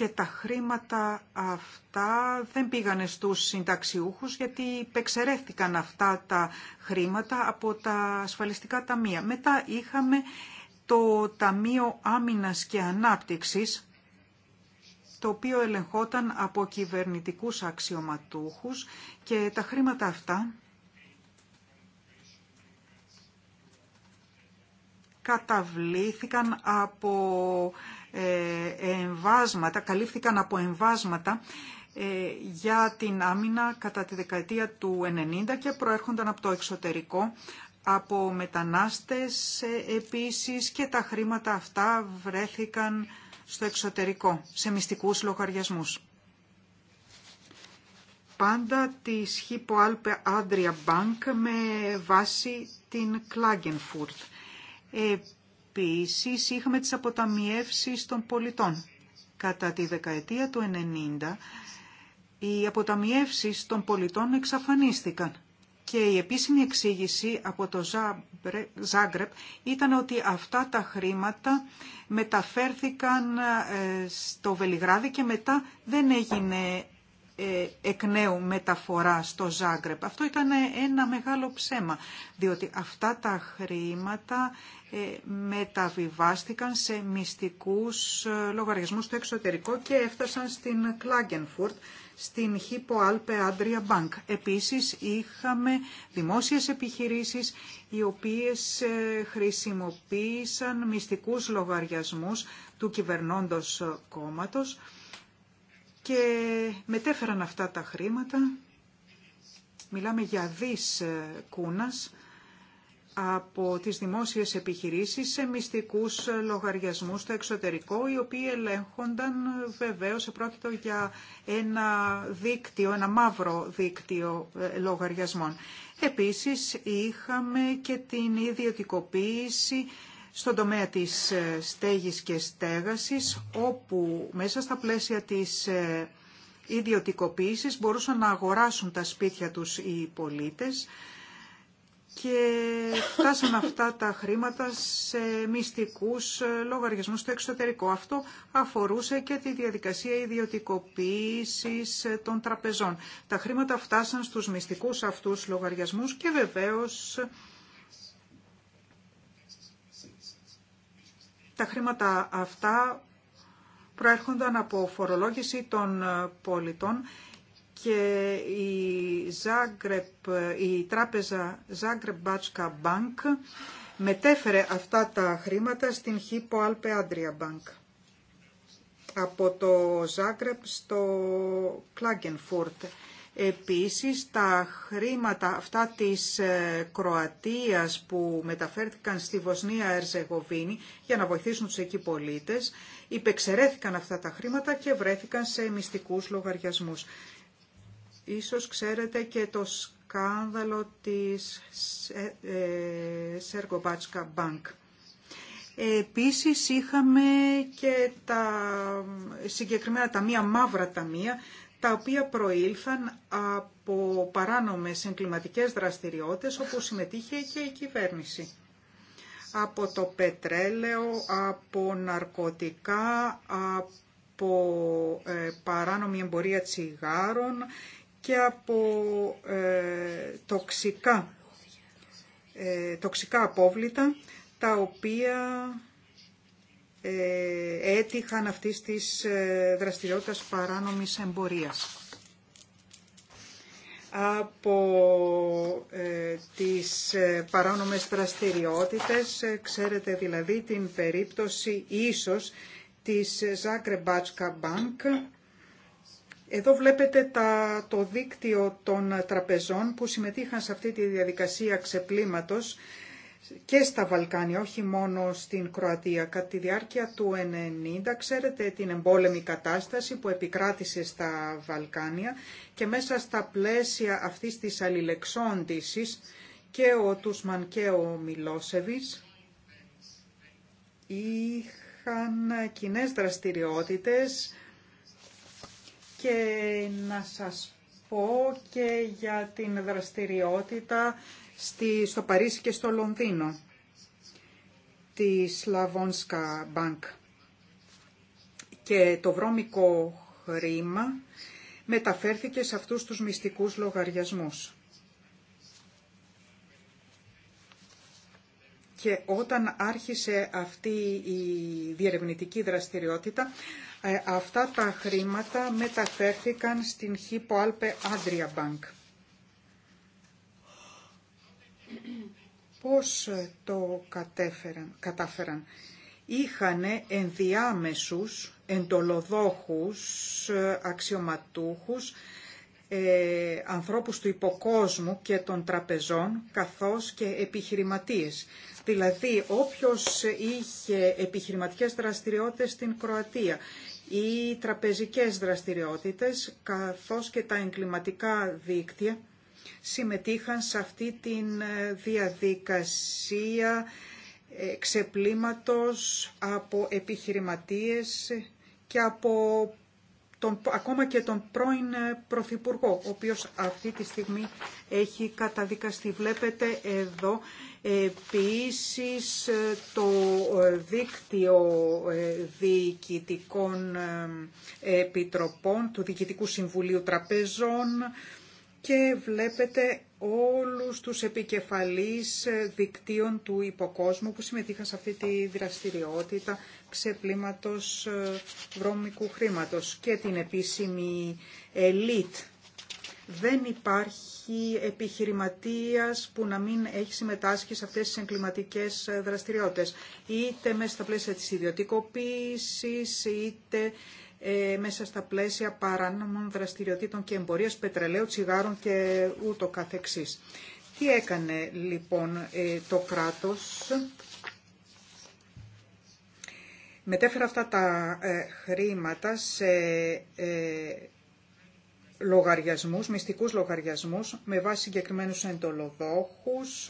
και τα χρήματα αυτά δεν πήγανε στους συνταξιούχους γιατί υπεξερεύτηκαν αυτά τα χρήματα από τα ασφαλιστικά ταμεία. Μετά είχαμε το Ταμείο Άμυνας και Ανάπτυξης το οποίο ελεγχόταν από κυβερνητικούς αξιωματούχους και τα χρήματα αυτά καταβλήθηκαν από ε, εμβάσματα, καλύφθηκαν από εμβάσματα ε, για την άμυνα κατά τη δεκαετία του 90 και προέρχονταν από το εξωτερικό από μετανάστες ε, επίσης και τα χρήματα αυτά βρέθηκαν στο εξωτερικό, σε μυστικούς λογαριασμούς. Πάντα τη Χίπο Άλπε Άντρια Μπάνκ με βάση την Klagenfurt. Επίση είχαμε τις αποταμιεύσεις των πολιτών. Κατά τη δεκαετία του 90 οι αποταμιεύσεις των πολιτών εξαφανίστηκαν και η επίσημη εξήγηση από το Ζάγκρεπ ήταν ότι αυτά τα χρήματα μεταφέρθηκαν ε, στο Βελιγράδι και μετά δεν έγινε ε, εκ νέου μεταφορά στο Ζάγκρεπ. Αυτό ήταν ένα μεγάλο ψέμα, διότι αυτά τα χρήματα ε, μεταβιβάστηκαν σε μυστικούς ε, λογαριασμούς στο εξωτερικό και έφτασαν στην Κλάγκενφουρτ, στην Χίπο Άλπε Άντρια Μπάνκ. Επίσης είχαμε δημόσιες επιχειρήσεις οι οποίες χρησιμοποίησαν μυστικούς λογαριασμούς του κυβερνώντος κόμματος και μετέφεραν αυτά τα χρήματα. Μιλάμε για δις ε, κούνας από τις δημόσιες επιχειρήσεις σε μυστικούς ε, λογαριασμούς στο εξωτερικό, οι οποίοι ελέγχονταν ε, βεβαίως, επρόκειτο για ένα δίκτυο, ένα μαύρο δίκτυο λογαριασμών. Επίσης είχαμε και την ιδιωτικοποίηση στον τομέα της ε, στέγης και στέγασης, όπου μέσα στα πλαίσια της ε, ιδιωτικοποίησης μπορούσαν να αγοράσουν τα σπίτια τους οι πολίτες και φτάσαν αυτά τα χρήματα σε μυστικούς ε, λογαριασμούς στο εξωτερικό. Αυτό αφορούσε και τη διαδικασία ιδιωτικοποίησης των τραπεζών. Τα χρήματα φτάσαν στους μυστικούς αυτούς λογαριασμούς και βεβαίως Τα χρήματα αυτά προέρχονταν από φορολόγηση των ε, πολιτών και η, Zagreb, η τράπεζα Zagreb Batska Bank μετέφερε αυτά τα χρήματα στην χιπο Alpe Adria Bank από το Zagreb στο Klagenfurt Επίσης, τα χρήματα αυτά της ε, Κροατίας που μεταφέρθηκαν στη Βοσνία Ερζεγοβίνη για να βοηθήσουν τους εκεί πολίτες, υπεξαιρέθηκαν αυτά τα χρήματα και βρέθηκαν σε μυστικούς λογαριασμούς. Ίσως ξέρετε και το σκάνδαλο της ε, ε, Σεργοβάτσκα Μπάνκ. Επίσης είχαμε και τα συγκεκριμένα ταμεία, μαύρα ταμεία, τα οποία προήλθαν από παράνομες εγκληματικές δραστηριότητες όπου συμμετείχε και η κυβέρνηση. Από το πετρέλαιο, από ναρκωτικά, από ε, παράνομη εμπορία τσιγάρων και από ε, τοξικά, ε, τοξικά απόβλητα τα οποία ε, έτυχαν αυτής της ε, δραστηριότητας παράνομης εμπορίας. Από ε, τις παράνομες δραστηριότητες ξέρετε δηλαδή την περίπτωση ίσως της Zagreb Bank. Εδώ βλέπετε τα, το δίκτυο των τραπεζών που συμμετείχαν σε αυτή τη διαδικασία ξεπλήματος και στα Βαλκάνια, όχι μόνο στην Κροατία. Κατά τη διάρκεια του 1990, ξέρετε την εμπόλεμη κατάσταση που επικράτησε στα Βαλκάνια και μέσα στα πλαίσια αυτής της αλληλεξόντισης και ο Τουσμαν και ο Μιλόσεβης είχαν κοινέ δραστηριότητες και να σας πω και για την δραστηριότητα στη, στο Παρίσι και στο Λονδίνο τη Σλαβόνσκα Μπάνκ. Και το βρώμικο χρήμα μεταφέρθηκε σε αυτούς τους μυστικούς λογαριασμούς. Και όταν άρχισε αυτή η διερευνητική δραστηριότητα, ε, αυτά τα χρήματα μεταφέρθηκαν στην Χίπο Άλπε Άντρια Μπάνκ. Πώς ε, το κατέφεραν, κατάφεραν. Είχαν ενδιάμεσους, εντολοδόχους, ε, αξιωματούχους, ε, ανθρώπους του υποκόσμου και των τραπεζών, καθώς και επιχειρηματίες. Δηλαδή, όποιος είχε επιχειρηματικές δραστηριότητες στην Κροατία ή τραπεζικές δραστηριότητες, καθώς και τα εγκληματικά δίκτυα, συμμετείχαν σε αυτή τη ε, διαδικασία ξεπλήματος από επιχειρηματίες και από τον, ακόμα και τον πρώην ε, Πρωθυπουργό, ο οποίος αυτή τη στιγμή έχει καταδικαστεί. Βλέπετε εδώ επίσης ε, το δίκτυο διοικητικών επιτροπών του Διοικητικού Συμβουλίου Τραπεζών, και βλέπετε όλους τους επικεφαλείς ε, δικτύων του υποκόσμου που συμμετείχαν σε αυτή τη δραστηριότητα ξεπλήματος ε, βρώμικου χρήματος και την επίσημη ελίτ. Δεν υπάρχει επιχειρηματίας που να μην έχει συμμετάσχει σε αυτές τις εγκληματικές ε, δραστηριότητες, είτε μέσα στα πλαίσια της ιδιωτικοποίησης, είτε ε, μέσα στα πλαίσια παράνομων δραστηριοτήτων και εμπορίας πετρελαίου, τσιγάρων και ούτω καθεξής. Τι έκανε λοιπόν ε, το κράτος, μετέφερε αυτά τα ε, χρήματα σε λογαριασμούς, μυστικούς λογαριασμούς με βάση συγκεκριμένους εντολοδόχους,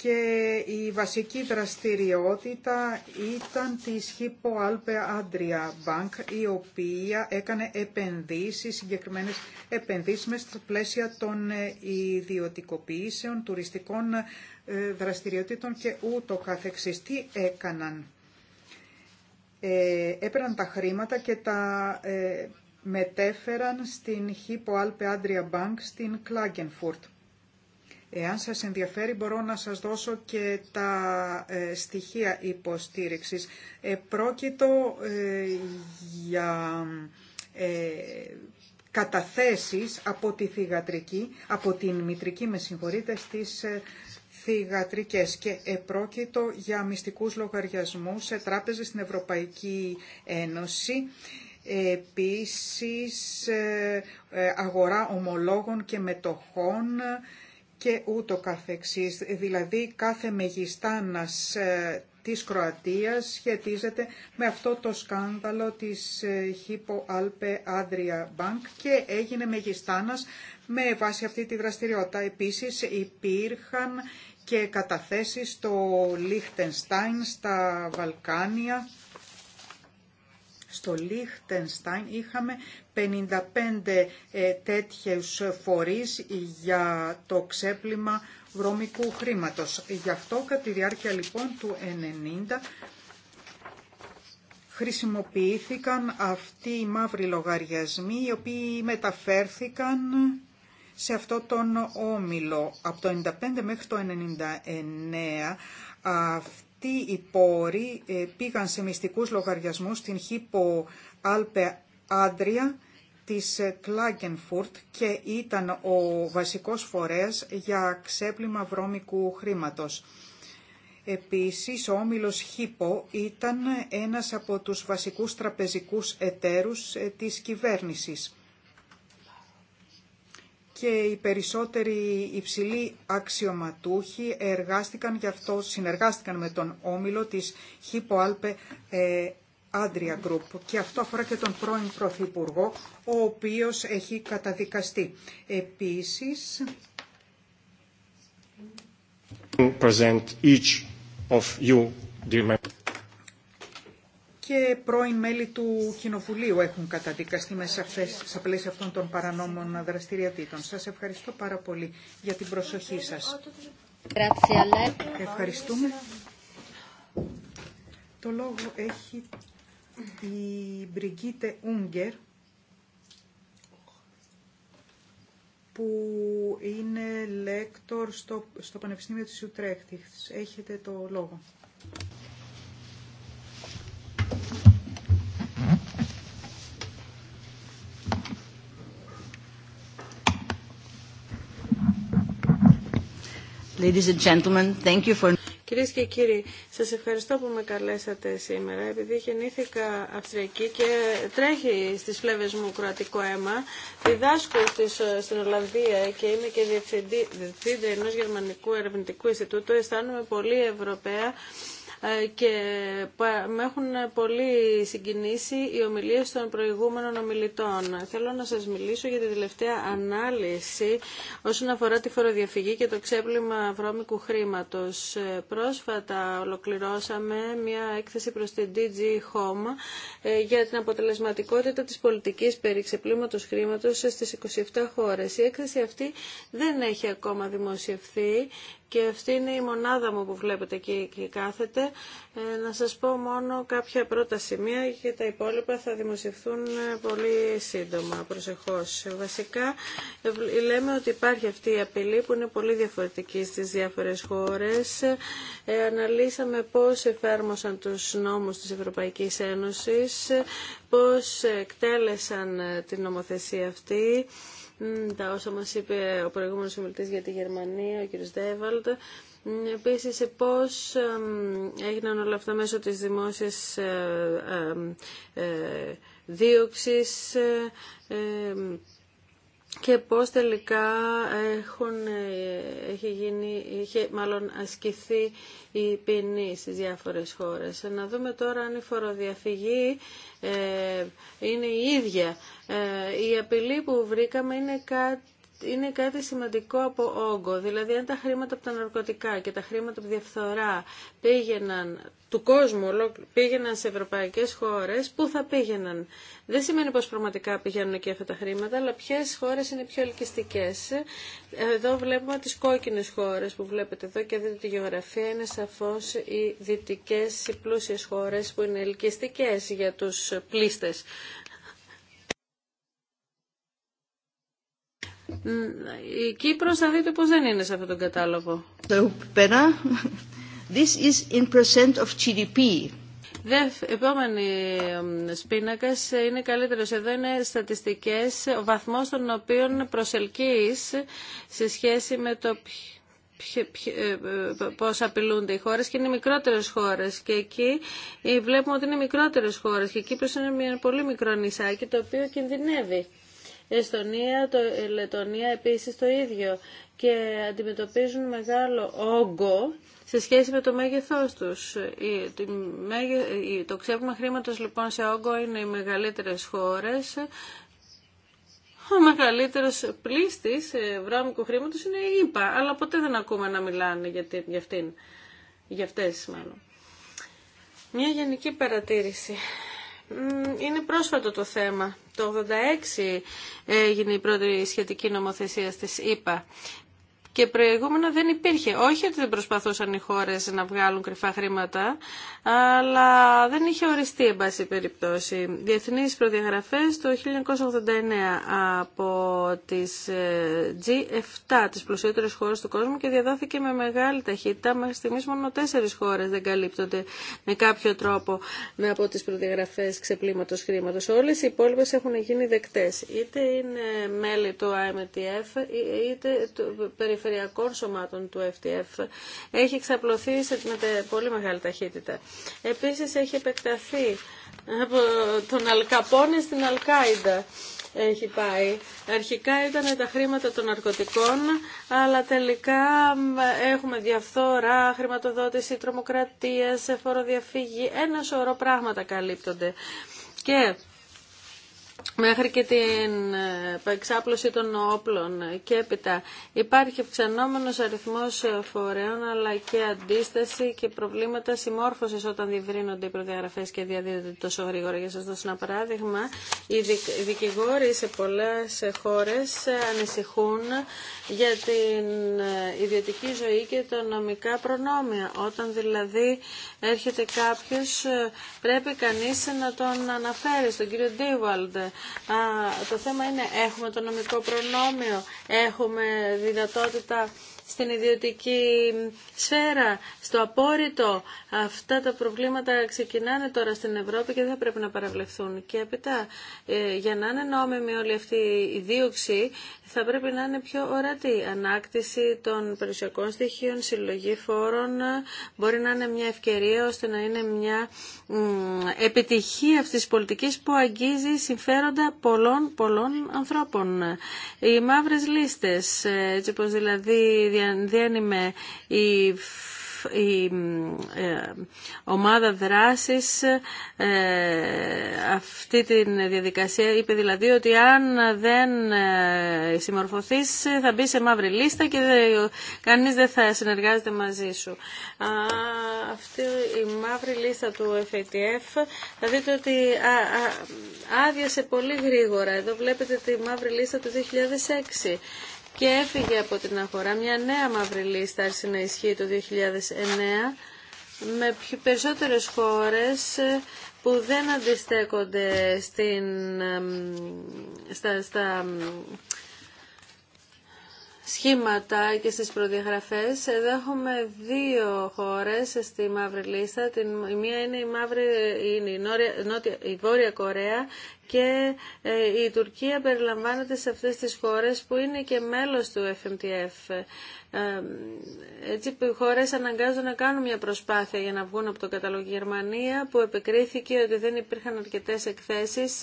και η βασική δραστηριότητα ήταν της Hippo Alpe Adria Bank, η οποία έκανε επενδύσεις, συγκεκριμένες επενδύσεις μέσα στα πλαίσια των ε, ιδιωτικοποιήσεων, τουριστικών ε, δραστηριοτήτων και ούτω καθεξής. Τι έκαναν. Ε, έπαιρναν τα χρήματα και τα ε, μετέφεραν στην Hippo Alpe Adria Bank στην Klagenfurt Εάν σας ενδιαφέρει μπορώ να σας δώσω και τα ε, στοιχεία υποστήριξης. Ε, πρόκειτο για ε, καταθέσεις από τη θηγατρική, από την μητρική με συγχωρείτε, στις ε, θυγατρικές και επρόκειτο για μυστικούς λογαριασμούς σε τράπεζες στην Ευρωπαϊκή Ένωση επίσης αγορά ομολόγων και μετοχών και ούτω καθεξής. Δηλαδή κάθε μεγιστάνας ε, της Κροατίας σχετίζεται με αυτό το σκάνδαλο της ε, Hippo Alpe Adria Bank και έγινε μεγιστάνας με βάση αυτή τη δραστηριότητα. Επίσης υπήρχαν και καταθέσεις στο Λίχτενστάιν, στα Βαλκάνια στο Λίχτενστάιν είχαμε 55 ε, τέτοιες φορείς για το ξέπλυμα βρώμικου χρήματος. Γι' αυτό κατά τη διάρκεια λοιπόν του 90 χρησιμοποιήθηκαν αυτοί οι μαύροι λογαριασμοί οι οποίοι μεταφέρθηκαν σε αυτό τον όμιλο. Από το 95 μέχρι το 99 τι οι πόροι ε, πήγαν σε μυστικούς λογαριασμούς στην Χίπο Άλπε Άντρια της Κλάγκενφουρτ και ήταν ο βασικός φορέας για ξέπλυμα βρώμικου χρήματος. Επίσης, ο Όμιλος Χίπο ήταν ένας από τους βασικούς τραπεζικούς εταίρους ε, της κυβέρνησης και οι περισσότεροι υψηλοί αξιωματούχοι εργάστηκαν γι' αυτό, συνεργάστηκαν με τον όμιλο της Χιποάλπε Άντρια Group και αυτό αφορά και τον πρώην Πρωθυπουργό, ο οποίος έχει καταδικαστεί. Επίσης και πρώην μέλη του Κοινοβουλίου έχουν καταδικαστεί μέσα αυτές, στα πλαίσια αυτών των παρανόμων δραστηριοτήτων. Σας ευχαριστώ πάρα πολύ για την προσοχή σας. Ευχαριστούμε. Το λόγο έχει η Μπριγκίτε Ούγκερ που είναι λέκτορ στο, Πανεπιστήμιο της Ιουτρέχτης. Έχετε το λόγο. Κυρίες και κύριοι, σας ευχαριστώ που με καλέσατε σήμερα, επειδή γεννήθηκα Αυστριακή και τρέχει στις φλέβες μου κροατικό αίμα. Διδάσκω ε, στην Ολλανδία και είμαι και διευθυντή ενός Γερμανικού Ερευνητικού Ινστιτούτου. Αισθάνομαι πολύ Ευρωπαία ε, και με έχουν πολύ συγκινήσει οι ομιλίες των προηγούμενων ομιλητών. Θέλω να σας μιλήσω για τη τελευταία ανάλυση όσον αφορά τη φοροδιαφυγή και το ξέπλυμα βρώμικου χρήματος. Ε, πρόσφατα ολοκληρώσαμε μια έκθεση προς την DG Home ε, για την αποτελεσματικότητα της πολιτικής περί ξεπλύματος χρήματος στις 27 χώρες. Η έκθεση αυτή δεν έχει ακόμα δημοσιευθεί και αυτή είναι η μονάδα μου που βλέπετε εκεί και κάθεται. Ε, να σας πω μόνο κάποια πρώτα σημεία και τα υπόλοιπα θα δημοσιευθούν ε, πολύ σύντομα, προσεχώς. Ε, βασικά λέμε ότι υπάρχει αυτή η απειλή που είναι πολύ διαφορετική στις διάφορες χώρες. αναλύσαμε πώς εφάρμοσαν τους νόμους της Ευρωπαϊκής Ένωσης, πώς εκτέλεσαν την νομοθεσία αυτή, τα όσα μας είπε ο προηγούμενος ομιλητής για τη Γερμανία, ο κ. Ντέβαλτ. Επίσης, πώς έγιναν όλα αυτά μέσω της δημόσιας ε, ε, ε, δίωξης, και πώς τελικά έχουν, έχει γίνει, είχε μάλλον ασκηθεί η ποινή στις διάφορες χώρες. Να δούμε τώρα αν η φοροδιαφυγή ε, είναι η ίδια. Ε, η απειλή που βρήκαμε είναι κάτι είναι κάτι σημαντικό από όγκο. Δηλαδή, αν τα χρήματα από τα ναρκωτικά και τα χρήματα από διαφθορά πήγαιναν του κόσμου πήγαιναν σε ευρωπαϊκές χώρες, πού θα πήγαιναν. Δεν σημαίνει πως πραγματικά πηγαίνουν εκεί αυτά τα χρήματα, αλλά ποιες χώρες είναι πιο ελκυστικές. Εδώ βλέπουμε τις κόκκινες χώρες που βλέπετε εδώ και δείτε τη γεωγραφία. Είναι σαφώς οι δυτικές, οι πλούσιες χώρες που είναι ελκυστικές για τους πλήστες. Η Κύπρος θα δείτε πως δεν είναι σε αυτόν τον κατάλογο. This is in percent of GDP. Επόμενη σπίνακα ε, είναι καλύτερο. Εδώ είναι στατιστικέ, ο βαθμό των οποίων προσελκύει σε σχέση με το ε, ε, πώ απειλούνται οι χώρε και είναι μικρότερε χώρες και εκεί βλέπουμε ότι είναι μικρότερε χώρε και εκεί Κύπρος είναι ένα πολύ μικρό νησάκι το οποίο κινδυνεύει. Εστονία, το, Λετωνία επίση το ίδιο και αντιμετωπίζουν μεγάλο όγκο σε σχέση με το μέγεθός τους. Το ξέπημα χρήματος λοιπόν σε όγκο είναι οι μεγαλύτερες χώρες. Ο μεγαλύτερος πλήστης ε, βρώμικου χρήματος είναι η ΙΠΑ, αλλά ποτέ δεν ακούμε να μιλάνε για, την, για, αυτήν, για αυτές μάλλον. Μια γενική παρατήρηση. Είναι πρόσφατο το θέμα. Το 1986 έγινε η πρώτη σχετική νομοθεσία στις ΕΠΑ και προηγούμενα δεν υπήρχε. Όχι ότι δεν προσπαθούσαν οι χώρε να βγάλουν κρυφά χρήματα, αλλά δεν είχε οριστεί εν πάση περιπτώσει. Διεθνεί προδιαγραφέ το 1989 από τι G7, ε, τι πλουσιότερε χώρε του κόσμου και διαδόθηκε με μεγάλη ταχύτητα. Μέχρι στιγμή μόνο τέσσερι χώρε δεν καλύπτονται με κάποιο τρόπο από τι προδιαγραφέ ξεπλήματο χρήματο. Όλε οι υπόλοιπε έχουν γίνει δεκτέ. Είτε είναι μέλη του IMTF, είτε του περιφερειακού περιφερειακών σωμάτων του FTF έχει εξαπλωθεί σε πολύ μεγάλη ταχύτητα. Επίσης έχει επεκταθεί από τον αλκάπόνη στην Αλκάιντα έχει πάει. Αρχικά ήταν τα χρήματα των ναρκωτικών, αλλά τελικά έχουμε διαφθόρα, χρηματοδότηση τρομοκρατία, φοροδιαφύγη, ένα σωρό πράγματα καλύπτονται. Και μέχρι και την ε, εξάπλωση των όπλων και έπειτα υπάρχει αυξανόμενος αριθμός ε, φορέων αλλά και αντίσταση και προβλήματα συμμόρφωσης όταν διευρύνονται οι προδιαγραφές και διαδίδονται τόσο γρήγορα. Για σας δώσω ένα παράδειγμα, οι δικηγόροι σε πολλές ε, χώρες ανησυχούν για την ιδιωτική ζωή και τα νομικά προνόμια. Όταν δηλαδή έρχεται κάποιος πρέπει κανείς να τον αναφέρει στον κύριο Ντίβαλντ το θέμα είναι έχουμε το νομικό προνόμιο, έχουμε δυνατότητα στην ιδιωτική σφαίρα, στο απόρριτο. Αυτά τα προβλήματα ξεκινάνε τώρα στην Ευρώπη και δεν θα πρέπει να παραβλεφθούν. Και έπειτα, ε, για να είναι νόμιμη όλη αυτή η δίωξη, θα πρέπει να είναι πιο ορατή. Ανάκτηση των περιουσιακών στοιχείων, συλλογή φόρων, μπορεί να είναι μια ευκαιρία ώστε να είναι μια επιτυχία αυτής της πολιτικής που αγγίζει συμφέροντα πολλών πολλών ανθρώπων. Οι μαύρες λίστες, ε, έτσι όπως δηλαδή διανύμε η η ε, ομάδα δράσης ε, αυτή τη διαδικασία είπε δηλαδή ότι αν δεν ε, συμμορφωθείς θα μπει σε μαύρη λίστα και κανείς δεν θα συνεργάζεται μαζί σου. Αυτή η μαύρη λίστα του FATF θα δείτε ότι άδειασε πολύ γρήγορα. Εδώ βλέπετε τη μαύρη λίστα του 2006 και έφυγε από την αγορά μια νέα μαύρη λίστα άρχισε να ισχύει το 2009 με περισσότερες χώρες ε, που δεν αντιστέκονται στην, ε, στα, στα σχήματα και στις προδιαγραφές. Εδώ έχουμε δύο χώρες στη μαύρη λίστα. Την, η μία είναι η, μαύρη, είναι η, νότια, η Βόρεια Κορέα και ε, η Τουρκία περιλαμβάνεται σε αυτές τις χώρες που είναι και μέλος του FMTF. Έτσι που οι χώρες αναγκάζονται να κάνουν μια προσπάθεια για να βγουν από το καταλόγιο Γερμανία που επικρίθηκε ότι δεν υπήρχαν αρκετές εκθέσεις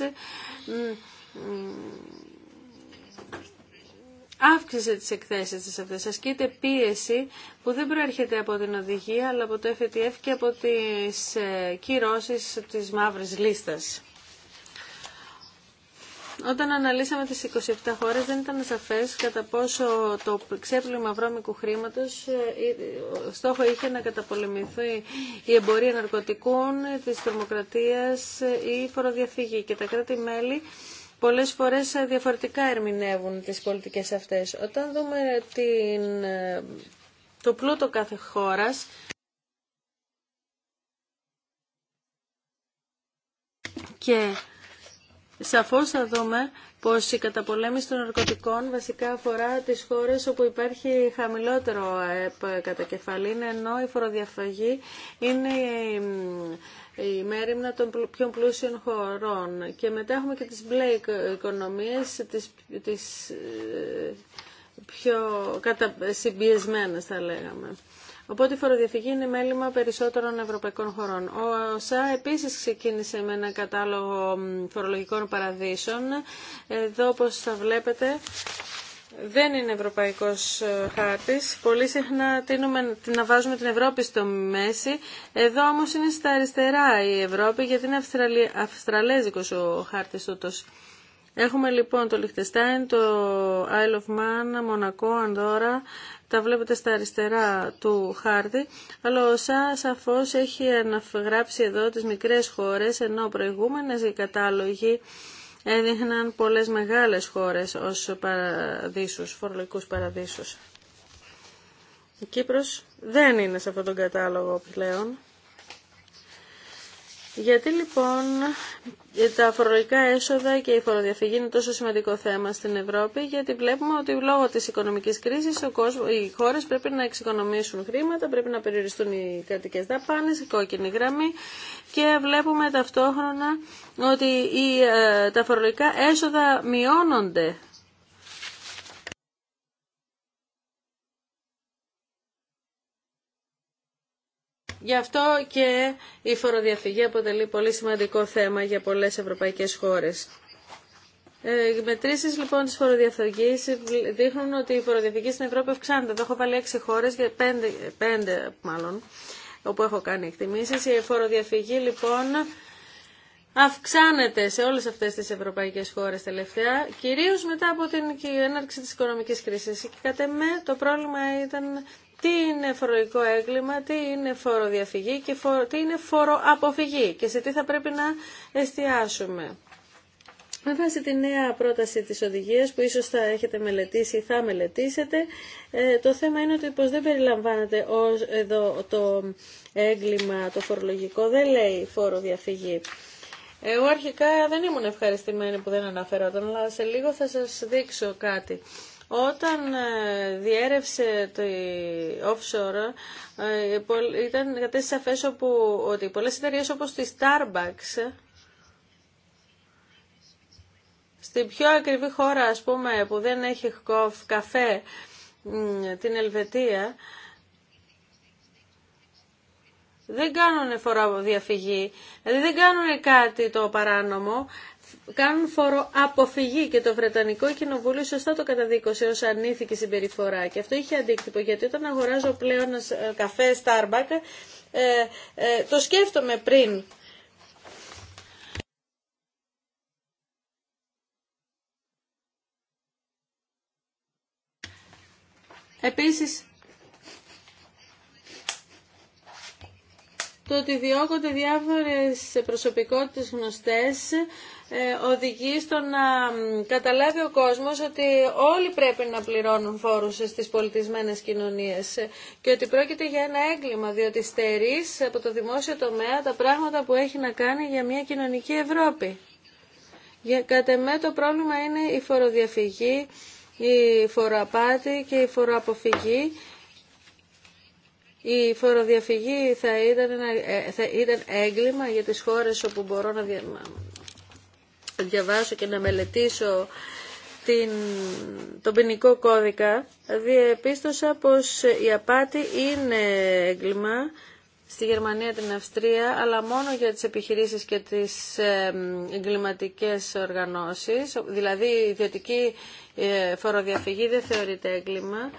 αύξησε τις εκθέσεις της αυτές. Ασκείται πίεση που δεν προέρχεται από την οδηγία, αλλά από το FATF και από τις ε, κυρώσεις της μαύρης λίστας. Όταν αναλύσαμε τις 27 χώρες δεν ήταν σαφές κατά πόσο το ξέπλυμα βρώμικου χρήματος ε, ε, στόχο είχε να καταπολεμηθεί η εμπορία ναρκωτικών, της τρομοκρατίας ή η φοροδιαφυγή. Και τα κράτη-μέλη πολλές φορές διαφορετικά ερμηνεύουν τις πολιτικές αυτές. Όταν δούμε την, το πλούτο κάθε χώρας, και Σαφώς θα δούμε πως η καταπολέμηση των ναρκωτικών βασικά αφορά τις χώρες όπου υπάρχει χαμηλότερο κατακεφαλή, ενώ η φοροδιαφαγή είναι η μέρημνα των πιο πλούσιων χωρών. Και μετά έχουμε και τις μπλε οικονομίες, τις, τις ε, πιο κατα... συμπιεσμένες θα λέγαμε. Οπότε η φοροδιαφυγή είναι μέλημα περισσότερων ευρωπαϊκών χωρών. Ο ΣΑ επίσης ξεκίνησε με ένα κατάλογο φορολογικών παραδείσων. Εδώ όπως θα βλέπετε δεν είναι ευρωπαϊκός ε, χάρτης. Πολύ συχνά τίνουμε να βάζουμε την Ευρώπη στο μέση. Εδώ όμως είναι στα αριστερά η Ευρώπη γιατί είναι αυστραλι... αυστραλέζικος ο χάρτης τούτος. Έχουμε λοιπόν το Λιχτεστάιν, το Isle of Man, Μονακό, Ανδόρα, τα βλέπετε στα αριστερά του χάρτη, αλλά ο ΣΑ σαφώς έχει αναγράψει εδώ τις μικρές χώρες, ενώ προηγούμενες οι κατάλογοι έδειχναν πολλές μεγάλες χώρες ως παραδείσους, φορολογικούς παραδείσους. Η Κύπρος δεν είναι σε αυτόν τον κατάλογο πλέον. Γιατί λοιπόν τα φορολογικά έσοδα και η φοροδιαφυγή είναι τόσο σημαντικό θέμα στην Ευρώπη, γιατί βλέπουμε ότι λόγω της οικονομικής κρίσης ο κόσμος, οι χώρες πρέπει να εξοικονομήσουν χρήματα, πρέπει να περιοριστούν οι κρατικές δαπάνες, η κόκκινη γραμμή και βλέπουμε ταυτόχρονα ότι ε, τα φορολογικά έσοδα μειώνονται Γι' αυτό και η φοροδιαφυγή αποτελεί πολύ σημαντικό θέμα για πολλές ευρωπαϊκές χώρες. Ε, οι μετρήσει λοιπόν τη φοροδιαφυγή δείχνουν ότι η φοροδιαφυγή στην Ευρώπη αυξάνεται. Εδώ έχω βάλει έξι χώρε, πέντε μάλλον, όπου έχω κάνει εκτιμήσει. Η φοροδιαφυγή λοιπόν αυξάνεται σε όλε αυτέ τι ευρωπαϊκέ χώρε τελευταία, κυρίω μετά από την έναρξη τη οικονομική κρίση. Και κατά με το πρόβλημα ήταν τι είναι φορολογικό έγκλημα, τι είναι φοροδιαφυγή και τι είναι φοροαποφυγή και σε τι θα πρέπει να εστιάσουμε. Με βάση τη νέα πρόταση της οδηγίας που ίσως θα έχετε μελετήσει ή θα μελετήσετε, ε, το θέμα είναι ότι πως δεν περιλαμβάνεται ως εδώ το έγκλημα το φορολογικό, δεν λέει φόρο διαφυγή. Εγώ αρχικά δεν ήμουν ευχαριστημένη που δεν αναφερόταν, αλλά σε λίγο θα σας δείξω κάτι. Όταν ε, διέρευσε το offshore, ε, ε, ήταν κατέστη σαφές ότι πολλές εταιρείες όπως τη Starbucks, στην πιο ακριβή χώρα ας πούμε που δεν έχει καφέ, την Ελβετία, δεν κάνουν φορά διαφυγή, δηλαδή, δεν κάνουν κάτι το παράνομο, κάνουν φόρο αποφυγή και το Βρετανικό Κοινοβούλιο σωστά το καταδίκωσε ως ανήθικη συμπεριφορά και αυτό είχε αντίκτυπο γιατί όταν αγοράζω πλέον ε, καφέ Starbucks ε, ε, το σκέφτομαι πριν Επίσης το ότι διώκονται διάφορες προσωπικότητες γνωστές ε, οδηγεί στο να καταλάβει ο κόσμος ότι όλοι πρέπει να πληρώνουν φόρους στις πολιτισμένες κοινωνίες και ότι πρόκειται για ένα έγκλημα, διότι στερείς από το δημόσιο τομέα τα πράγματα που έχει να κάνει για μια κοινωνική Ευρώπη. Για, κατ' το πρόβλημα είναι η φοροδιαφυγή, η φοροαπάτη και η φοροαποφυγή η φοροδιαφυγή θα ήταν, ένα, ε, θα ήταν έγκλημα για τις χώρες όπου μπορώ να διαβάσω και να μελετήσω την, τον ποινικό κώδικα. Διεπίστωσα πως η απάτη είναι έγκλημα στη Γερμανία, την Αυστρία, αλλά μόνο για τις επιχειρήσεις και τις εγκληματικέ οργανώσεις. Δηλαδή η ιδιωτική ε, φοροδιαφυγή δεν θεωρείται έγκλημα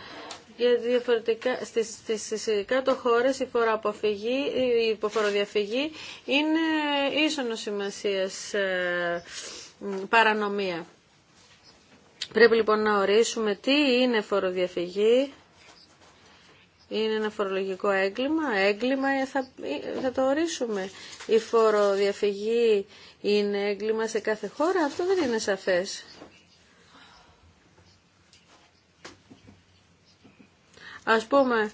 για διαφορετικά, στις, στις, στις κάτω χώρες η φοροαποφυγή, η υποφοροδιαφυγή είναι ίσονο σημασία ε, παρανομία. Πρέπει λοιπόν να ορίσουμε τι είναι φοροδιαφυγή, είναι ένα φορολογικό έγκλημα, έγκλημα θα, θα το ορίσουμε. Η φοροδιαφυγή είναι έγκλημα σε κάθε χώρα, αυτό δεν είναι σαφές. Ας πούμε,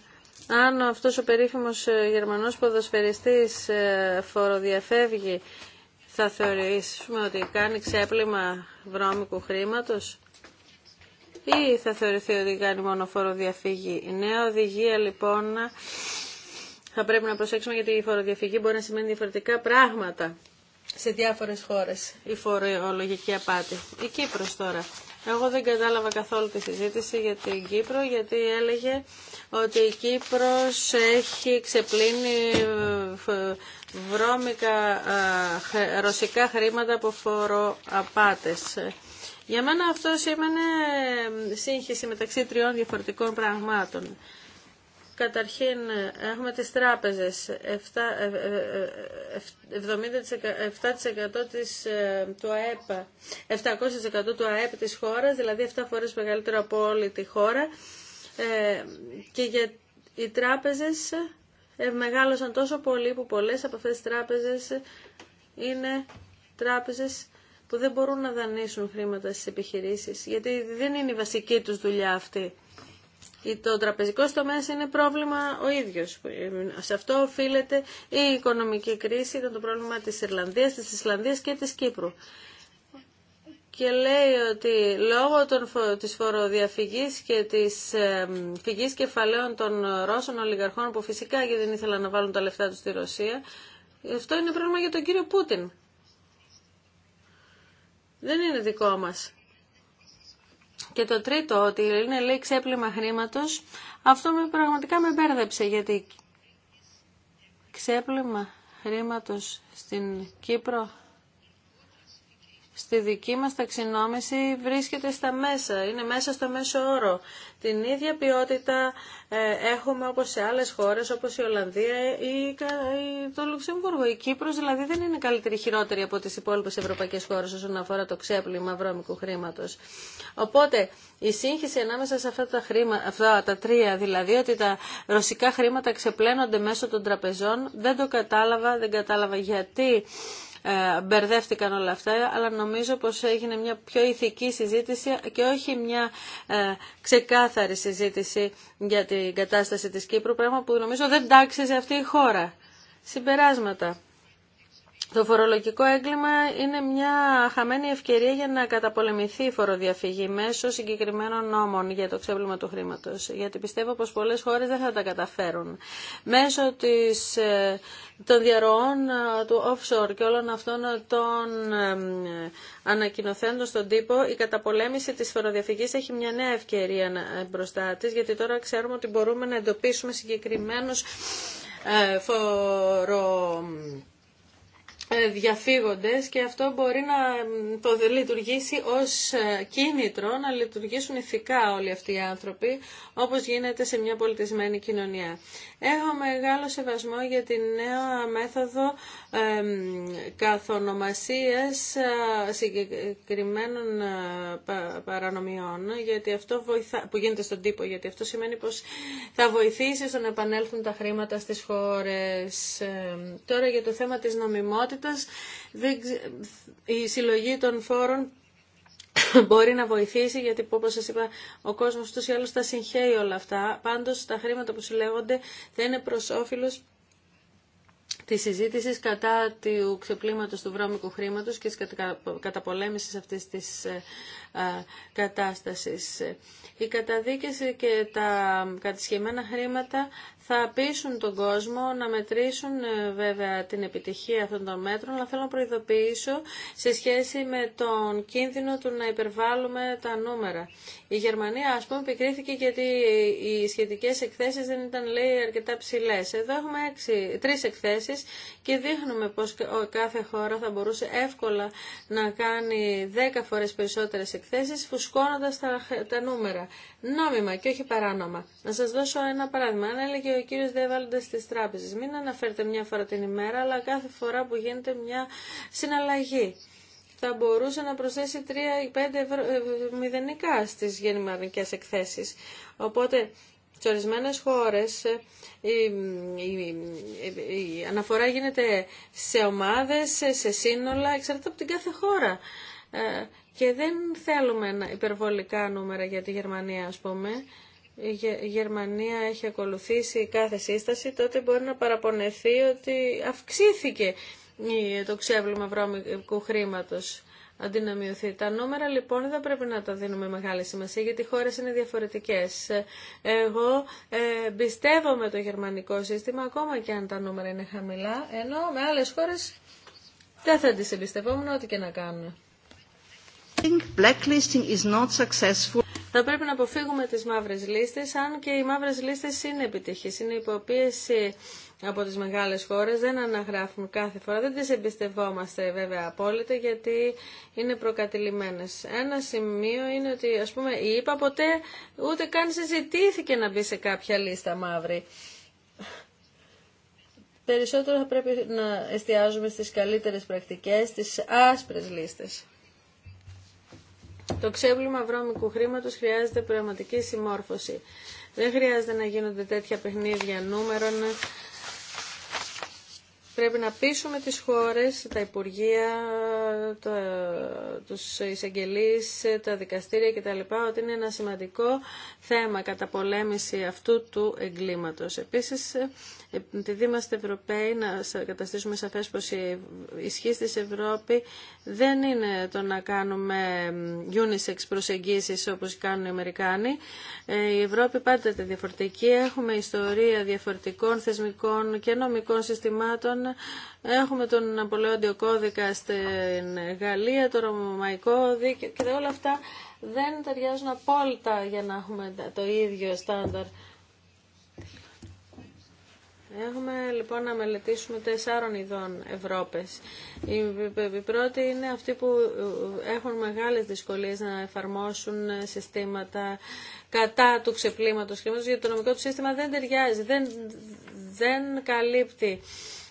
αν αυτός ο περίφημος ε, γερμανός ποδοσφαιριστής ε, φοροδιαφεύγει, θα θεωρήσουμε ότι κάνει ξέπλυμα βρώμικου χρήματος ή θα θεωρηθεί ότι κάνει μόνο φοροδιαφύγη. Η νέα οδηγία λοιπόν θα πρέπει να προσέξουμε γιατί η φοροδιαφυγή μπορεί να σημαίνει διαφορετικά πράγματα σε διάφορες χώρες η φορολογική απάτη. Η Κύπρος τώρα. Εγώ δεν κατάλαβα καθόλου τη συζήτηση για την Κύπρο, γιατί έλεγε ότι η Κύπρος έχει ξεπλύνει ε, βρώμικα ε, ρωσικά χρήματα από φοροαπάτες. Για μένα αυτό σήμαινε ε, σύγχυση μεταξύ τριών διαφορετικών πραγμάτων. Καταρχήν έχουμε τις τράπεζες, 7% ε, ε, ε, του ΑΕΠ, 700% του ΑΕΠ της χώρας, δηλαδή 7 φορές μεγαλύτερο από όλη τη χώρα και για οι τράπεζες μεγάλωσαν τόσο πολύ που πολλές από αυτές τις τράπεζες είναι τράπεζες που δεν μπορούν να δανείσουν χρήματα στις επιχειρήσεις, γιατί δεν είναι η βασική τους δουλειά αυτή. Το τραπεζικό τομέα είναι πρόβλημα ο ίδιο. Σε αυτό οφείλεται η οικονομική κρίση, ήταν το πρόβλημα τη Ιρλανδία, τη Ισλανδία και τη Κύπρου. Και λέει ότι λόγω των, της φοροδιαφυγής και της φυγή ε, φυγής κεφαλαίων των Ρώσων ολιγαρχών που φυσικά γιατί δεν ήθελαν να βάλουν τα λεφτά τους στη Ρωσία, αυτό είναι πρόβλημα για τον κύριο Πούτιν. Δεν είναι δικό μας. Και το τρίτο, ότι είναι λέει ξέπλυμα χρήματο, αυτό με, πραγματικά με μπέρδεψε, γιατί ξέπλυμα χρήματο στην Κύπρο στη δική μας ταξινόμηση βρίσκεται στα μέσα, είναι μέσα στο μέσο όρο. Την ίδια ποιότητα ε, έχουμε όπως σε άλλες χώρες, όπως η Ολλανδία ή το Λουξεμβούργο. Η Κύπρος δηλαδή δεν είναι καλύτερη χειρότερη από τις υπόλοιπες ευρωπαϊκές χώρες όσον αφορά το ξέπλυμα βρώμικου χρήματος. Οπότε η σύγχυση ανάμεσα σε αυτά τα, χρήμα, αυτά τα τρία, δηλαδή ότι τα ρωσικά χρήματα ξεπλένονται μέσω των τραπεζών, δεν το κατάλαβα, δεν κατάλαβα γιατί ε, μπερδεύτηκαν όλα αυτά, αλλά νομίζω πως έγινε μια πιο ηθική συζήτηση και όχι μια ε, ξεκάθαρη συζήτηση για την κατάσταση της Κύπρου, πράγμα που νομίζω δεν τάξιζε αυτή η χώρα. Συμπεράσματα. Το φορολογικό έγκλημα είναι μια χαμένη ευκαιρία για να καταπολεμηθεί η φοροδιαφυγή μέσω συγκεκριμένων νόμων για το ξέπλυμα του χρήματο. Γιατί πιστεύω πω πολλέ χώρε δεν θα τα καταφέρουν. Μέσω της, ε, των διαρροών ε, του offshore και όλων αυτών των ε, ανακοινωθέντων στον τύπο, η καταπολέμηση τη φοροδιαφυγής έχει μια νέα ευκαιρία μπροστά τη, γιατί τώρα ξέρουμε ότι μπορούμε να εντοπίσουμε συγκεκριμένου φορο ε, διαφύγοντες και αυτό μπορεί να το λειτουργήσει ως ε, κίνητρο να λειτουργήσουν ηθικά όλοι αυτοί οι άνθρωποι όπως γίνεται σε μια πολιτισμένη κοινωνία. Έχω μεγάλο σεβασμό για τη νέα μέθοδο καθονομασίας συγκεκριμένων παρανομιών γιατί αυτό βοηθά, που γίνεται στον τύπο, γιατί αυτό σημαίνει πως θα βοηθήσει στο να επανέλθουν τα χρήματα στις χώρες. Τώρα για το θέμα της νομιμότητας, η συλλογή των φόρων μπορεί να βοηθήσει, γιατί όπω σα είπα ο κόσμος του ή άλλω τα συγχαίει όλα αυτά. Πάντω τα χρήματα που συλλέγονται δεν είναι προ όφελο τη συζήτηση κατά του ξεπλήματο του βρώμικου χρήματο και της καταπολέμησης αυτής της ε, κατάστασης. Οι καταδίκες και τα κατησχεμένα χρήματα θα πείσουν τον κόσμο να μετρήσουν ε, βέβαια την επιτυχία αυτών των μέτρων, αλλά θέλω να προειδοποιήσω σε σχέση με τον κίνδυνο του να υπερβάλλουμε τα νούμερα. Η Γερμανία, ας πούμε, επικρίθηκε γιατί οι σχετικές εκθέσεις δεν ήταν, λέει, αρκετά ψηλές. Εδώ έχουμε έξι, τρεις εκθέσεις και δείχνουμε πως κάθε χώρα θα μπορούσε εύκολα να κάνει δέκα φορές περισσότερες εκθέσεις εκθέσει, φουσκώνοντα τα, τα νούμερα. Νόμιμα και όχι παράνομα. Να σα δώσω ένα παράδειγμα. Αν έλεγε ο κύριο Δεβάλλοντα τη τράπεζα, μην αναφέρετε μια φορά την ημέρα, αλλά κάθε φορά που γίνεται μια συναλλαγή θα μπορούσε να προσθέσει 3 ή 5 ευρώ, ε, μηδενικά στις γεννημαρικές εκθέσεις. Οπότε σε ορισμένε χώρε ε, η, η, η, η, αναφορά γίνεται σε ομάδες, σε σύνολα, εξαρτάται από την κάθε χώρα. Ε, και δεν θέλουμε υπερβολικά νούμερα για τη Γερμανία, ας πούμε. Η Γερμανία έχει ακολουθήσει κάθε σύσταση, τότε μπορεί να παραπονεθεί ότι αυξήθηκε το ξέβλημα βρώμικου χρήματος αντί να μειωθεί. Τα νούμερα λοιπόν δεν πρέπει να τα δίνουμε μεγάλη σημασία γιατί οι χώρες είναι διαφορετικές. Εγώ ε, πιστεύω με το γερμανικό σύστημα ακόμα και αν τα νούμερα είναι χαμηλά, ενώ με άλλες χώρες δεν θα τις εμπιστευόμουν ό,τι και να κάνουν. Θα πρέπει να αποφύγουμε τις μαύρες λίστες, αν και οι μαύρες λίστες είναι επιτυχείς, είναι υποπίεση από τις μεγάλες χώρες, δεν αναγράφουν κάθε φορά, δεν τις εμπιστευόμαστε βέβαια απόλυτα γιατί είναι προκατηλημένες. Ένα σημείο είναι ότι ας πούμε η ΕΠΑ ποτέ ούτε καν συζητήθηκε να μπει σε κάποια λίστα μαύρη. Περισσότερο θα πρέπει να εστιάζουμε στις καλύτερες πρακτικές, στις άσπρες λίστες. Το ξέβλημα βρώμικου χρήματο χρειάζεται πραγματική συμμόρφωση. Δεν χρειάζεται να γίνονται τέτοια παιχνίδια νούμερων Πρέπει να πείσουμε τις χώρες, τα Υπουργεία, τα, τους εισαγγελείς, τα δικαστήρια κτλ. ότι είναι ένα σημαντικό θέμα κατά πολέμηση αυτού του εγκλήματος. Επίσης, επειδή είμαστε Ευρωπαίοι, να καταστήσουμε σαφές πως η ισχύ της Ευρώπη δεν είναι το να κάνουμε unisex προσεγγίσεις όπως κάνουν οι Αμερικάνοι. Ε, η Ευρώπη πάντα είναι διαφορετική. Έχουμε ιστορία διαφορετικών θεσμικών και νομικών συστημάτων Έχουμε τον Απολέοντιο κώδικα στην Γαλλία, το Ρωμαϊκό δίκαιο και όλα αυτά δεν ταιριάζουν απόλυτα για να έχουμε το ίδιο στάνταρ. Έχουμε λοιπόν να μελετήσουμε τεσσάρων ειδών Ευρώπες. Η πρώτη είναι αυτοί που ε, έχουν μεγάλες δυσκολίες να εφαρμόσουν συστήματα κατά του ξεπλήματος γιατί το νομικό του σύστημα δεν ταιριάζει, δεν, δεν καλύπτει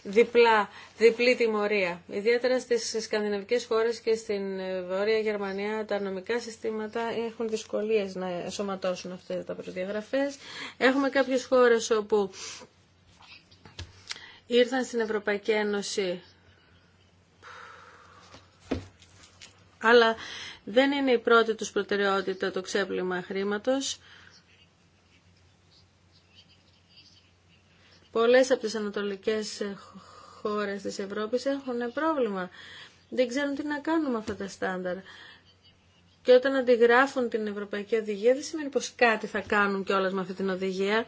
διπλά, διπλή τιμωρία. Ιδιαίτερα στις σκανδιναβικές χώρες και στην ε, Βόρεια Γερμανία τα νομικά συστήματα έχουν δυσκολίες να σωματώσουν αυτές τα προδιαγραφές. Έχουμε κάποιες χώρες όπου ήρθαν στην Ευρωπαϊκή Ένωση αλλά δεν είναι η πρώτη τους προτεραιότητα το ξέπλυμα χρήματος. Πολλές από τις ανατολικές χώρες της Ευρώπης έχουν πρόβλημα. Δεν ξέρουν τι να κάνουν με αυτά τα στάνταρ. Και όταν αντιγράφουν την Ευρωπαϊκή Οδηγία, δεν σημαίνει πως κάτι θα κάνουν κιόλα με αυτή την οδηγία.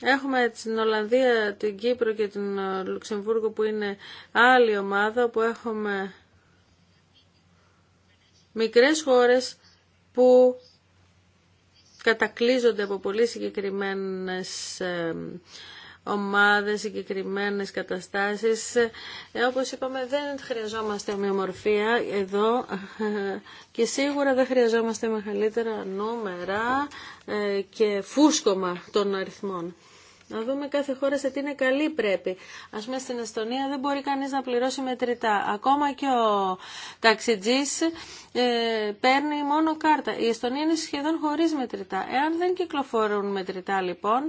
Έχουμε την Ολλανδία, την Κύπρο και την Λουξεμβούργο που είναι άλλη ομάδα που έχουμε μικρές χώρες που κατακλείζονται από πολύ συγκεκριμένες ομάδες, συγκεκριμένες καταστάσεις. Ε, όπως είπαμε δεν χρειαζόμαστε ομοιομορφία εδώ και σίγουρα δεν χρειαζόμαστε μεγαλύτερα νούμερα ε, και φούσκωμα των αριθμών. Να δούμε κάθε χώρα σε τι είναι καλή πρέπει. Ας πούμε στην Εστονία δεν μπορεί κανείς να πληρώσει μετρητά. Ακόμα και ο ταξιτζής ε, παίρνει μόνο κάρτα. Η Εστονία είναι σχεδόν χωρίς μετρητά. Εάν δεν κυκλοφορούν μετρητά λοιπόν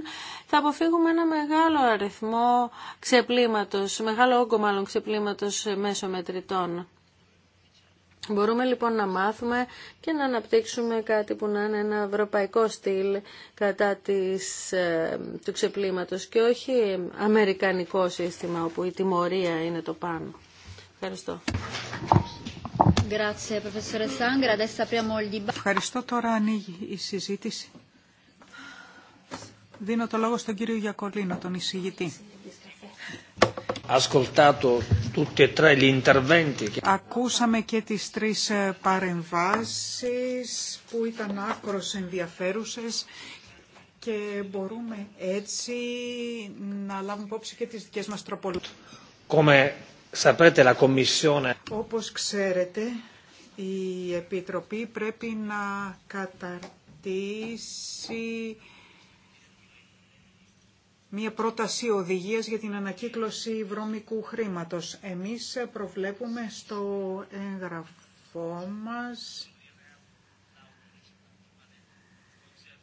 θα αποφύγουμε ένα μεγάλο αριθμό ξεπλήματος, μεγάλο όγκο μάλλον ξεπλήματος μέσω μετρητών. Μπορούμε λοιπόν να μάθουμε και να αναπτύξουμε κάτι που να είναι ένα ευρωπαϊκό στυλ κατά της, ε, του ξεπλήματος και όχι αμερικανικό σύστημα όπου η τιμωρία είναι το πάνω. Ευχαριστώ. Ευχαριστώ. Τώρα ανοίγει η συζήτηση. Δίνω το λόγο στον κύριο Γιακολίνο, τον εισηγητή. E Ακούσαμε και τις τρεις ε, παρεμβάσεις που ήταν άκρος ενδιαφέρουσες και μπορούμε έτσι να λάβουμε υπόψη και τις δικές μας τροπολογίες. Όπως ξέρετε, η Επιτροπή πρέπει να καταρτήσει μία πρόταση οδηγίας για την ανακύκλωση βρώμικου χρήματος. Εμείς προβλέπουμε στο έγγραφό μας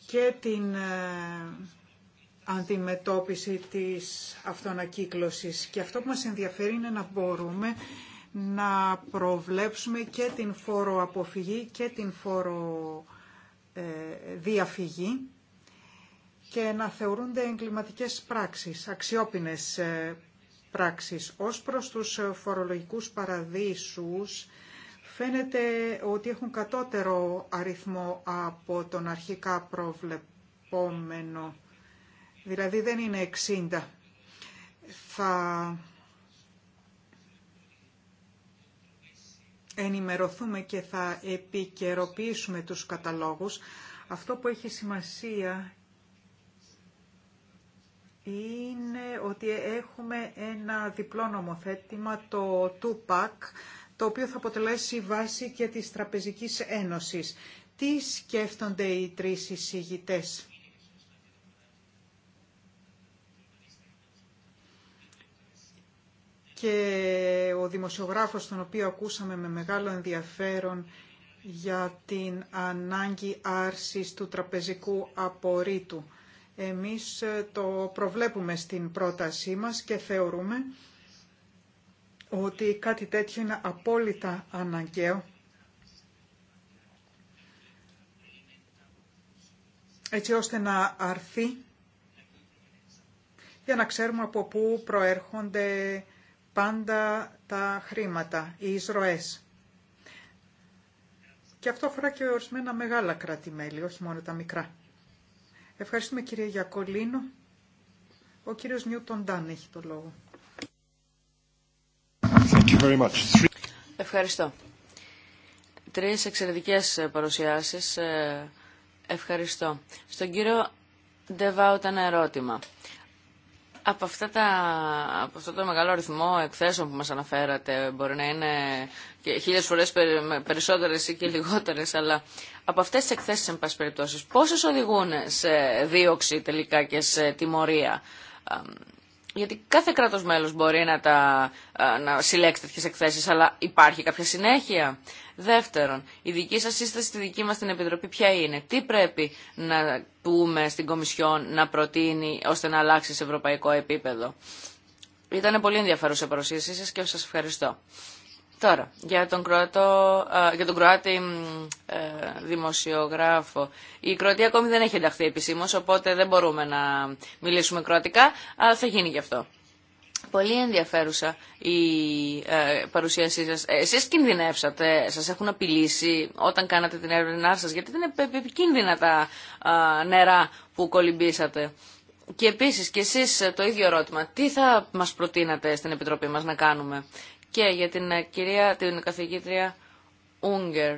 και την ε, αντιμετώπιση της αυτοανακύκλωσης. Και αυτό που μας ενδιαφέρει είναι να μπορούμε να προβλέψουμε και την φόρο αποφυγή και την φόρο ε, διαφυγή και να θεωρούνται εγκληματικές πράξεις, αξιόπινες ε, πράξεις. Ως προς τους ε, φορολογικούς παραδείσους, φαίνεται ότι έχουν κατώτερο αριθμό από τον αρχικά προβλεπόμενο. Δηλαδή δεν είναι 60. Θα ενημερωθούμε και θα επικαιροποιήσουμε τους καταλόγους. Αυτό που έχει σημασία είναι ότι έχουμε ένα διπλό νομοθέτημα, το TUPAC, το οποίο θα αποτελέσει βάση και της Τραπεζικής Ένωσης. Τι σκέφτονται οι τρεις εισηγητές. Και ο δημοσιογράφος, τον οποίο ακούσαμε με μεγάλο ενδιαφέρον για την ανάγκη άρσης του τραπεζικού απορρίτου εμείς ε, το προβλέπουμε στην πρότασή μας και θεωρούμε ότι κάτι τέτοιο είναι απόλυτα αναγκαίο έτσι ώστε να αρθεί για να ξέρουμε από πού προέρχονται πάντα τα χρήματα, οι εισρωές. Και αυτό αφορά και ορισμένα μεγάλα κράτη-μέλη, όχι μόνο τα μικρά. Ευχαριστούμε κύριε Γιακολίνο. Ο κύριος Νιούτον Ντάν έχει το λόγο. Ευχαριστώ. Τρεις εξαιρετικές ε, παρουσιάσεις. Ε, ευχαριστώ. Στον κύριο Ντεβάου ήταν ένα ερώτημα. Από, αυτά τα, από αυτό το μεγάλο αριθμό εκθέσεων που μας αναφέρατε, μπορεί να είναι και χίλιες φορές περισσότερες ή και λιγότερες, αλλά από αυτές τις εκθέσεις, εν πάση περιπτώσει, πόσες οδηγούν σε δίωξη τελικά και σε τιμωρία γιατί κάθε κράτος μέλος μπορεί να, τα, να συλλέξει τέτοιες εκθέσεις, αλλά υπάρχει κάποια συνέχεια. Δεύτερον, η δική σας σύσταση στη δική μας την Επιτροπή ποια είναι. Τι πρέπει να πούμε στην Κομισιόν να προτείνει ώστε να αλλάξει σε ευρωπαϊκό επίπεδο. Ήταν πολύ ενδιαφέρουσα παρουσίασή σας και σας ευχαριστώ. Τώρα, για τον, Κροατό, για τον ε, δημοσιογράφο. Η Κροατία ακόμη δεν έχει ενταχθεί επισήμω, οπότε δεν μπορούμε να μιλήσουμε κροατικά, αλλά θα γίνει γι' αυτό. Πολύ ενδιαφέρουσα η ε, παρουσίασή σας. Εσείς κινδυνεύσατε, σας έχουν απειλήσει όταν κάνατε την έρευνά σας, γιατί ήταν επικίνδυνα τα νερά που κολυμπήσατε. Και επίσης και εσείς ε, το ίδιο ερώτημα, τι θα μας προτείνατε στην Επιτροπή μας να κάνουμε και για την ε, κυρία, την καθηγήτρια Ούγκερ.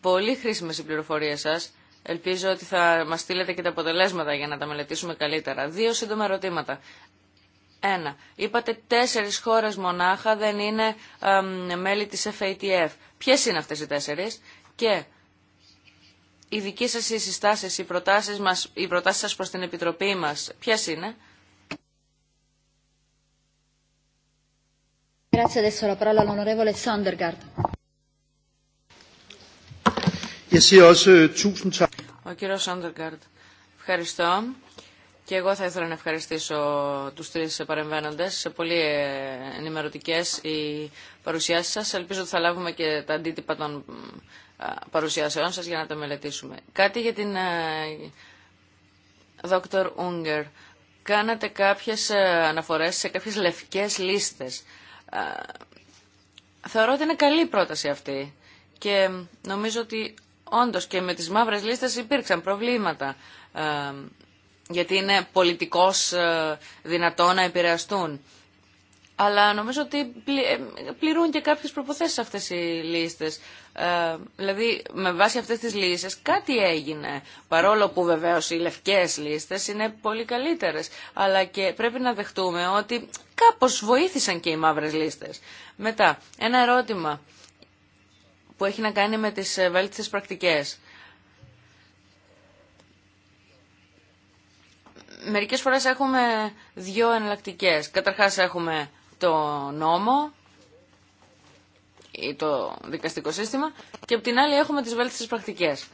Πολύ χρήσιμε οι πληροφορίε σα. Ελπίζω ότι θα μα στείλετε και τα αποτελέσματα για να τα μελετήσουμε καλύτερα. Δύο σύντομα ερωτήματα. Ένα. Είπατε τέσσερι χώρε μονάχα δεν είναι μέλη της FATF. Ποιε είναι αυτές οι τέσσερι. και οι δικέ σας συστάσει, οι προτάσει σα προ την Επιτροπή μα ποιε είναι. Øh, Ο ευχαριστώ. Και εγώ θα ήθελα να ευχαριστήσω τους τρεις παρεμβαίνοντες. Σε πολύ ε, ενημερωτικές οι παρουσιάσεις σας. Ελπίζω ότι θα λάβουμε και τα αντίτυπα των ε, παρουσιάσεών σας για να τα μελετήσουμε. Κάτι για την ε, Δόκτωρ Ούγκερ. Κάνατε κάποιες αναφορές σε κάποιες λευκές λίστες θεωρώ ότι είναι καλή πρόταση αυτή και νομίζω ότι όντως και με τις μαύρες λίστες υπήρξαν προβλήματα γιατί είναι πολιτικώς δυνατό να επηρεαστούν αλλά νομίζω ότι ε, πληρούν και κάποιες προποθέσεις αυτές οι λίστες. Ε, δηλαδή, με βάση αυτές τις λίστες κάτι έγινε, παρόλο που βεβαίως οι λευκές λίστες είναι πολύ καλύτερες. Αλλά και πρέπει να δεχτούμε ότι κάπως βοήθησαν και οι μαύρες λίστες. Μετά, ένα ερώτημα που έχει να κάνει με τις ε, βέλτιστες πρακτικές. Μερικές φορές έχουμε δύο εναλλακτικέ. Καταρχάς έχουμε το νόμο ή το δικαστικό σύστημα και από την άλλη έχουμε τις βέλτιστες πρακτικές.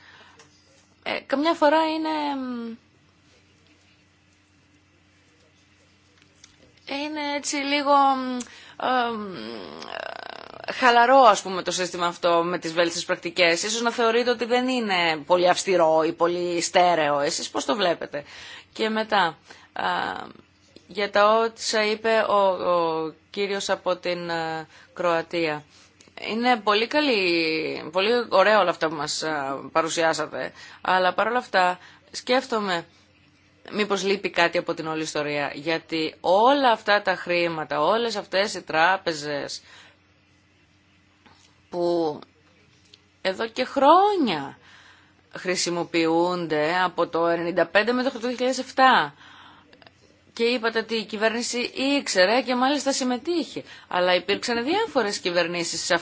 Ε, καμιά φορά είναι... Είναι έτσι λίγο ε, ε, χαλαρό ας πούμε το σύστημα αυτό με τις βέλτιστες πρακτικές. Ίσως να θεωρείτε ότι δεν είναι πολύ αυστηρό ή πολύ στέρεο. Εσείς πώς το βλέπετε. Και μετά, ε, για τα όσα είπε ο, κύριος από την ε, Κροατία. Είναι πολύ καλή, πολύ ωραία όλα αυτά που μας ε, παρουσιάσατε, αλλά παρόλα αυτά σκέφτομαι μήπως λείπει κάτι από την όλη ιστορία, γιατί όλα αυτά τα χρήματα, όλες αυτές οι τράπεζες που εδώ και χρόνια χρησιμοποιούνται από το 1995 μέχρι το 2007, και είπατε ότι η κυβέρνηση ήξερε και μάλιστα συμμετείχε. Αλλά υπήρξαν διάφορες κυβερνήσεις σε,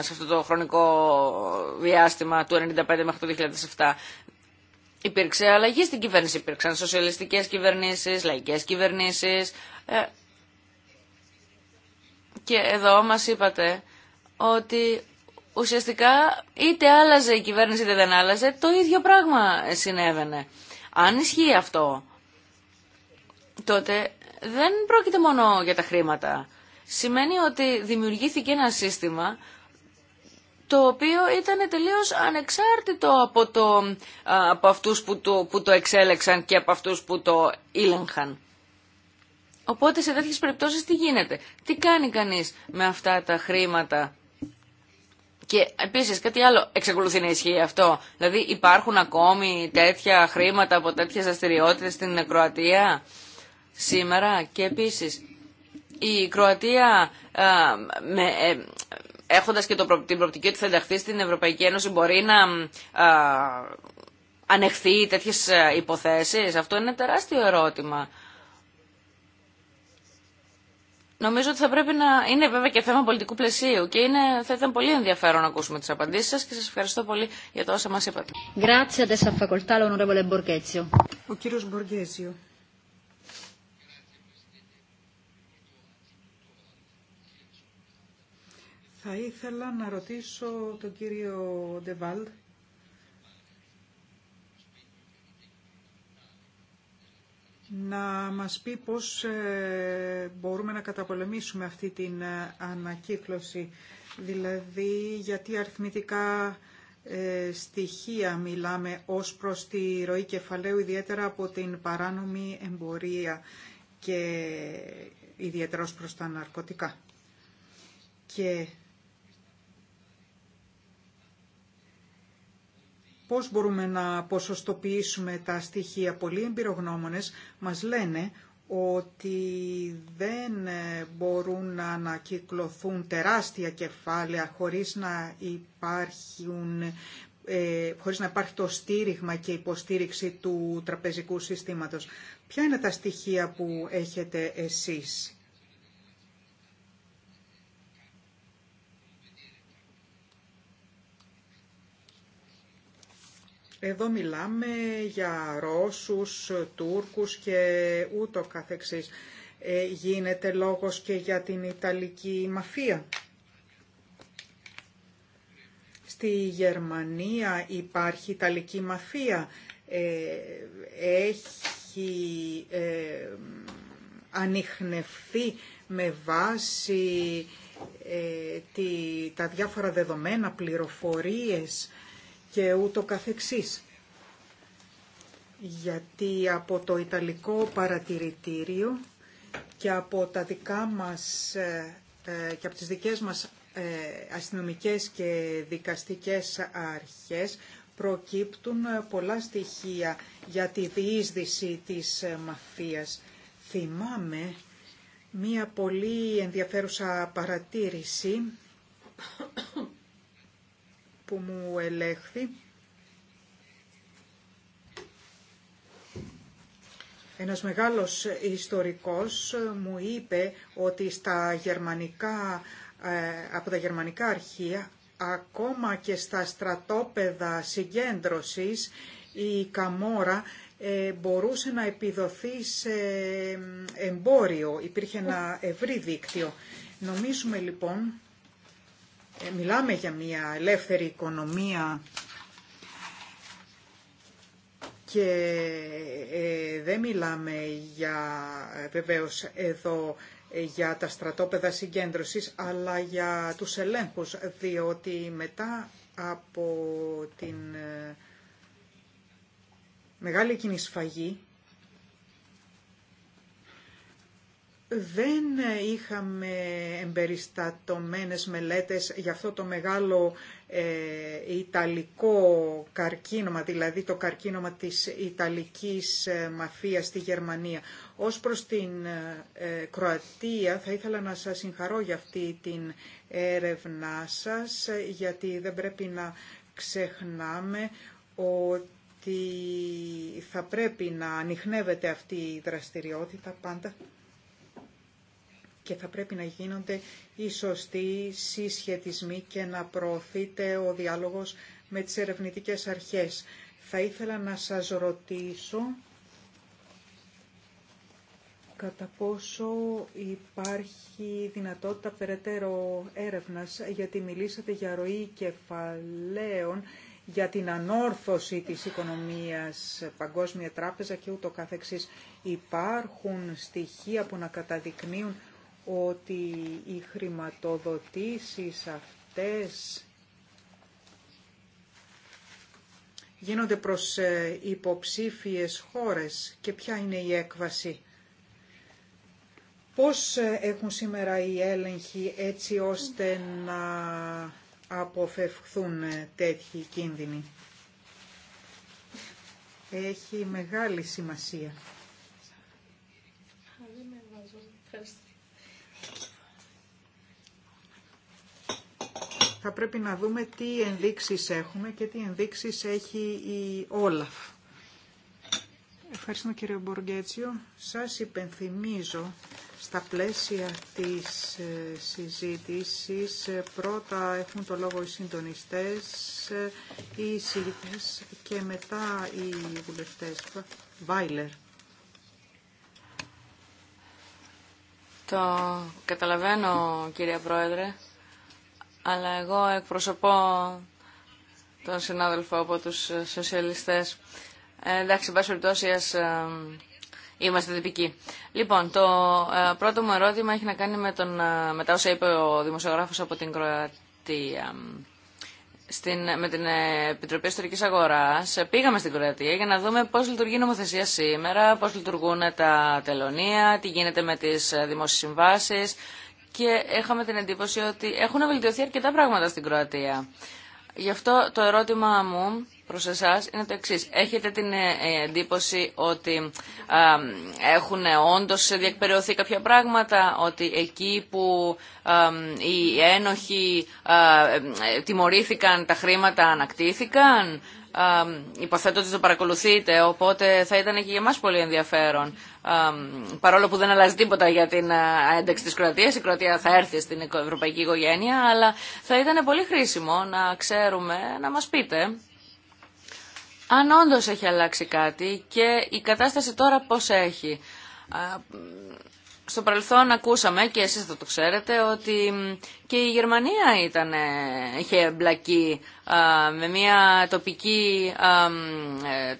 σε αυτό το χρονικό διάστημα του 1995 μέχρι το 2007. Υπήρξε αλλαγή στην κυβέρνηση, υπήρξαν σοσιαλιστικές κυβερνήσεις, λαϊκές κυβερνήσεις. Ε, και εδώ μας είπατε ότι ουσιαστικά είτε άλλαζε η κυβέρνηση είτε δεν άλλαζε, το ίδιο πράγμα συνέβαινε. Αν ισχύει αυτό, τότε δεν πρόκειται μόνο για τα χρήματα. Σημαίνει ότι δημιουργήθηκε ένα σύστημα το οποίο ήταν τελείως ανεξάρτητο από, το, από αυτούς που το, που το εξέλεξαν και από αυτούς που το ήλεγχαν. Οπότε σε τέτοιες περιπτώσεις τι γίνεται, τι κάνει κανείς με αυτά τα χρήματα. Και επίσης κάτι άλλο εξακολουθεί να ισχύει αυτό. Δηλαδή υπάρχουν ακόμη τέτοια χρήματα από τέτοιες δραστηριότητε στην Κροατία σήμερα και επίσης η Κροατία με, ε, έχοντας και το, την προοπτική ότι θα ενταχθεί στην Ευρωπαϊκή Ένωση μπορεί να ανεχθεί τέτοιες ε, υποθέσεις. Αυτό είναι τεράστιο ερώτημα. Νομίζω ότι θα πρέπει να είναι βέβαια και θέμα πολιτικού πλαισίου και είναι, θα ήταν πολύ ενδιαφέρον να ακούσουμε τις απαντήσεις σας και σας ευχαριστώ πολύ για το όσα μας είπατε. Ο κύριος Θα ήθελα να ρωτήσω τον κύριο Ντεβάλ. Να μας πει πώς ε, μπορούμε να καταπολεμήσουμε αυτή την ε, ανακύκλωση. Δηλαδή, γιατί αριθμητικά ε, στοιχεία μιλάμε ως προς τη ροή κεφαλαίου, ιδιαίτερα από την παράνομη εμπορία και ιδιαίτερα ως προς τα ναρκωτικά. Και Πώς μπορούμε να ποσοστοποιήσουμε τα στοιχεία. Πολλοί εμπειρογνώμονες μας λένε ότι δεν ε, μπορούν να ανακυκλωθούν τεράστια κεφάλαια χωρίς να, υπάρχουν, ε, χωρίς να υπάρχει το στήριγμα και υποστήριξη του τραπεζικού συστήματος. Ποια είναι τα στοιχεία που έχετε εσείς Εδώ μιλάμε για Ρώσους, Τούρκους και ούτω καθεξής. Ε, γίνεται λόγος και για την Ιταλική μαφία. Στη Γερμανία υπάρχει Ιταλική μαφία. Ε, έχει ε, με βάση ε, τη, τα διάφορα δεδομένα, πληροφορίες και ούτω καθεξής. Γιατί από το Ιταλικό παρατηρητήριο και από τα δικά μας ε, ε, και από τις δικές μας ε, αστυνομικές και δικαστικές αρχές προκύπτουν πολλά στοιχεία για τη διείσδυση της μαφίας. Θυμάμαι μία πολύ ενδιαφέρουσα παρατήρηση που μου ελέγχθη. Ένας μεγάλος ιστορικός μου είπε ότι στα γερμανικά, ε, από τα γερμανικά αρχεία, ακόμα και στα στρατόπεδα συγκέντρωσης, η καμόρα ε, μπορούσε να επιδοθεί σε εμπόριο. Υπήρχε ένα ευρύ δίκτυο. Νομίζουμε λοιπόν ε, μιλάμε για μια ελεύθερη οικονομία και ε, δεν μιλάμε για, ε, βεβαίως εδώ, για τα στρατόπεδα συγκέντρωσης, αλλά για τους ελέγχους, διότι μετά από την μεγάλη κοινή σφαγή δεν είχαμε εμπεριστατωμένες μελέτες για αυτό το μεγάλο ε, Ιταλικό καρκίνωμα, δηλαδή το καρκίνωμα της Ιταλικής ε, μαφίας στη Γερμανία. Ως προς την ε, Κροατία θα ήθελα να σας συγχαρώ για αυτή την έρευνά σας, γιατί δεν πρέπει να ξεχνάμε ότι θα πρέπει να ανοιχνεύεται αυτή η δραστηριότητα πάντα και θα πρέπει να γίνονται οι σωστοί συσχετισμοί και να προωθείται ο διάλογος με τις ερευνητικές αρχές. Θα ήθελα να σας ρωτήσω κατά πόσο υπάρχει δυνατότητα περαιτέρω έρευνας, γιατί μιλήσατε για ροή κεφαλαίων, για την ανόρθωση της οικονομίας, παγκόσμια τράπεζα και ούτω καθεξής. Υπάρχουν στοιχεία που να καταδεικνύουν ότι οι χρηματοδοτήσεις αυτές γίνονται προς ε, υποψήφιες χώρες και ποια είναι η έκβαση. Πώς ε, έχουν σήμερα οι έλεγχοι έτσι ώστε να αποφευχθούν ε, τέτοιοι κίνδυνοι. Έχει μεγάλη σημασία. θα πρέπει να δούμε τι ενδείξεις έχουμε και τι ενδείξεις έχει η Όλαφ. Ευχαριστώ κύριε Μποργέτσιο. Σας υπενθυμίζω στα πλαίσια της ε, συζήτησης ε, πρώτα έχουν το λόγο οι συντονιστές, ε, οι συζητητές και μετά οι βουλευτές. Βάιλερ. Το καταλαβαίνω κύριε Πρόεδρε αλλά εγώ εκπροσωπώ τον συνάδελφο από τους σοσιαλιστές. Ε, εντάξει, εν πάση περιπτώσει, ε, είμαστε τυπικοί. Λοιπόν, το ε, πρώτο μου ερώτημα έχει να κάνει με, τον, ε, τα όσα είπε ο δημοσιογράφος από την Κροατία. Στην, με την Επιτροπή Ιστορικής Αγοράς πήγαμε στην Κροατία για να δούμε πώς λειτουργεί η νομοθεσία σήμερα, πώς λειτουργούν τα τελωνία, τι γίνεται με τις δημόσιες συμβάσεις και είχαμε την εντύπωση ότι έχουν βελτιωθεί αρκετά πράγματα στην Κροατία. Γι' αυτό το ερώτημα μου προς εσάς είναι το εξής. Έχετε την ε, ε, εντύπωση ότι έχουν όντως διακπεριωθεί κάποια πράγματα, ότι εκεί που οι ένοχοι ε, τιμωρήθηκαν τα χρήματα ανακτήθηκαν, υποθέτω ότι το παρακολουθείτε, οπότε θα ήταν και για μας πολύ ενδιαφέρον. Παρόλο που δεν αλλάζει τίποτα για την ένταξη της Κροατίας, η Κροατία θα έρθει στην ευρωπαϊκή οικογένεια, αλλά θα ήταν πολύ χρήσιμο να ξέρουμε, να μας πείτε αν όντω έχει αλλάξει κάτι και η κατάσταση τώρα πώς έχει. Στο παρελθόν ακούσαμε, και εσείς θα το ξέρετε, ότι και η Γερμανία ήταν, είχε εμπλακεί με μια τοπική ε,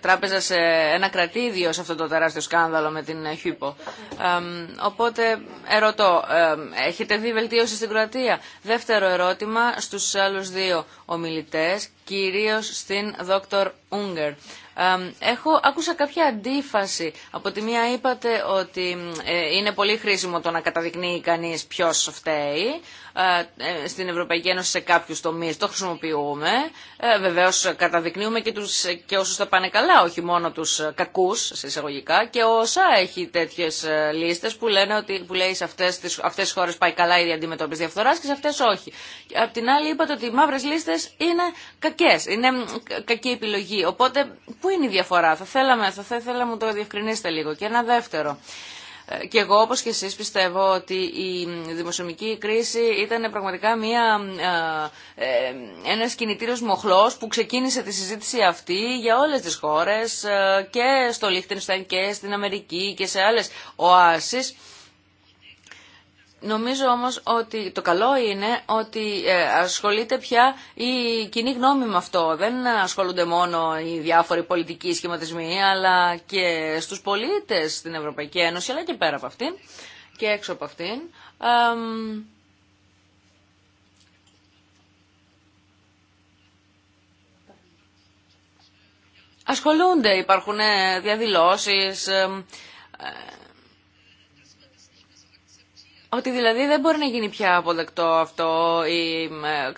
τράπεζα σε ένα κρατήδιο σε αυτό το τεράστιο σκάνδαλο με την Χύπο. Ε, οπότε ερωτώ, ε, έχετε δει βελτίωση στην Κροατία. Δεύτερο ερώτημα στους άλλους δύο ομιλητές, κυρίως στην Δόκτωρ Ούγκερ. Έχω, άκουσα κάποια αντίφαση. Από τη μία είπατε ότι είναι πολύ χρήσιμο το να καταδεικνύει κανείς ποιος φταίει ε, ε, στην Ευρωπαϊκή Ένωση σε κάποιους τομείς. Το χρησιμοποιούμε. Ε, βεβαίως καταδεικνύουμε και, τους, και όσους τα πάνε καλά, όχι μόνο τους κακούς, εισαγωγικά. Και όσα έχει τέτοιες λίστες που, λένε ότι, που λέει σε αυτές τις, αυτές χώρες πάει καλά η αντιμετώπιση διαφθοράς και σε αυτές όχι. Απ' την άλλη είπατε ότι οι μαύρες λίστες είναι κακές, είναι κακή επιλογή. Οπότε πού είναι η διαφορά, θα θέλαμε, να μου το διευκρινίσετε λίγο. Και ένα δεύτερο. Ε, και εγώ όπως και εσείς πιστεύω ότι η δημοσιομική κρίση ήταν πραγματικά μια, ε, ε, ένας κινητήριος μοχλός που ξεκίνησε τη συζήτηση αυτή για όλες τις χώρες και στο Λίχτενσταϊν και στην Αμερική και σε άλλες οάσεις Νομίζω όμως ότι το καλό είναι ότι ε, ασχολείται πια η κοινή γνώμη με αυτό. Δεν ασχολούνται μόνο οι διάφοροι πολιτικοί σχηματισμοί, αλλά και στους πολίτες στην Ευρωπαϊκή Ένωση, αλλά και πέρα από αυτήν και έξω από αυτήν. Ασχολούνται, υπάρχουν ε, διαδηλώσεις, ε, ότι δηλαδή δεν μπορεί να γίνει πια αποδεκτό αυτό, η,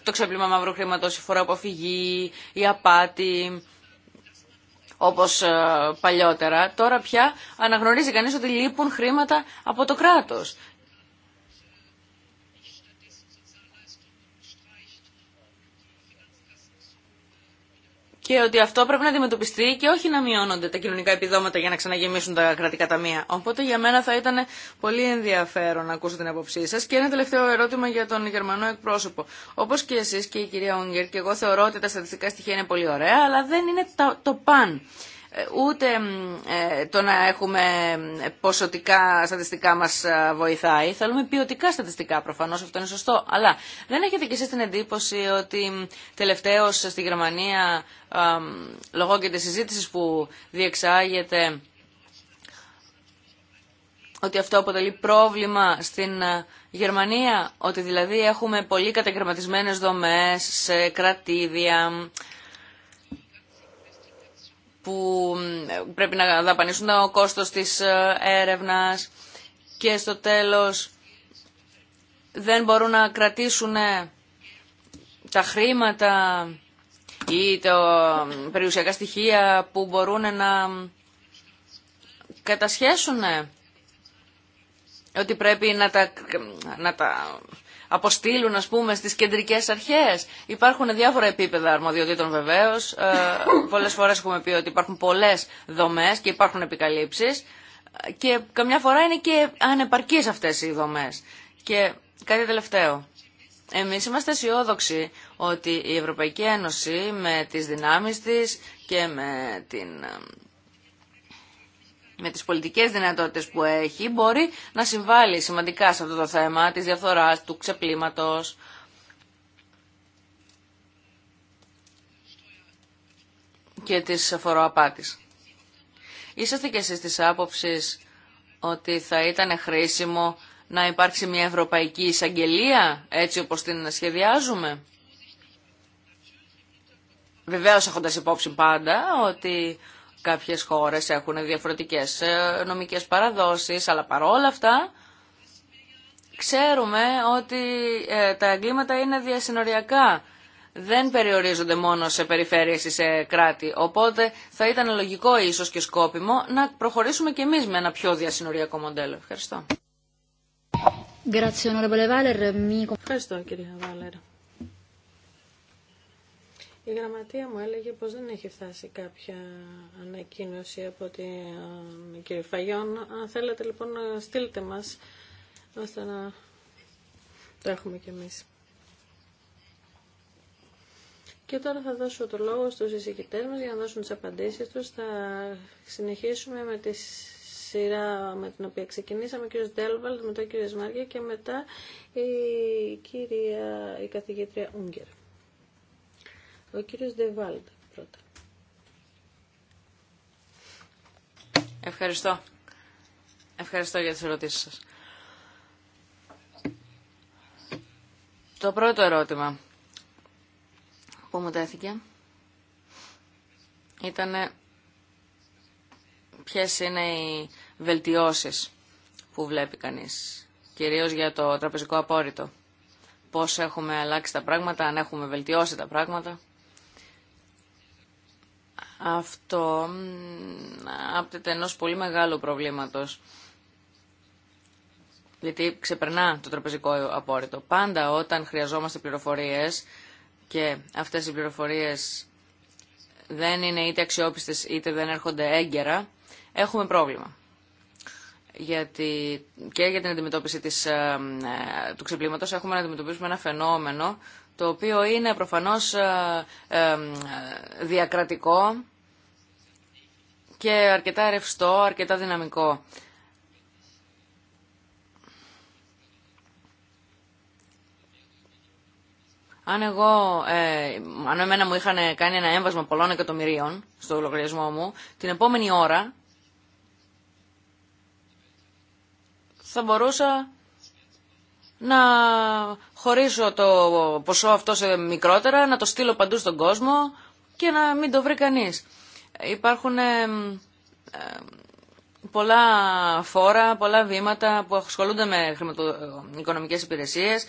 το ξέπλυμα μαύρου χρήματο η αποφυγή, η απάτη, όπως ε, παλιότερα. Τώρα πια αναγνωρίζει κανείς ότι λείπουν χρήματα από το κράτος. και ότι αυτό πρέπει να αντιμετωπιστεί και όχι να μειώνονται τα κοινωνικά επιδόματα για να ξαναγεμίσουν τα κρατικά ταμεία. Οπότε για μένα θα ήταν πολύ ενδιαφέρον να ακούσω την απόψή σα. Και ένα τελευταίο ερώτημα για τον Γερμανό εκπρόσωπο. Όπω και εσεί και η κυρία Όγκερ, και εγώ θεωρώ ότι τα στατιστικά στοιχεία είναι πολύ ωραία, αλλά δεν είναι το παν ούτε ε, το να έχουμε ποσοτικά στατιστικά μας ε, βοηθάει. Θέλουμε ποιοτικά στατιστικά προφανώς, αυτό είναι σωστό. Αλλά δεν έχετε κι εσείς την εντύπωση ότι τελευταίως στη Γερμανία, ε, λόγω και της συζήτησης που διεξάγεται, ότι αυτό αποτελεί πρόβλημα στην Γερμανία, ότι δηλαδή έχουμε πολύ κατεγραμματισμένες δομές σε κρατήδια, που πρέπει να δαπανίσουν το κόστος της ε, έρευνας και στο τέλος δεν μπορούν να κρατήσουν ε, τα χρήματα ή τα περιουσιακά στοιχεία που μπορούν να κατασχέσουν ότι πρέπει να τα, να τα αποστείλουν ας πούμε στις κεντρικές αρχές. Υπάρχουν διάφορα επίπεδα αρμοδιοτήτων βεβαίως. Ε, πολλές φορές έχουμε πει ότι υπάρχουν πολλές δομές και υπάρχουν επικαλύψεις και καμιά φορά είναι και ανεπαρκείς αυτές οι δομές. Και κάτι τελευταίο. Εμείς είμαστε αισιόδοξοι ότι η Ευρωπαϊκή Ένωση με τις δυνάμεις της και με την ε, με τις πολιτικές δυνατότητες που έχει μπορεί να συμβάλλει σημαντικά σε αυτό το θέμα της διαφθοράς, του ξεπλήματος. και της φοροαπάτης. Είσαστε και εσείς της άποψης ότι θα ήταν χρήσιμο να υπάρξει μια ευρωπαϊκή εισαγγελία έτσι όπως την σχεδιάζουμε. Βεβαίως έχοντας υπόψη πάντα ότι Κάποιες χώρες έχουν διαφορετικές ε, νομικές παραδόσεις, αλλά παρόλα αυτά ξέρουμε ότι ε, τα εγκλήματα είναι διασυνοριακά. Δεν περιορίζονται μόνο σε περιφέρειες ή σε κράτη. Οπότε θα ήταν λογικό ίσως και σκόπιμο να προχωρήσουμε κι εμείς με ένα πιο διασυνοριακό μοντέλο. Ευχαριστώ. Ευχαριστώ κυρία Βάλερ. Η γραμματεία μου έλεγε πως δεν έχει φτάσει κάποια ανακοίνωση από την κύριε Φαγιόν. Αν θέλετε λοιπόν στείλτε μας ώστε να το έχουμε κι εμείς. Και τώρα θα δώσω το λόγο στους εισηγητές μας για να δώσουν τις απαντήσεις τους. Θα συνεχίσουμε με τη σειρά με την οποία ξεκινήσαμε, ο κύριος Ντέλβαλτ, μετά ο κύριος Μάρια και μετά η, κυρία, η καθηγήτρια Ούγκερ. Ο κύριος Ντεβάλτ πρώτα. Ευχαριστώ. Ευχαριστώ για τις ερωτήσεις σας. Το πρώτο ερώτημα που μου τέθηκε ήταν ποιες είναι οι βελτιώσεις που βλέπει κανείς, κυρίως για το τραπεζικό απόρριτο. Πώς έχουμε αλλάξει τα πράγματα, αν έχουμε βελτιώσει τα πράγματα. Αυτό άπτεται ενός πολύ μεγάλου προβλήματος. Γιατί ξεπερνά το τραπεζικό απόρριτο. Πάντα όταν χρειαζόμαστε πληροφορίες και αυτές οι πληροφορίες δεν είναι είτε αξιόπιστες είτε δεν έρχονται έγκαιρα, έχουμε πρόβλημα. Γιατί και για την αντιμετώπιση της, ε, ε, του ξεπλήματος έχουμε να αντιμετωπίσουμε ένα φαινόμενο το οποίο είναι προφανώς ε, ε, διακρατικό και αρκετά ρευστό, αρκετά δυναμικό. Αν εγώ, ε, αν εμένα μου είχαν κάνει ένα έμβασμα πολλών εκατομμυρίων στο λογαριασμό μου, την επόμενη ώρα θα μπορούσα να χωρίσω το ποσό αυτό σε μικρότερα, να το στείλω παντού στον κόσμο και να μην το βρει κανείς. Υπάρχουν ε, ε, πολλά φόρα, πολλά βήματα που ασχολούνται με ε, οικονομικές υπηρεσίες.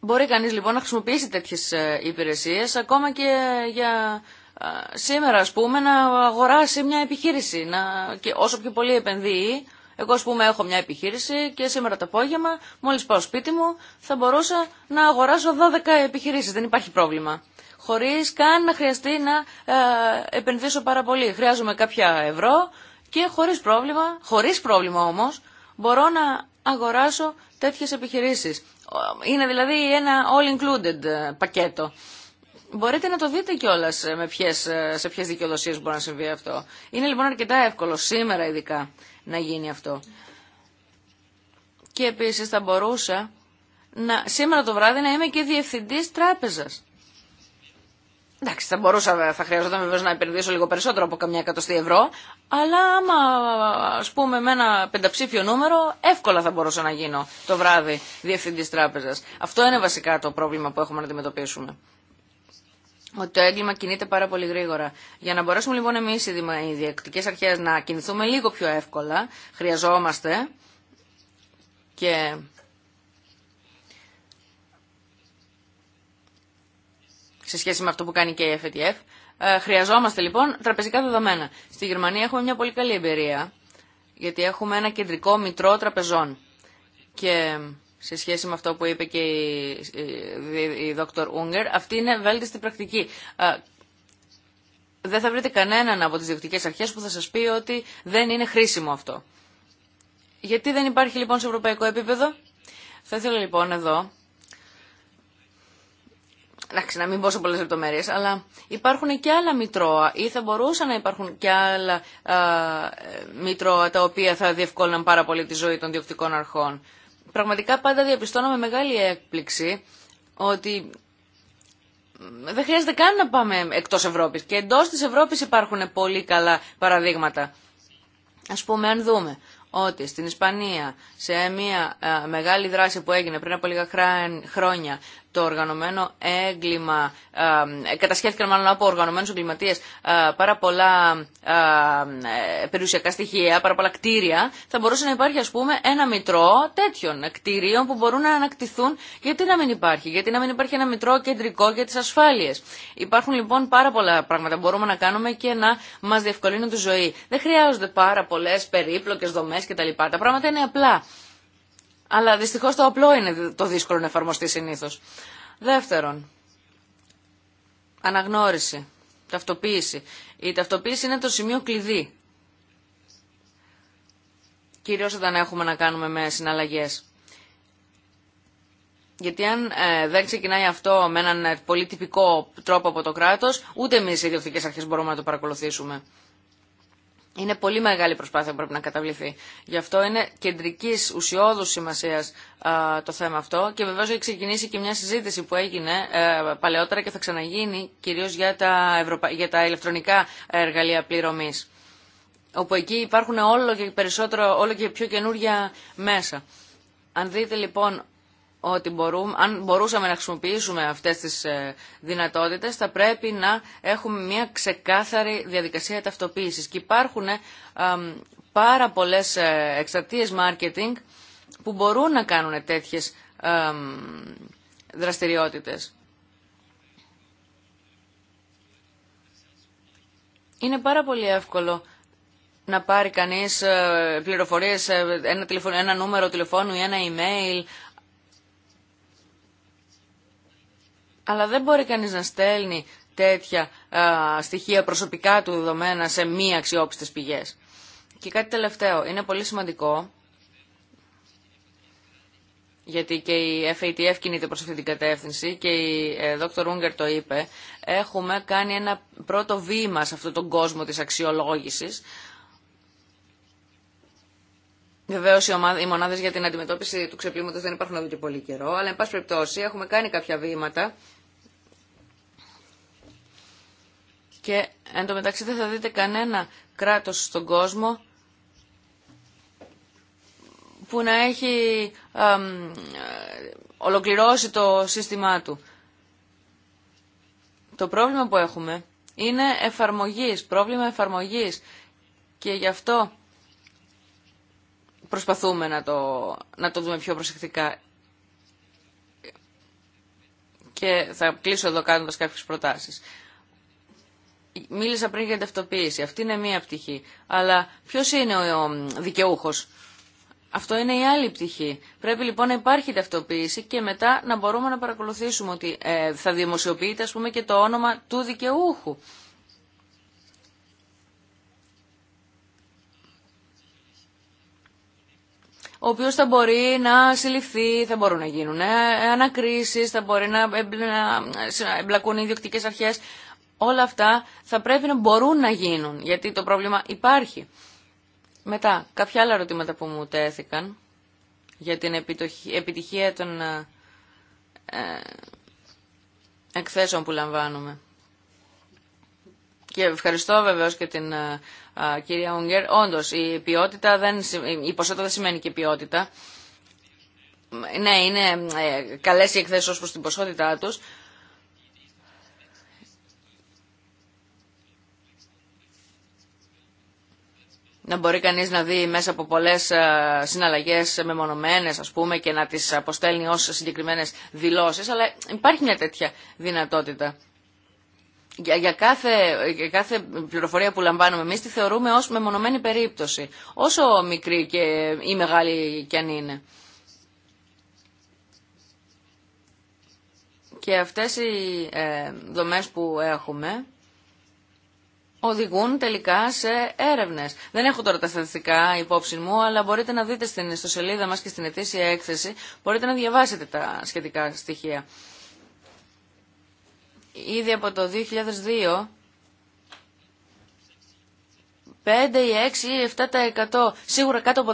Μπορεί κανείς λοιπόν να χρησιμοποιήσει τέτοιες υπηρεσίες ακόμα και για σήμερα ας πούμε να αγοράσει μια επιχείρηση να, και όσο πιο πολύ επενδύει εγώ, α πούμε, έχω μια επιχείρηση και σήμερα το απόγευμα, μόλι πάω σπίτι μου, θα μπορούσα να αγοράσω 12 επιχειρήσει. Δεν υπάρχει πρόβλημα. Χωρί καν να χρειαστεί να ε, επενδύσω πάρα πολύ. Χρειάζομαι κάποια ευρώ και χωρί πρόβλημα, χωρί πρόβλημα όμω, μπορώ να αγοράσω τέτοιε επιχειρήσει. Είναι δηλαδή ένα all-included ε, πακέτο. Μπορείτε να το δείτε κιόλα ε, σε ποιε δικαιοδοσίε μπορεί να συμβεί αυτό. Είναι λοιπόν αρκετά εύκολο σήμερα ειδικά να γίνει αυτό. Και επίσης θα μπορούσα να, σήμερα το βράδυ να είμαι και διευθυντής τράπεζας. Εντάξει, θα μπορούσα, θα χρειαζόταν βεβαίω να επενδύσω λίγο περισσότερο από καμιά εκατοστή ευρώ, αλλά άμα α πούμε με ένα πενταψήφιο νούμερο, εύκολα θα μπορούσα να γίνω το βράδυ διευθυντή τράπεζα. Αυτό είναι βασικά το πρόβλημα που έχουμε να αντιμετωπίσουμε ότι το έγκλημα κινείται πάρα πολύ γρήγορα. Για να μπορέσουμε λοιπόν εμεί οι διεκτικέ αρχές να κινηθούμε λίγο πιο εύκολα, χρειαζόμαστε και σε σχέση με αυτό που κάνει και η FATF, ε, χρειαζόμαστε λοιπόν τραπεζικά δεδομένα. Στη Γερμανία έχουμε μια πολύ καλή εμπειρία, γιατί έχουμε ένα κεντρικό μητρό τραπεζών. Και σε σχέση με αυτό που είπε και η δόκτωρ Ούγκερ, αυτή είναι βέλτιστη πρακτική. Δεν θα βρείτε κανέναν από τις διοικητικές αρχές που θα σας πει ότι δεν είναι χρήσιμο αυτό. Γιατί δεν υπάρχει λοιπόν σε ευρωπαϊκό επίπεδο. Θα ήθελα λοιπόν εδώ εντάξει, να μην πω σε πολλέ λεπτομέρειε, αλλά υπάρχουν και άλλα μητρώα ή θα μπορούσαν να υπάρχουν και άλλα α, μητρώα τα οποία θα διευκόλυναν πάρα πολύ τη ζωή των διοκτικών αρχών πραγματικά πάντα διαπιστώνω με μεγάλη έκπληξη ότι δεν χρειάζεται καν να πάμε εκτός Ευρώπης. Και εντός της Ευρώπης υπάρχουν πολύ καλά παραδείγματα. Ας πούμε, αν δούμε ότι στην Ισπανία σε μια ε, μεγάλη δράση που έγινε πριν από λίγα χρόνια το οργανωμένο έγκλημα, ε, κατασχέθηκαν μάλλον από οργανωμένους εγκληματίες ε, πάρα πολλά ε, ε, περιουσιακά στοιχεία, πάρα πολλά κτίρια, θα μπορούσε να υπάρχει ας πούμε ένα μητρό τέτοιων κτίριων που μπορούν να ανακτηθούν. Γιατί να μην υπάρχει, γιατί να μην υπάρχει ένα μητρό κεντρικό για τις ασφάλειες. Υπάρχουν λοιπόν πάρα πολλά πράγματα που μπορούμε να κάνουμε και να μας διευκολύνουν τη ζωή. Δεν χρειάζονται πάρα πολλές περίπλοκες δομές κτλ. Τα πράγματα είναι απλά. Αλλά δυστυχώ το απλό είναι το δύσκολο να εφαρμοστεί συνήθω. Δεύτερον, αναγνώριση, ταυτοποίηση. Η ταυτοποίηση είναι το σημείο κλειδί. Κυρίως όταν έχουμε να κάνουμε με συναλλαγές. Γιατί αν ε, δεν ξεκινάει αυτό με έναν ε, πολύ τυπικό τρόπο από το κράτος, ούτε εμείς οι ιδιωτικές αρχές μπορούμε να το παρακολουθήσουμε. Είναι πολύ μεγάλη προσπάθεια που πρέπει να καταβληθεί. Γι' αυτό είναι κεντρική ουσιώδου σημασία το θέμα αυτό και βεβαίω έχει ξεκινήσει και μια συζήτηση που έγινε ε, παλαιότερα και θα ξαναγίνει κυρίω για, τα για τα ηλεκτρονικά εργαλεία πληρωμή. Όπου εκεί υπάρχουν όλο και, περισσότερο, όλο και πιο καινούργια μέσα. Αν δείτε λοιπόν ότι μπορούμε, αν μπορούσαμε να χρησιμοποιήσουμε αυτές τις ε, δυνατότητες θα πρέπει να έχουμε μια ξεκάθαρη διαδικασία ταυτοποίησης. Και υπάρχουν ε, πάρα πολλές εξαρτίες marketing που μπορούν να κάνουν τέτοιες δραστηριότητες. Είναι πάρα πολύ εύκολο να πάρει κανείς ε, πληροφορίες, ένα, τηλεφωνο, ένα νούμερο τηλεφώνου ή ένα email Αλλά δεν μπορεί κανείς να στέλνει τέτοια α, στοιχεία προσωπικά του δεδομένα σε μη αξιόπιστες πηγές. Και κάτι τελευταίο, είναι πολύ σημαντικό, γιατί και η FATF κινείται προς αυτή την κατεύθυνση και η ε, Dr. Unger το είπε, έχουμε κάνει ένα πρώτο βήμα σε αυτόν τον κόσμο της αξιολόγησης, Βεβαίω, οι, οι μονάδε για την αντιμετώπιση του ξεπλήματο δεν υπάρχουν εδώ και πολύ καιρό, αλλά, εν πάση περιπτώσει, έχουμε κάνει κάποια βήματα Και εν τω μεταξύ δεν θα δείτε κανένα κράτος στον κόσμο που να έχει ολοκληρώσει το σύστημά του. Το πρόβλημα που έχουμε είναι εφαρμογής, πρόβλημα εφαρμογής και γι' αυτό προσπαθούμε να το, να το δούμε πιο προσεκτικά. Και θα κλείσω εδώ κάνοντας κάποιες προτάσεις. Μίλησα πριν για ταυτοποίηση. Αυτή είναι μία πτυχή. Αλλά ποιο είναι ο δικαιούχο. Αυτό είναι η άλλη πτυχή. Πρέπει λοιπόν να υπάρχει ταυτοποίηση και μετά να μπορούμε να παρακολουθήσουμε ότι ε, θα δημοσιοποιείται ας πούμε και το όνομα του δικαιούχου. ο οποίο θα μπορεί να συλληφθεί, θα μπορούν να γίνουν ε, ανακρίσει, θα μπορεί να εμπλακούν οι ιδιοκτικέ αρχέ όλα αυτά θα πρέπει να μπορούν να γίνουν, γιατί το πρόβλημα υπάρχει. Μετά, κάποια άλλα ερωτήματα που μου τέθηκαν για την επιτυχία των ε, ε, εκθέσεων που λαμβάνουμε. Και ευχαριστώ βεβαίω και την ε, κυρία Ούγκερ. Όντω, η ποιότητα δεν, η ποσότητα δεν σημαίνει και ποιότητα. Ναι, είναι ε, καλές οι εκθέσεις ως προς την ποσότητά τους, να μπορεί κανείς να δει μέσα από πολλές ε, συναλλαγές μεμονωμένες ας πούμε και να τις αποστέλνει ως συγκεκριμένες δηλώσεις αλλά υπάρχει μια τέτοια δυνατότητα. Για, κάθε, για κάθε πληροφορία που λαμβάνουμε εμείς τη θεωρούμε ως μεμονωμένη περίπτωση όσο μικρή και, ή μεγάλη κι αν είναι. Και αυτές οι ε, δομές που έχουμε οδηγούν τελικά σε έρευνες. Δεν έχω τώρα τα στατιστικά υπόψη μου, αλλά μπορείτε να δείτε στην ιστοσελίδα μας και στην ετήσια έκθεση, μπορείτε να διαβάσετε τα σχετικά στοιχεία. Ήδη από το 2002 5 ή 6 ή 7% σίγουρα κάτω από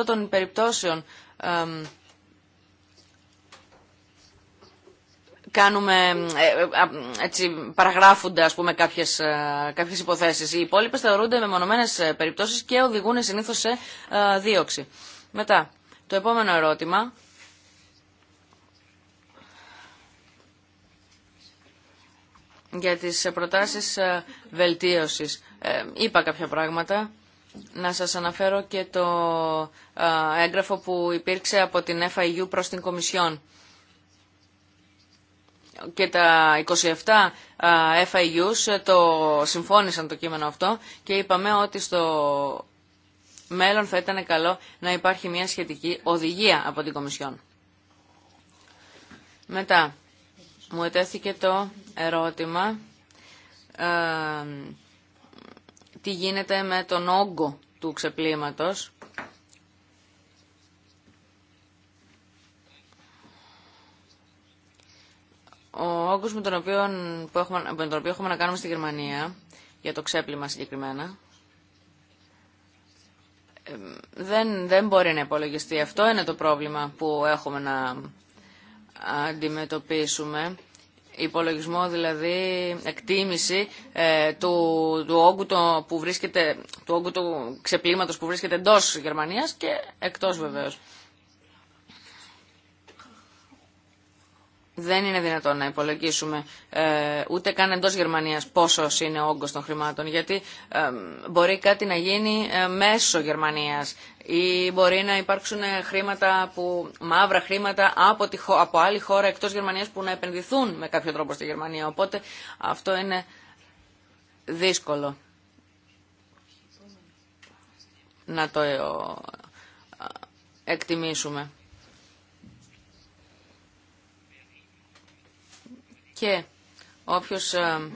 10% των περιπτώσεων κάνουμε, ε, ε, έτσι, παραγράφονται ας πούμε κάποιες, ε, κάποιες υποθέσεις. Οι υπόλοιπε θεωρούνται με περιπτώσεις και οδηγούν συνήθως σε δίωξη. Μετά, το επόμενο ερώτημα. Για τις προτάσεις βελτίωσης. Είπα κάποια πράγματα. Να σας αναφέρω και το έγγραφο που υπήρξε από την FIU προς την Κομισιόν και τα 27 FIUs το συμφώνησαν το κείμενο αυτό και είπαμε ότι στο μέλλον θα ήταν καλό να υπάρχει μια σχετική οδηγία από την Κομισιόν. Μετά, μου ετέθηκε το ερώτημα τι γίνεται με τον όγκο του ξεπλήματος Ο όγκο με τον, οποίο, έχουμε, να κάνουμε στη Γερμανία, για το ξέπλυμα συγκεκριμένα, δεν, δεν μπορεί να υπολογιστεί. Αυτό είναι το πρόβλημα που έχουμε να αντιμετωπίσουμε. Υπολογισμό δηλαδή, εκτίμηση ε, του, του, όγκου το, που βρίσκεται, του όγκου του που βρίσκεται εντός Γερμανίας και εκτός βεβαίως. δεν είναι δυνατόν να υπολογίσουμε ε, ούτε καν εντό Γερμανία πόσο είναι ο όγκο των χρημάτων, γιατί ε, μπορεί κάτι να γίνει ε, μέσω Γερμανία ή μπορεί να υπάρξουν χρήματα που, μαύρα χρήματα από, από άλλη χώρα εκτό Γερμανία που να επενδυθούν με κάποιο τρόπο στη Γερμανία. Οπότε αυτό είναι δύσκολο να το εκτιμήσουμε. και όποιος ε,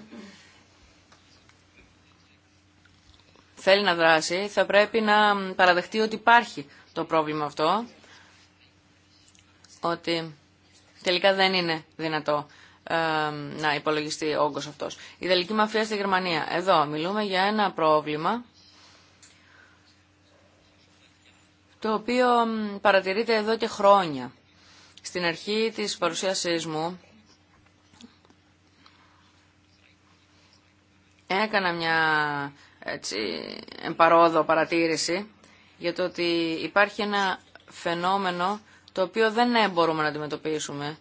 θέλει να δράσει θα πρέπει να παραδεχτεί ότι υπάρχει το πρόβλημα αυτό, ότι τελικά δεν είναι δυνατό ε, να υπολογιστεί όγκος αυτός. Η Ιταλική μαφία στη Γερμανία. Εδώ μιλούμε για ένα πρόβλημα το οποίο παρατηρείται εδώ και χρόνια. Στην αρχή της παρουσίασής μου έκανα μια έτσι, εμπαρόδο παρατήρηση για το ότι υπάρχει ένα φαινόμενο το οποίο δεν μπορούμε να αντιμετωπίσουμε.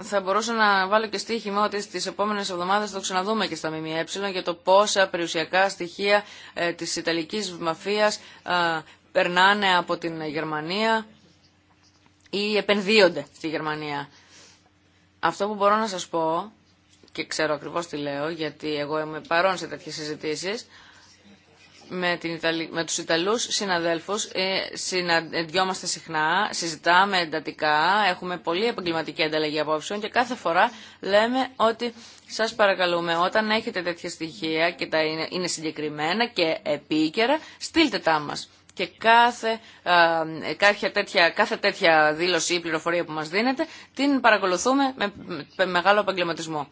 Θα μπορούσα να βάλω και στοίχημα ότι στις επόμενες εβδομάδες το ξαναδούμε και στα ΜΜΕ για το πόσα περιουσιακά στοιχεία ε, της Ιταλικής μαφίας ε, περνάνε από την Γερμανία ή επενδύονται στη Γερμανία. Αυτό που μπορώ να σας πω, και ξέρω ακριβώς τι λέω, γιατί εγώ είμαι παρόν σε τέτοιες συζητήσεις, με, την Ιταλ... με τους Ιταλούς συναδέλφους ε, συναντιόμαστε συχνά, συζητάμε εντατικά, έχουμε πολύ επαγγελματική ανταλλαγή απόψεων και κάθε φορά λέμε ότι σας παρακαλούμε όταν έχετε τέτοια στοιχεία και τα είναι, είναι συγκεκριμένα και επίκαιρα, στείλτε τα μας και κάθε, κάθε, τέτοια, κάθε δήλωση ή πληροφορία που μας δίνεται την παρακολουθούμε με, μεγάλο επαγγελματισμό.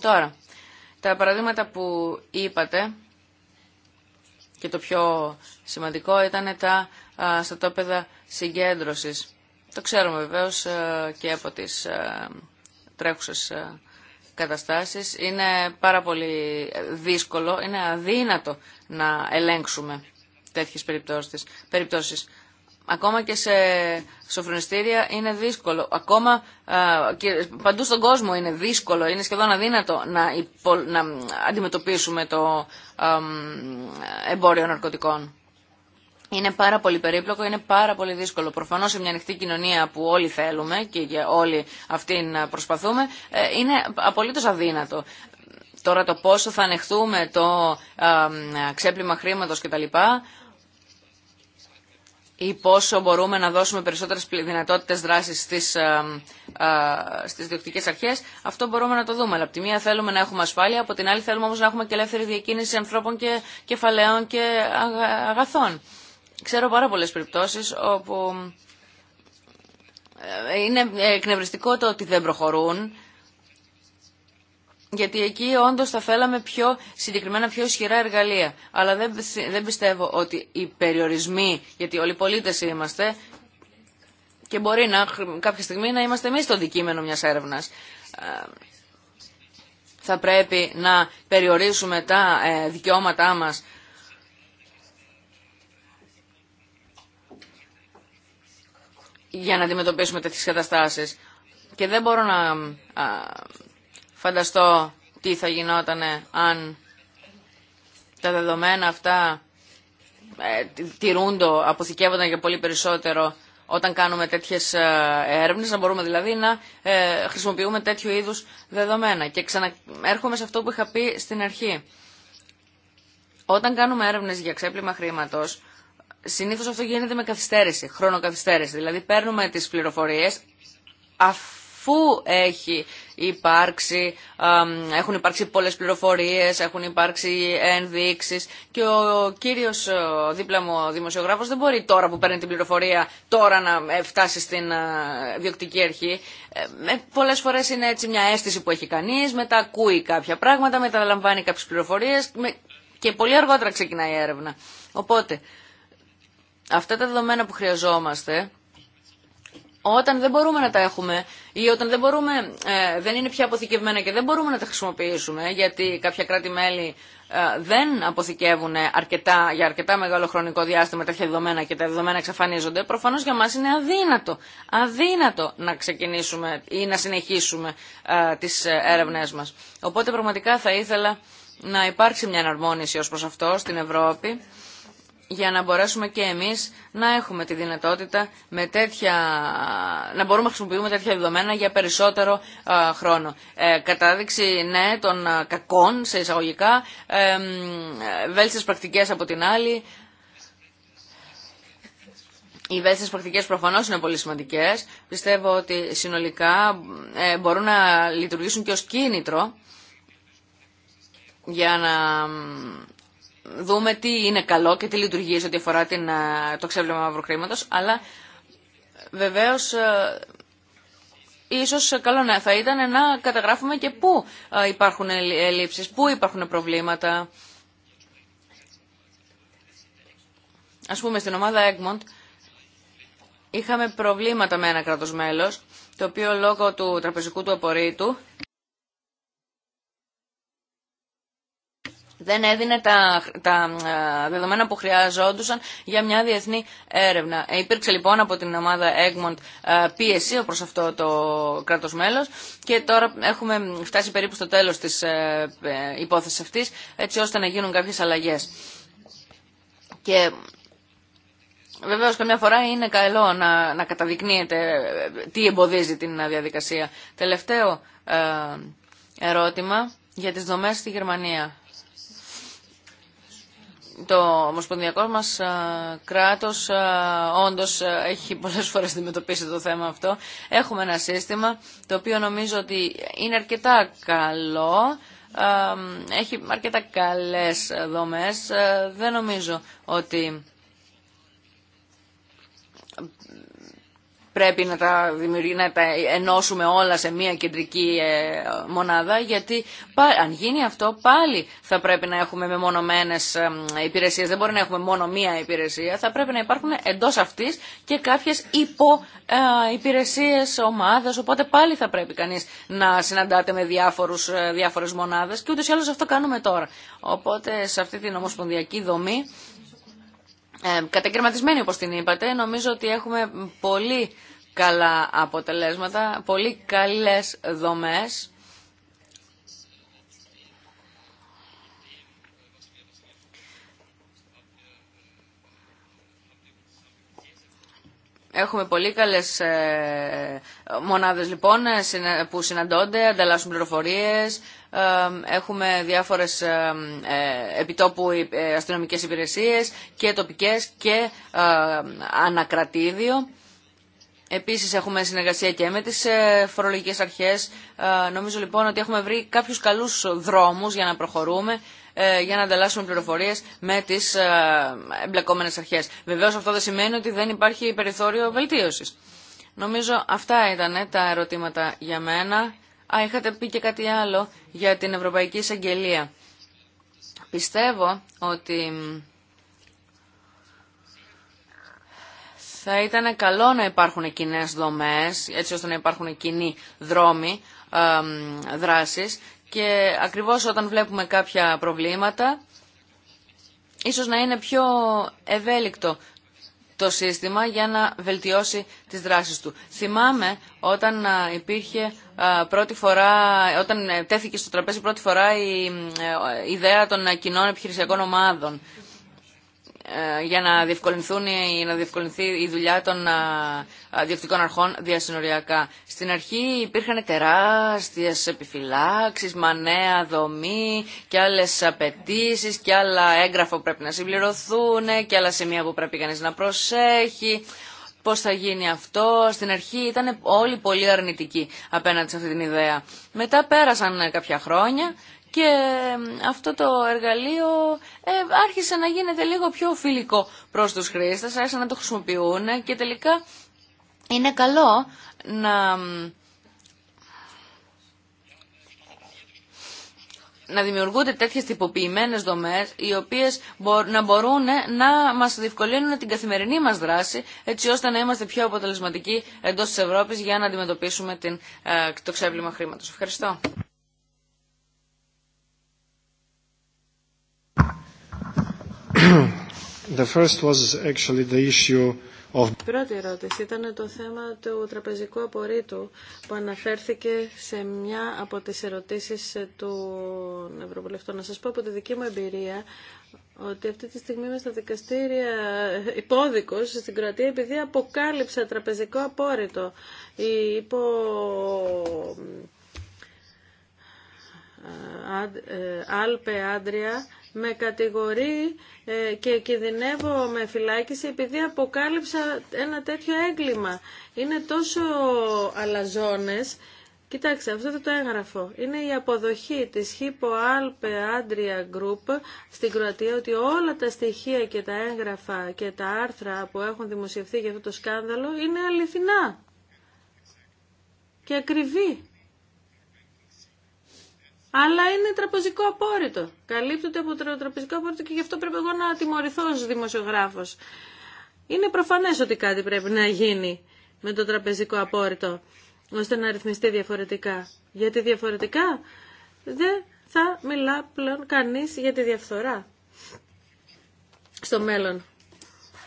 Τώρα, τα παραδείγματα που είπατε και το πιο σημαντικό ήταν τα στατόπεδα συγκέντρωσης. Το ξέρουμε βεβαίως και από τις τρέχουσες καταστάσεις είναι πάρα πολύ δύσκολο, είναι αδύνατο να ελέγξουμε τέτοιες περιπτώσεις. περιπτώσεις. Ακόμα και σε σοφρονιστήρια είναι δύσκολο. Ακόμα παντού στον κόσμο είναι δύσκολο, είναι σχεδόν αδύνατο να, αντιμετωπίσουμε το εμπόριο ναρκωτικών είναι πάρα πολύ περίπλοκο, είναι πάρα πολύ δύσκολο. Προφανώ σε μια ανοιχτή κοινωνία που όλοι θέλουμε και για όλοι αυτήν προσπαθούμε, ε, είναι απολύτω. αδύνατο. Τώρα το πόσο θα ανεχθούμε το ξέπλυμα χρήματος κτλ ή πόσο μπορούμε να δώσουμε περισσότερες δυνατότητες δράσης στις, α, αρχές, αυτό μπορούμε να το δούμε. Αλλά από τη μία θέλουμε να έχουμε ασφάλεια, από την άλλη θέλουμε όμως να έχουμε και ελεύθερη διακίνηση ανθρώπων και κεφαλαίων και αγαθών. Ξέρω πάρα πολλές περιπτώσεις όπου ε, είναι εκνευριστικό το ότι δεν προχωρούν, γιατί εκεί όντως θα θέλαμε πιο συγκεκριμένα, πιο ισχυρά εργαλεία. Αλλά δεν, δεν πιστεύω ότι οι περιορισμοί, γιατί όλοι οι πολίτες είμαστε, και μπορεί να, κάποια στιγμή να είμαστε εμείς το αντικείμενο μιας έρευνας. Ε, θα πρέπει να περιορίσουμε τα ε, δικαιώματά μας για να αντιμετωπίσουμε τέτοιες καταστάσεις. Και δεν μπορώ να φανταστώ τι θα γινόταν αν τα δεδομένα αυτά ε, τηρούντο, αποθηκεύονταν για πολύ περισσότερο όταν κάνουμε τέτοιες ε, έρευνες, να μπορούμε δηλαδή να ε, χρησιμοποιούμε τέτοιου είδους δεδομένα. Και ξαναέρχομαι σε αυτό που είχα πει στην αρχή. Όταν κάνουμε έρευνες για ξέπλυμα χρήματος, Συνήθω αυτό γίνεται με καθυστέρηση, χρονοκαθυστέρηση. Δηλαδή παίρνουμε τι πληροφορίε αφού έχει υπάρξει, έχουν υπάρξει πολλέ πληροφορίε, έχουν υπάρξει ενδείξει και ο κύριο δίπλα μου δημοσιογράφο δεν μπορεί τώρα που παίρνει την πληροφορία τώρα να ε, φτάσει στην διοκτική αρχή. Ε, πολλέ φορέ είναι έτσι μια αίσθηση που έχει κανείς, μετά ακούει κάποια πράγματα, μετά λαμβάνει πληροφορίε πληροφορίες και πολύ αργότερα ξεκινάει η έρευνα. Οπότε, αυτά τα δεδομένα που χρειαζόμαστε, όταν δεν μπορούμε να τα έχουμε ή όταν δεν, μπορούμε, ε, δεν είναι πια αποθηκευμένα και δεν μπορούμε να τα χρησιμοποιήσουμε γιατί κάποια κράτη-μέλη ε, δεν αποθηκεύουν αρκετά, για αρκετά μεγάλο χρονικό διάστημα τέτοια δεδομένα και τα δεδομένα εξαφανίζονται, προφανώς για μας είναι αδύνατο, αδύνατο να ξεκινήσουμε ή να συνεχίσουμε ε, τις έρευνές μας. Οπότε πραγματικά θα ήθελα να υπάρξει μια εναρμόνιση ως προς αυτό στην Ευρώπη για να μπορέσουμε και εμείς να έχουμε τη δυνατότητα με τέτοια, να μπορούμε να χρησιμοποιούμε τέτοια δεδομένα για περισσότερο χρόνο. Ε, κατάδειξη, ναι, των κακών σε εισαγωγικά, ε, βέλτιστες πρακτικές από την άλλη. Οι βέλτιστες πρακτικές προφανώς είναι πολύ σημαντικές. Πιστεύω ότι συνολικά ε, μπορούν να λειτουργήσουν και ως κίνητρο για να δούμε τι είναι καλό και τι λειτουργεί σε ό,τι αφορά την, το ξέβλεμα μαύρου χρήματος, αλλά ε, βεβαίως ε, ίσως καλό να θα ήταν να καταγράφουμε και πού ε, υπάρχουν ελλείψεις, πού υπάρχουν προβλήματα. Ας πούμε στην ομάδα Egmont είχαμε προβλήματα με ένα κράτος μέλος, το οποίο λόγω του τραπεζικού του απορρίτου δεν έδινε τα, ε, δεδομένα που χρειαζόντουσαν για μια διεθνή έρευνα. Ε, υπήρξε λοιπόν από την ομάδα Egmont ε, πίεση προς αυτό το κράτος μέλος και τώρα έχουμε φτάσει περίπου στο τέλος της υπόθεσης αυτής έτσι ώστε να γίνουν κάποιες αλλαγές. Και Βεβαίω, καμιά φορά είναι καλό να, να καταδεικνύεται τι εμποδίζει την διαδικασία. Τελευταίο ερώτημα για τις δομές στη Γερμανία το ομοσπονδιακό μας κράτος όντως έχει πολλές φορές αντιμετωπίσει το θέμα αυτό. Έχουμε ένα σύστημα το οποίο νομίζω ότι είναι αρκετά καλό, έχει αρκετά καλές δομές. Δεν νομίζω ότι πρέπει να τα, να τα ενώσουμε όλα σε μία κεντρική ε, μονάδα, γιατί αν γίνει αυτό πάλι θα πρέπει να έχουμε μεμονωμένες ε, υπηρεσίες. Δεν μπορεί να έχουμε μόνο μία υπηρεσία. Θα πρέπει να υπάρχουν εντός αυτής και κάποιες ε, υπηρεσίες ομάδας, οπότε πάλι θα πρέπει κανείς να συναντάται με διάφορους, διάφορες μονάδες και ούτως ή άλλως αυτό κάνουμε τώρα. Οπότε σε αυτή την ομοσπονδιακή δομή ε, όπως την είπατε. Νομίζω ότι έχουμε πολύ καλά αποτελέσματα, πολύ καλές δομές. Έχουμε πολύ καλές ε, μονάδες λοιπόν ε, που συναντώνται, ανταλλάσσουν πληροφορίες, έχουμε διάφορες ε, επιτόπου ε, αστυνομικές υπηρεσίες και τοπικές και ανακρατήδιο. Επίσης έχουμε συνεργασία και με τις ε, φορολογικές αρχές. Νομίζω λοιπόν ότι έχουμε βρει κάποιους καλούς δρόμους για να προχωρούμε για να ανταλλάσσουμε πληροφορίε με τι εμπλεκόμενε αρχέ. Βεβαίω αυτό δεν σημαίνει ότι δεν υπάρχει περιθώριο βελτίωση. Νομίζω αυτά ήταν τα ερωτήματα για μένα. Α, είχατε πει και κάτι άλλο για την Ευρωπαϊκή Εισαγγελία. Πιστεύω ότι θα ήταν καλό να υπάρχουν κοινέ δομές, έτσι ώστε να υπάρχουν κοινοί δρόμοι ε, δράσης και ακριβώς όταν βλέπουμε κάποια προβλήματα, ίσως να είναι πιο ευέλικτο το σύστημα για να βελτιώσει τις δράσεις του. Θυμάμαι όταν ε, υπήρχε ε, πρώτη φορά, όταν ε, τέθηκε στο τραπέζι πρώτη φορά η ιδέα των κοινών επιχειρησιακών ομάδων. Ε, για να, διευκολυνθούν, να διευκολυνθεί η δουλειά των ε, ε, διοκτικών αρχών διασυνοριακά. Στην αρχή υπήρχαν τεράστιες επιφυλάξεις, μανέα δομή και άλλες απαιτήσει και άλλα έγγραφα που πρέπει να συμπληρωθούν και άλλα σημεία που πρέπει κανείς να προσέχει. Πώς θα γίνει αυτό. Στην αρχή ήταν όλοι πολύ αρνητικοί απέναντι σε αυτή την ιδέα. Μετά πέρασαν κάποια χρόνια και αυτό το εργαλείο ε, άρχισε να γίνεται λίγο πιο φιλικό προς τους χρήστες, άρχισαν να το χρησιμοποιούν και τελικά είναι καλό να... να δημιουργούνται τέτοιες τυποποιημένες δομές οι οποίες να μπορούν ε, να μας διευκολύνουν την καθημερινή μας δράση έτσι ώστε να είμαστε πιο αποτελεσματικοί εντός της Ευρώπης για να αντιμετωπίσουμε ε, το ξέπλυμα χρήματος. Ευχαριστώ. Η πρώτη ερώτηση ήταν το θέμα του τραπεζικού απορρίτου που αναφέρθηκε σε μια από τις ερωτήσεις του Ευρωβουλευτού. Να σας πω από τη δική μου εμπειρία ότι αυτή τη στιγμή είμαι στα δικαστήρια υπόδικος στην Κροατία επειδή αποκάλυψα τραπεζικό απόρριτο. Η υπο Άλπε Άντρια με κατηγορεί ε, και κινδυνεύω με φυλάκιση επειδή αποκάλυψα ένα τέτοιο έγκλημα. Είναι τόσο αλαζόνες. Κοιτάξτε, αυτό το έγγραφο είναι η αποδοχή της Hippo Alpe Andria Group στην Κροατία ότι όλα τα στοιχεία και τα έγγραφα και τα άρθρα που έχουν δημοσιευθεί για αυτό το σκάνδαλο είναι αληθινά και ακριβή αλλά είναι τραπεζικό απόρριτο. Καλύπτεται από το τραπεζικό απόρριτο και γι' αυτό πρέπει εγώ να τιμωρηθώ ω δημοσιογράφο. Είναι προφανέ ότι κάτι πρέπει να γίνει με το τραπεζικό απόρριτο, ώστε να ρυθμιστεί διαφορετικά. Γιατί διαφορετικά δεν θα μιλά πλέον κανεί για τη διαφθορά στο μέλλον.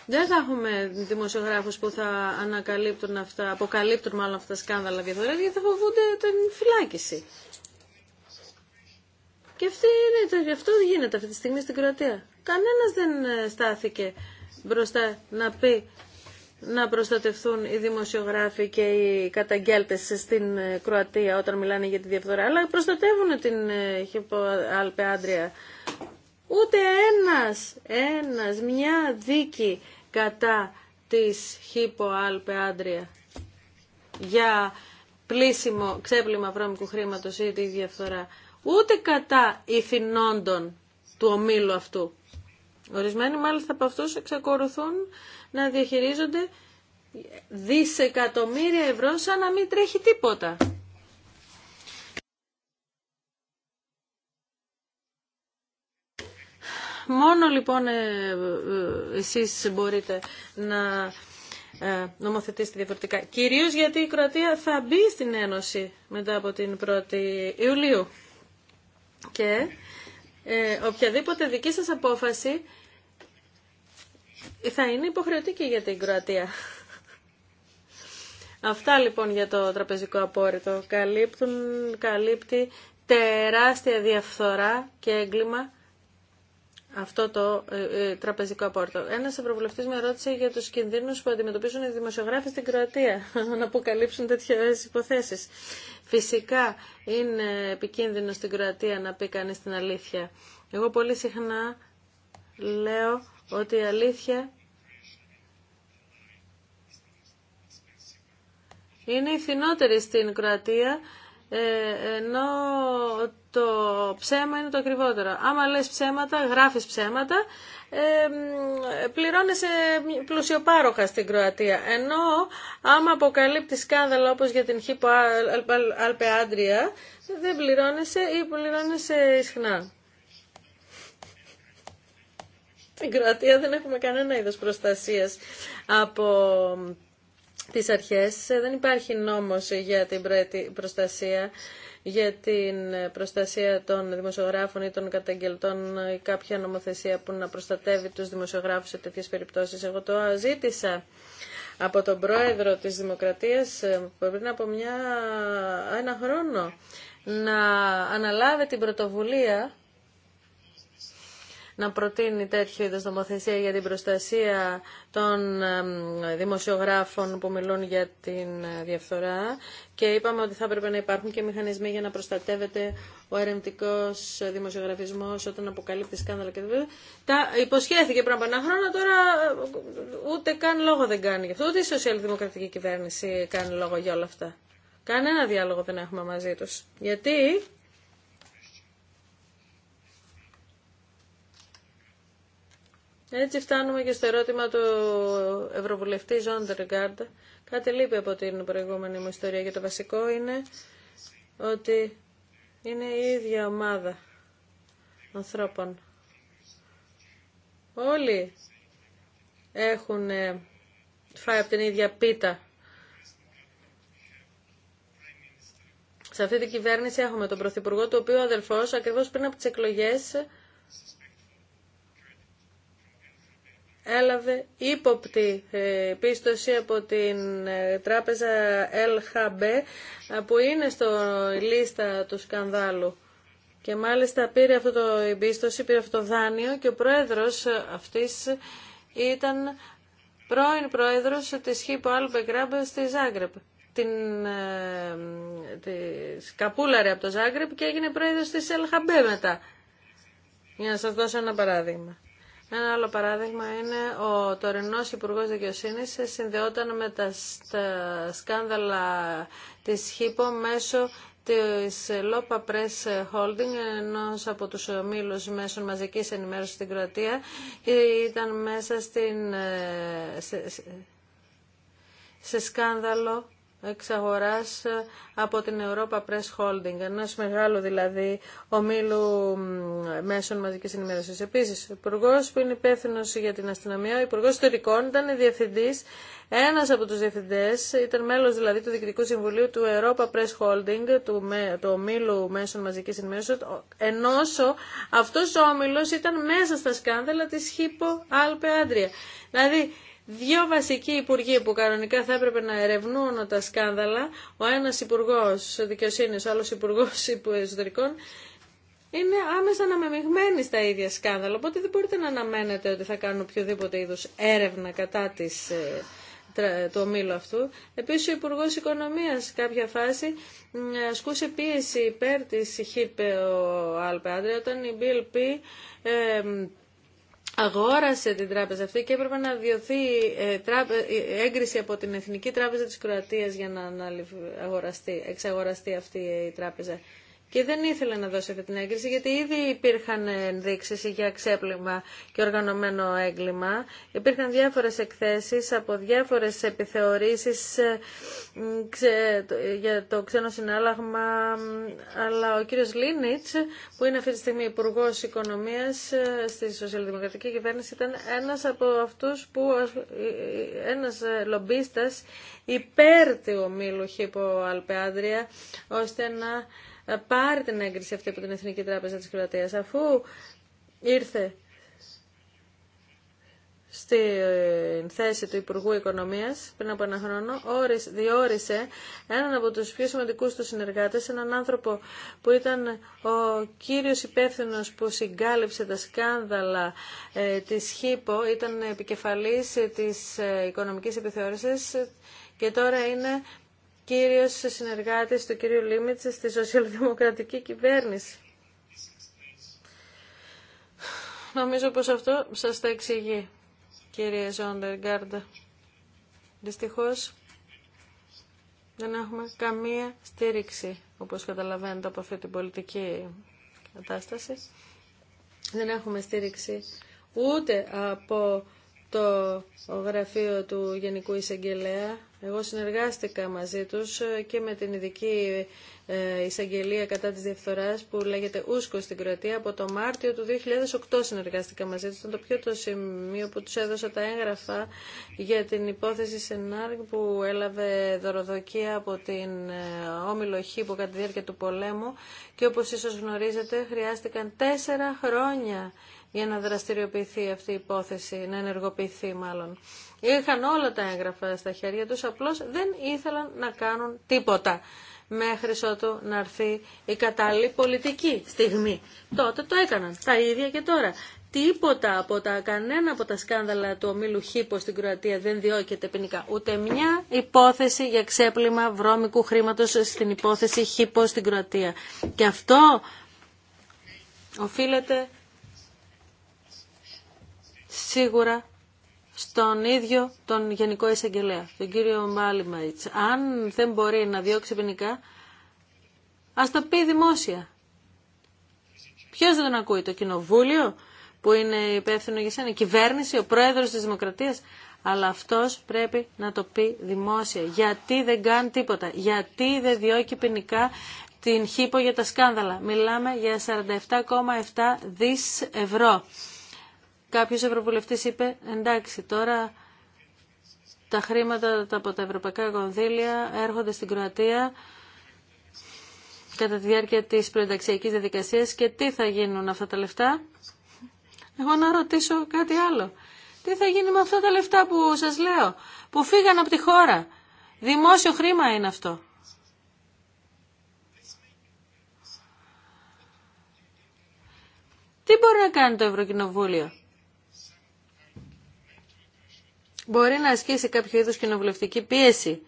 Δεν θα έχουμε δημοσιογράφους που θα ανακαλύπτουν αυτά, αποκαλύπτουν μάλλον αυτά τα σκάνδαλα διαφθορά γιατί θα φοβούνται την φυλάκιση. Και αυτή αυτό γίνεται αυτή τη στιγμή στην Κροατία. Κανένα δεν ε, στάθηκε μπροστά να πει να προστατευτούν οι δημοσιογράφοι και οι καταγγελτε στην ε, Κροατία όταν μιλάνε για τη διαφθορά, αλλά προστατεύουν την ε, Αλπε Άντρια. Ούτε ένας, ένας, μια δίκη κατά της Χίπο Άλπε Άντρια για πλήσιμο, ξέπλυμα βρώμικου χρήματος ή τη διαφθορά ούτε κατά ηθινόντων του ομίλου αυτού. Ορισμένοι μάλιστα από αυτούς εξακολουθούν να διαχειρίζονται δισεκατομμύρια ευρώ σαν να μην τρέχει τίποτα. Μόνο λοιπόν ε, ε, εσείς μπορείτε να ε, νομοθετήσετε διαφορετικά. Κυρίως γιατί η Κροατία θα μπει στην Ένωση μετά από την 1η Ιουλίου και ε, οποιαδήποτε δική σας απόφαση θα είναι υποχρεωτική για την Κροατία. Αυτά λοιπόν για το τραπεζικό απόρριτο. Καλύπτουν, καλύπτει τεράστια διαφθορά και έγκλημα αυτό το ε, ε, τραπεζικό απόρριτο. Ένας ευρωβουλευτής με ρώτησε για τους κινδύνους που αντιμετωπίζουν οι δημοσιογράφοι στην Κροατία να αποκαλύψουν τέτοιες υποθέσεις. Φυσικά είναι επικίνδυνο στην Κροατία να πει κανεί την αλήθεια. Εγώ πολύ συχνά λέω ότι η αλήθεια είναι η φθηνότερη στην Κροατία ε, ενώ το ψέμα είναι το ακριβότερο. Άμα λες ψέματα, γράφεις ψέματα, πληρώνεσαι πλουσιοπάροχα στην Κροατία. Ενώ άμα αποκαλύπτει σκάνδαλα όπως για την Χίπο Αλπεάντρια, δεν πληρώνεσαι ή πληρώνεσαι ισχνά. Στην Κροατία δεν έχουμε κανένα είδος προστασίας από τις αρχές. Δεν υπάρχει νόμος για την προστασία για την προστασία των δημοσιογράφων ή των καταγγελτών ή κάποια νομοθεσία που να προστατεύει τους δημοσιογράφους σε τέτοιες περιπτώσεις. Εγώ το ζήτησα από τον πρόεδρο της Δημοκρατίας ε, πριν από μια, ένα χρόνο να αναλάβει την πρωτοβουλία να προτείνει τέτοιο είδου νομοθεσία για την προστασία των δημοσιογράφων που μιλούν για την ε, διαφθορά και είπαμε ότι θα έπρεπε να υπάρχουν και μηχανισμοί για να προστατεύεται ο ερευνητικό δημοσιογραφισμό όταν αποκαλύπτει σκάνδαλα και Τα υποσχέθηκε πριν από ένα χρόνο, τώρα ε, ούτε καν λόγο δεν κάνει γι' αυτό. Ούτε η σοσιαλδημοκρατική κυβέρνηση κάνει λόγο για όλα αυτά. Κανένα διάλογο δεν έχουμε μαζί του. Γιατί Έτσι φτάνουμε και στο ερώτημα του Ευρωβουλευτή Ζόντεργκάρντ. Κάτι λείπει από την προηγούμενη μου ιστορία και το βασικό είναι ότι είναι η ίδια ομάδα ανθρώπων. Όλοι έχουν ε, φάει από την ίδια πίτα. Σε αυτή την κυβέρνηση έχουμε τον Πρωθυπουργό, το οποίο ο αδελφός ακριβώς πριν από τις εκλογές έλαβε ύποπτη ε, πίστοση από την ε, τράπεζα LHB ε, που είναι στο λίστα του σκανδάλου. Και μάλιστα πήρε αυτό το εμπίστοση, πήρε αυτό το δάνειο και ο πρόεδρος αυτής ήταν πρώην πρόεδρος της ΧΥΠΟ Γκράμπ στη Ζάγκρεπ. Την, της καπούλαρε από το Ζάγκρεπ και έγινε πρόεδρος της LHB μετά. Για να σας δώσω ένα παράδειγμα. Ένα άλλο παράδειγμα είναι ο τωρινό Υπουργό Δικαιοσύνη συνδεόταν με τα σκάνδαλα της ΧΥΠΟ μέσω της ΛΟΠΑ Press Holding, ενός από τους ομίλους μέσων μαζικής ενημέρωσης στην Κροατία ήταν μέσα στην, ε, σε, σε σκάνδαλο εξαγοράς ε, από την Europa Press Holding, ενός μεγάλου δηλαδή ομίλου μέσων μαζικής ενημέρωσης. Επίσης, ο υπουργό που είναι υπεύθυνο για την αστυνομία, ο υπουργό ιστορικών ήταν διευθυντής, ένας από τους διευθυντές, ήταν μέλος δηλαδή του Διοικητικού Συμβουλίου του Europa Press Holding, του, του ομίλου μέσων μαζικής ενημέρωσης, ενώσο αυτός ο όμιλος ήταν μέσα στα σκάνδαλα της Χίπο Αλπε Άντρια. Δηλαδή, Δύο βασικοί υπουργοί που κανονικά θα έπρεπε να ερευνούν τα σκάνδαλα, ο ένας υπουργός δικαιοσύνης, ο άλλος υπουργός εσωτερικών, είναι άμεσα αναμεμειγμένοι στα ίδια σκάνδαλα, οπότε δεν μπορείτε να αναμένετε ότι θα κάνουν οποιοδήποτε είδους έρευνα κατά της ε, το ομίλου αυτού. Επίσης ο Υπουργό Οικονομίας κάποια φάση ασκούσε πίεση υπέρ της ΧΙΠ ε, ο όταν η BLP ε, αγόρασε την τράπεζα αυτή και έπρεπε να διωθεί ε, ε, έγκριση από την Εθνική Τράπεζα της Κροατίας για να αγοραστεί, εξαγοραστεί αυτή η τράπεζα και δεν ήθελε να δώσει αυτή την έγκριση γιατί ήδη υπήρχαν ενδείξεις για ξέπλυμα και οργανωμένο έγκλημα. Υπήρχαν διάφορες εκθέσεις από διάφορες επιθεωρήσεις ε, ε, για το ξένο συνάλλαγμα αλλά ο κύριος Λίνιτς που είναι αυτή τη στιγμή υπουργό Οικονομίας ε, στη Σοσιαλδημοκρατική Κυβέρνηση ήταν ένας από αυτούς που ένας λομπίστας υπέρ του ομίλου Χίπο Αλπεάντρια ώστε να πάρει την έγκριση αυτή από την Εθνική Τράπεζα της Κροατίας. Αφού ήρθε στην θέση του Υπουργού Οικονομίας πριν από ένα χρόνο, διόρισε έναν από τους πιο σημαντικούς του συνεργάτες, έναν άνθρωπο που ήταν ο κύριος υπεύθυνο που συγκάλυψε τα σκάνδαλα ε, της ΧΥΠΟ, ήταν επικεφαλής της ε, οικονομικής επιθεώρησης και τώρα είναι κύριος συνεργάτης του κύριου Λίμιτσης στη σοσιαλδημοκρατική κυβέρνηση. Νομίζω πως αυτό σας τα εξηγεί, κύριε Ζόντεργκάρντα. Δυστυχώς δεν έχουμε καμία στήριξη, όπως καταλαβαίνετε από αυτή την πολιτική κατάσταση. Δεν έχουμε στήριξη ούτε από το γραφείο του Γενικού Εισαγγελέα, εγώ συνεργάστηκα μαζί τους και με την ειδική ε, εισαγγελία κατά της διαφθοράς που λέγεται Ούσκο στην Κροατία από το Μάρτιο του 2008 συνεργάστηκα μαζί τους. Ήταν το πιο το σημείο που τους έδωσα τα έγγραφα για την υπόθεση Σενάρκ που έλαβε δωροδοκία από την ε, Όμιλο Χ κατά τη διάρκεια του πολέμου και όπως ίσως γνωρίζετε χρειάστηκαν τέσσερα χρόνια για να δραστηριοποιηθεί αυτή η υπόθεση, να ενεργοποιηθεί μάλλον. Είχαν όλα τα έγγραφα στα χέρια τους, απλώς δεν ήθελαν να κάνουν τίποτα μέχρι ότου να έρθει η κατάλληλη πολιτική στιγμή. Τότε το έκαναν, τα ίδια και τώρα. Τίποτα από τα, κανένα από τα σκάνδαλα του ομίλου Χίπο στην Κροατία δεν διώκεται ποινικά. Ούτε μια υπόθεση για ξέπλυμα βρώμικου χρήματο στην υπόθεση Χίπο στην Κροατία. Και αυτό οφείλεται σίγουρα στον ίδιο τον Γενικό Εισαγγελέα, τον κύριο Μάλιμαϊτς. Αν δεν μπορεί να διώξει ποινικά, ας το πει δημόσια. Ποιος δεν τον ακούει, το Κοινοβούλιο που είναι υπεύθυνο για σένα, η κυβέρνηση, ο πρόεδρος της Δημοκρατίας. Αλλά αυτός πρέπει να το πει δημόσια. Γιατί δεν κάνει τίποτα, γιατί δεν διώκει ποινικά την χήπο για τα σκάνδαλα. Μιλάμε για 47,7 δις ευρώ κάποιος ευρωβουλευτής είπε εντάξει τώρα τα χρήματα από τα ευρωπαϊκά κονδύλια έρχονται στην Κροατία κατά τη διάρκεια της προενταξιακής διαδικασίας και τι θα γίνουν αυτά τα λεφτά. Εγώ να ρωτήσω κάτι άλλο. Τι θα γίνει με αυτά τα λεφτά που σας λέω, που φύγαν από τη χώρα. Δημόσιο χρήμα είναι αυτό. Τι μπορεί να κάνει το Ευρωκοινοβούλιο. μπορεί να ασκήσει κάποιο είδου κοινοβουλευτική πίεση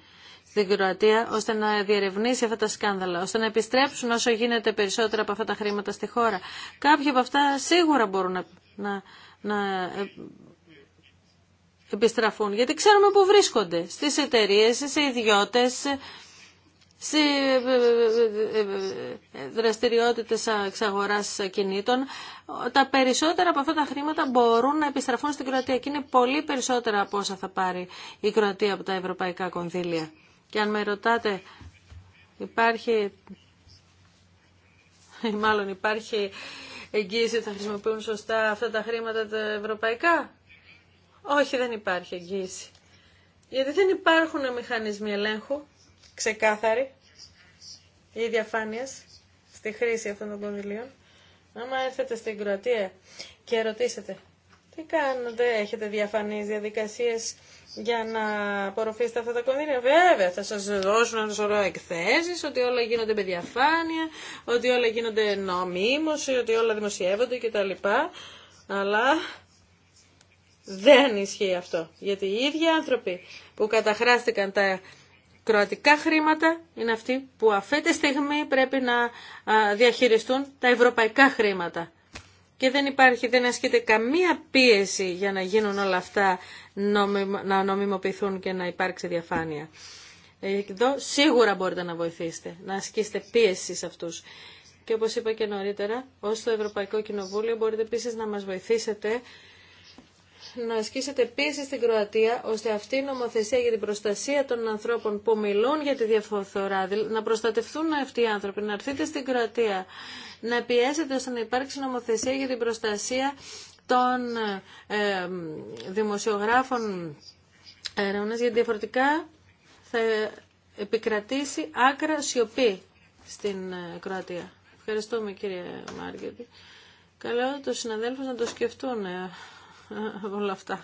στην Κροατία ώστε να διερευνήσει αυτά τα σκάνδαλα, ώστε να επιστρέψουν όσο γίνεται περισσότερα από αυτά τα χρήματα στη χώρα. Κάποια από αυτά σίγουρα μπορούν να, να, να ε, επιστραφούν, γιατί ξέρουμε που βρίσκονται, στις εταιρείες, σε ιδιώτες, σε ε, ε, ε, δραστηριότητες εξαγοράς κινήτων. Τα περισσότερα από αυτά τα χρήματα μπορούν να επιστραφούν στην Κροατία και είναι πολύ περισσότερα από όσα θα πάρει η Κροατία από τα ευρωπαϊκά κονδύλια. Και αν με ρωτάτε, υπάρχει, μάλλον υπάρχει εγγύηση ότι θα χρησιμοποιούν σωστά αυτά τα χρήματα τα ευρωπαϊκά. Όχι, δεν υπάρχει εγγύηση. Γιατί δεν υπάρχουν μηχανισμοί ελέγχου ξεκάθαρη η διαφάνεια στη χρήση αυτών των κονδυλίων. Άμα έρθετε στην Κροατία και ρωτήσετε τι κάνετε, έχετε διαφανείς διαδικασίες για να απορροφήσετε αυτά τα κονδύλια. Βέβαια, θα σας δώσουν ένα σωρό εκθέσεις, ότι όλα γίνονται με διαφάνεια, ότι όλα γίνονται νομίμως, ότι όλα δημοσιεύονται κτλ. Αλλά δεν ισχύει αυτό. Γιατί οι ίδιοι άνθρωποι που καταχράστηκαν τα κροατικά χρήματα είναι αυτοί που αυτή τη στιγμή πρέπει να διαχειριστούν τα ευρωπαϊκά χρήματα. Και δεν υπάρχει, δεν ασκείται καμία πίεση για να γίνουν όλα αυτά να νομιμοποιηθούν και να υπάρξει διαφάνεια. Εδώ σίγουρα μπορείτε να βοηθήσετε, να ασκήσετε πίεση σε αυτούς. Και όπως είπα και νωρίτερα, ως το Ευρωπαϊκό Κοινοβούλιο μπορείτε επίσης να μας βοηθήσετε να ασκήσετε πίεση στην Κροατία ώστε αυτή η νομοθεσία για την προστασία των ανθρώπων που μιλούν για τη διαφορά, να προστατευτούν αυτοί οι άνθρωποι, να έρθετε στην Κροατία, να πιέσετε ώστε να υπάρξει νομοθεσία για την προστασία των ε, δημοσιογράφων έρευνα, γιατί διαφορετικά θα επικρατήσει άκρα σιωπή στην ε, Κροατία. Ευχαριστούμε κύριε Μάρκετ. Καλό το συναδέλφους να το σκεφτούν όλα αυτά.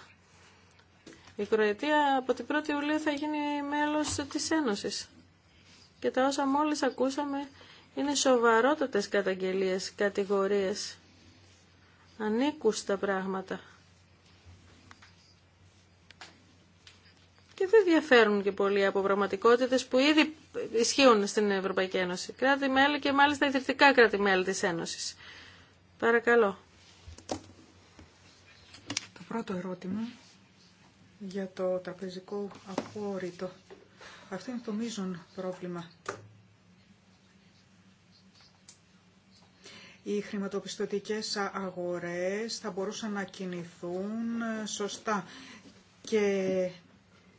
Η Κροατία από την 1η Ιουλίου θα γίνει μέλος της Ένωσης. Και τα όσα μόλις ακούσαμε είναι σοβαρότατες καταγγελίες, κατηγορίες. Ανήκουστα πράγματα. και δεν διαφέρουν και πολύ από πραγματικότητες που ήδη ισχύουν στην Ευρωπαϊκή Ένωση. Κράτη-μέλη και μάλιστα ιδρυτικά κράτη-μέλη της Ένωσης. Παρακαλώ πρώτο ερώτημα για το τραπεζικό απόρριτο. Αυτό είναι το μείζον πρόβλημα. Οι χρηματοπιστωτικές αγορές θα μπορούσαν να κινηθούν σωστά και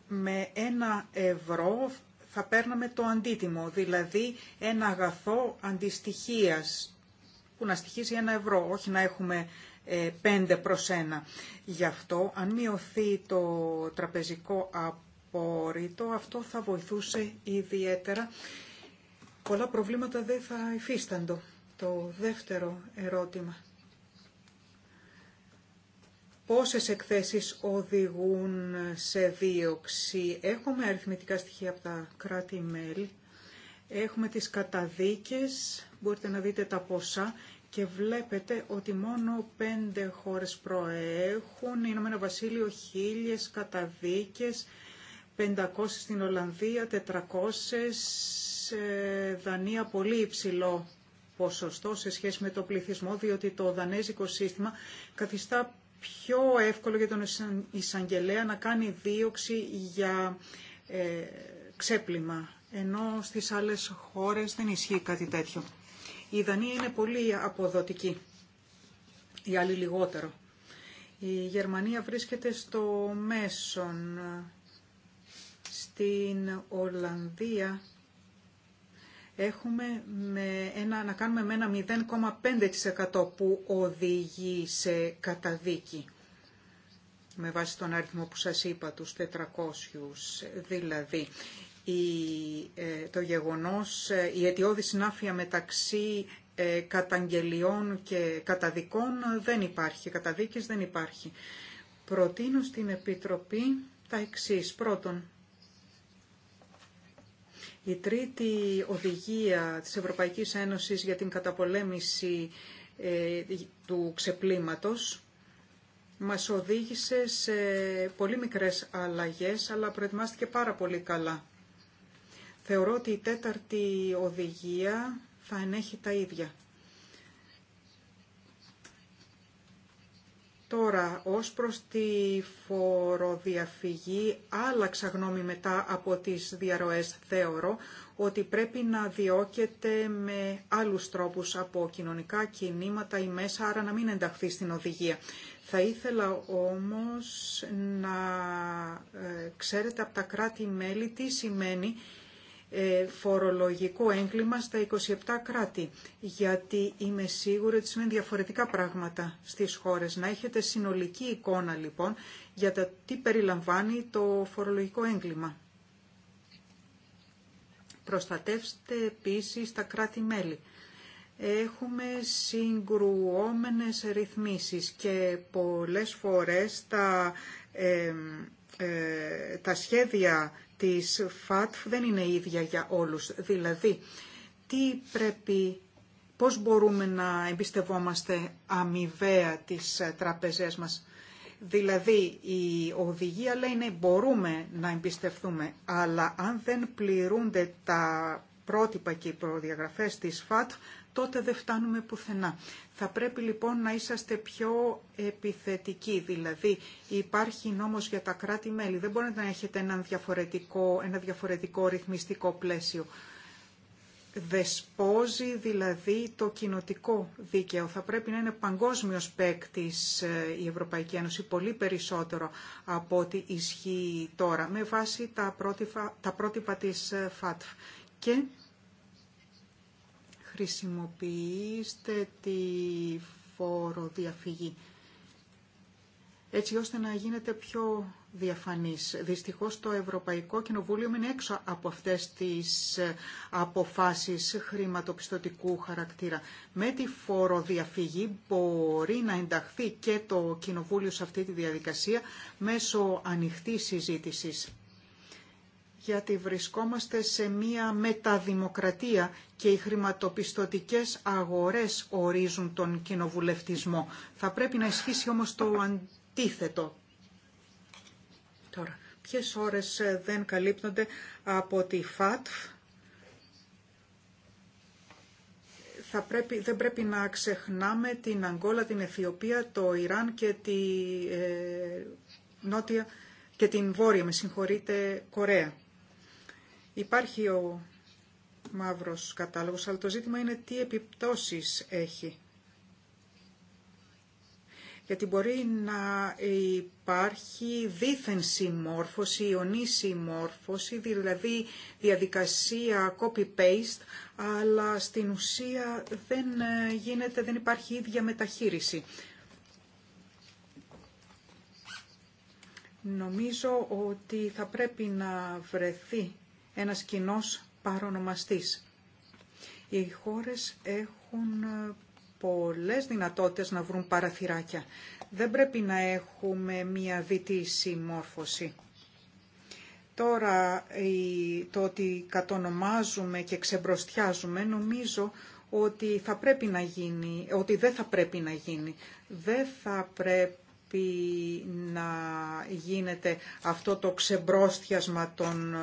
με ένα ευρώ θα παίρναμε το αντίτιμο, δηλαδή ένα αγαθό αντιστοιχίας που να στοιχίζει ένα ευρώ, όχι να έχουμε 5 προς 1. Γι' αυτό, αν μειωθεί το τραπεζικό απόρριτο, αυτό θα βοηθούσε ιδιαίτερα. Πολλά προβλήματα δεν θα υφίσταντο. Το δεύτερο ερώτημα. Πόσες εκθέσεις οδηγούν σε δίωξη. Έχουμε αριθμητικά στοιχεία από τα κράτη-μέλη. Έχουμε τις καταδίκες. Μπορείτε να δείτε τα ποσά και βλέπετε ότι μόνο πέντε χώρες προέχουν, Ηνωμένο Βασίλειο χίλιες καταδίκες, 500 στην Ολλανδία, 400, ε, Δανία πολύ υψηλό ποσοστό σε σχέση με το πληθυσμό, διότι το δανέζικο σύστημα καθιστά πιο εύκολο για τον εισαγγελέα να κάνει δίωξη για ε, ξέπλυμα, ενώ στις άλλες χώρες δεν ισχύει κάτι τέτοιο. Η Δανία είναι πολύ αποδοτική, η άλλη λιγότερο. Η Γερμανία βρίσκεται στο μέσον. Στην Ολλανδία έχουμε ένα, να κάνουμε με ένα 0,5% που οδηγεί σε καταδίκη με βάση τον αριθμό που σας είπα, τους 400 δηλαδή. Ε, το γεγονός, ε, η αιτιώδη συνάφεια μεταξύ ε, καταγγελιών και καταδικών δεν υπάρχει, καταδίκης δεν υπάρχει. Προτείνω στην Επιτροπή τα εξής. Πρώτον, η τρίτη οδηγία της Ευρωπαϊκής Ένωσης για την καταπολέμηση του ξεπλήματος μας οδήγησε σε πολύ μικρές αλλαγές, αλλά προετοιμάστηκε πάρα πολύ καλά. Θεωρώ ότι η τέταρτη οδηγία θα ενέχει τα ίδια. Τώρα, ως προς τη φοροδιαφυγή, άλλαξα γνώμη μετά από τις διαρροές. Θεωρώ ότι πρέπει να διώκεται με άλλους τρόπους από κοινωνικά κινήματα ή μέσα, άρα να μην ενταχθεί στην οδηγία. Θα ήθελα όμως να ε, ξέρετε από τα κράτη-μέλη τι σημαίνει ε, φορολογικό έγκλημα στα 27 κράτη, γιατί είμαι σίγουρη ότι σημαίνει διαφορετικά πράγματα στις χώρες. Να έχετε συνολική εικόνα λοιπόν για τα τι περιλαμβάνει το φορολογικό έγκλημα. Προστατεύστε επίσης τα κράτη-μέλη. Έχουμε συγκρουόμενες ρυθμίσεις και πολλές φορές τα, ε, ε, τα σχέδια της ΦΑΤΦ δεν είναι ίδια για όλους. Δηλαδή, τι πρέπει, πώς μπορούμε να εμπιστευόμαστε αμοιβαία τις ε, τραπεζές μας. Δηλαδή, η οδηγία λέει ναι, μπορούμε να εμπιστευτούμε, αλλά αν δεν πληρούνται τα πρότυπα και οι προδιαγραφές της ΦΑΤΦ, τότε δεν φτάνουμε πουθενά. Θα πρέπει λοιπόν να είσαστε πιο επιθετικοί, δηλαδή υπάρχει νόμος για τα κράτη-μέλη, δεν μπορείτε να έχετε ένα διαφορετικό, ένα διαφορετικό ρυθμιστικό πλαίσιο. Δεσπόζει δηλαδή το κοινοτικό δίκαιο. Θα πρέπει να είναι παγκόσμιος παίκτη ε, η Ευρωπαϊκή Ένωση, πολύ περισσότερο από ό,τι ισχύει τώρα, με βάση τα πρότυπα, τα πρότυπα της ε, ΦΑΤΦ. Και χρησιμοποιήστε τη φοροδιαφυγή έτσι ώστε να γίνεται πιο διαφανής. Δυστυχώς το Ευρωπαϊκό Κοινοβούλιο είναι έξω από αυτές τις ε, αποφάσεις χρηματοπιστωτικού χαρακτήρα. Με τη φοροδιαφυγή μπορεί να ενταχθεί και το Κοινοβούλιο σε αυτή τη διαδικασία μέσω ανοιχτής συζήτησης γιατί βρισκόμαστε σε μία μεταδημοκρατία και οι χρηματοπιστωτικές αγορές ορίζουν τον κοινοβουλευτισμό. Θα πρέπει να ισχύσει όμως το αντίθετο. Τώρα, ποιες ώρες ε, δεν καλύπτονται από τη ΦΑΤΦ. Θα πρέπει, δεν πρέπει να ξεχνάμε την Αγγόλα, την Αιθιοπία, το Ιράν και τη ε, Νότια και την Βόρεια, με συγχωρείτε, Κορέα. Υπάρχει ο μαύρος κατάλογος, αλλά το ζήτημα είναι τι επιπτώσεις έχει. Γιατί μπορεί να υπάρχει δίθεν συμμόρφωση, ιονή συμμόρφωση, δηλαδή διαδικασία copy-paste, αλλά στην ουσία δεν ε, γίνεται, δεν υπάρχει ίδια μεταχείριση. Νομίζω ότι θα πρέπει να βρεθεί ένας κοινό παρονομαστής. Οι χώρες έχουν ε, πολλές δυνατότητες να βρουν παραθυράκια. Δεν πρέπει να έχουμε μία διτή συμμόρφωση. Τώρα το ότι κατονομάζουμε και ξεμπροστιάζουμε νομίζω ότι, θα πρέπει να γίνει, ότι δεν θα πρέπει να γίνει. Δεν θα πρέπει να γίνεται αυτό το ξεμπρόστιασμα των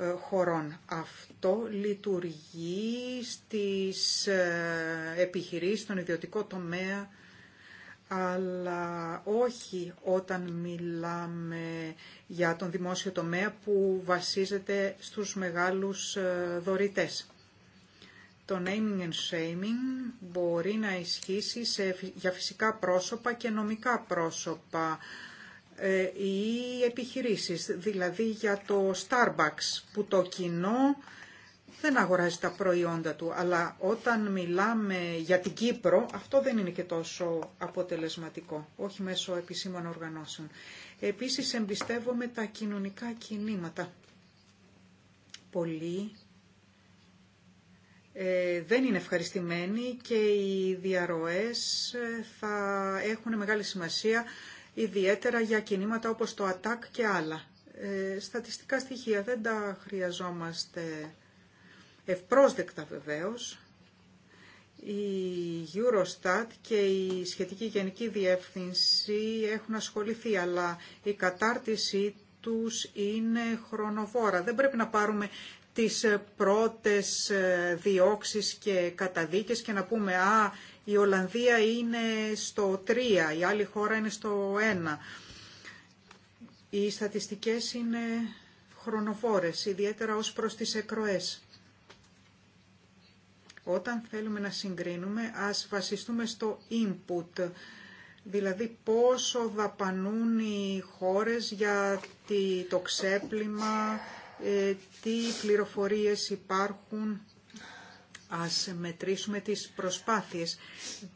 ε, χωρών. Αυτό λειτουργεί στις ε, επιχειρήσεις, στον ιδιωτικό τομέα, αλλά όχι όταν μιλάμε για τον δημόσιο τομέα που βασίζεται στους μεγάλους ε, δωρητές. Το naming and shaming μπορεί να ισχύσει σε, για φυσικά πρόσωπα και νομικά πρόσωπα ε, οι επιχειρήσεις, δηλαδή για το Starbucks που το κοινό δεν αγοράζει τα προϊόντα του, αλλά όταν μιλάμε για την Κύπρο αυτό δεν είναι και τόσο αποτελεσματικό, όχι μέσω επισήμων οργανώσεων. Επίσης εμπιστεύομαι τα κοινωνικά κινήματα. Πολλοί ε, δεν είναι ευχαριστημένοι και οι διαρροές ε, θα έχουν μεγάλη σημασία ιδιαίτερα για κινήματα όπως το ΑΤΑΚ και άλλα. Ε, στατιστικά στοιχεία δεν τα χρειαζόμαστε ευπρόσδεκτα βεβαίως. Η Eurostat και η σχετική γενική διεύθυνση έχουν ασχοληθεί, αλλά η κατάρτιση τους είναι χρονοβόρα. Δεν πρέπει να πάρουμε τις πρώτες ε, διώξεις και καταδίκες και να πούμε «Α, η Ολλανδία είναι στο 3, η άλλη χώρα είναι στο 1. Οι στατιστικές είναι χρονοφόρες, ιδιαίτερα ως προς τις εκροές. Όταν θέλουμε να συγκρίνουμε, ας βασιστούμε στο input, δηλαδή πόσο δαπανούν οι χώρες για το ξέπλυμα, ε, τι πληροφορίες υπάρχουν Ας μετρήσουμε τις προσπάθειες,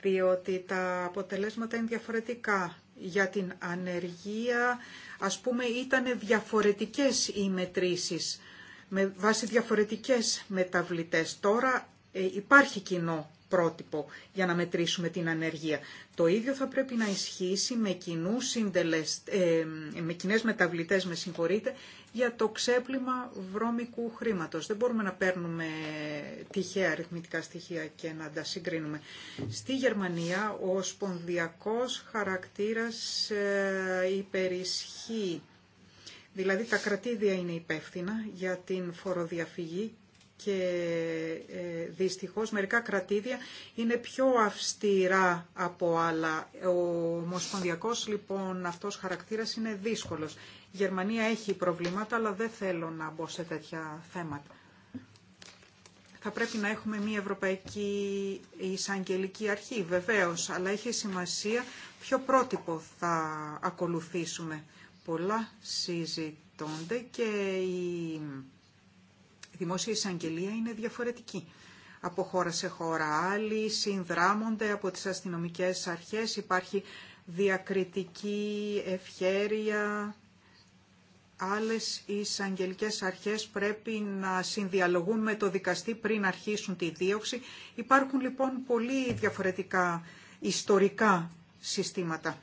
διότι τα αποτελέσματα είναι διαφορετικά. Για την ανεργία, ας πούμε, ήταν διαφορετικές οι μετρήσεις, με βάση διαφορετικές μεταβλητές. Τώρα ε, υπάρχει κοινό πρότυπο για να μετρήσουμε την ανεργία. Το ίδιο θα πρέπει να ισχύσει με, κοινούς συντελεσ... ε, με κοινές μεταβλητές, με για το ξέπλυμα βρώμικου χρήματος. Δεν μπορούμε να παίρνουμε τυχαία αριθμητικά στοιχεία και να τα συγκρίνουμε. Στη Γερμανία ο σπονδιακός χαρακτήρας ε, υπερισχύει. Δηλαδή τα κρατήδια είναι υπεύθυνα για την φοροδιαφυγή και ε, δυστυχώς μερικά κρατήδια είναι πιο αυστηρά από άλλα. Ο ομοσπονδιακός λοιπόν αυτός χαρακτήρας είναι δύσκολος. Η Γερμανία έχει προβλήματα αλλά δεν θέλω να μπω σε τέτοια θέματα. Θα πρέπει να έχουμε μια ευρωπαϊκή εισαγγελική αρχή βεβαίως, αλλά έχει σημασία ποιο πρότυπο θα ακολουθήσουμε. Πολλά συζητώνται και οι δημόσια εισαγγελία είναι διαφορετική. Από χώρα σε χώρα άλλοι συνδράμονται από τις αστυνομικές αρχές, υπάρχει διακριτική ευχέρεια. Άλλες εισαγγελικέ αρχές πρέπει να συνδιαλογούν με το δικαστή πριν αρχίσουν τη δίωξη. Υπάρχουν λοιπόν πολύ διαφορετικά ιστορικά συστήματα.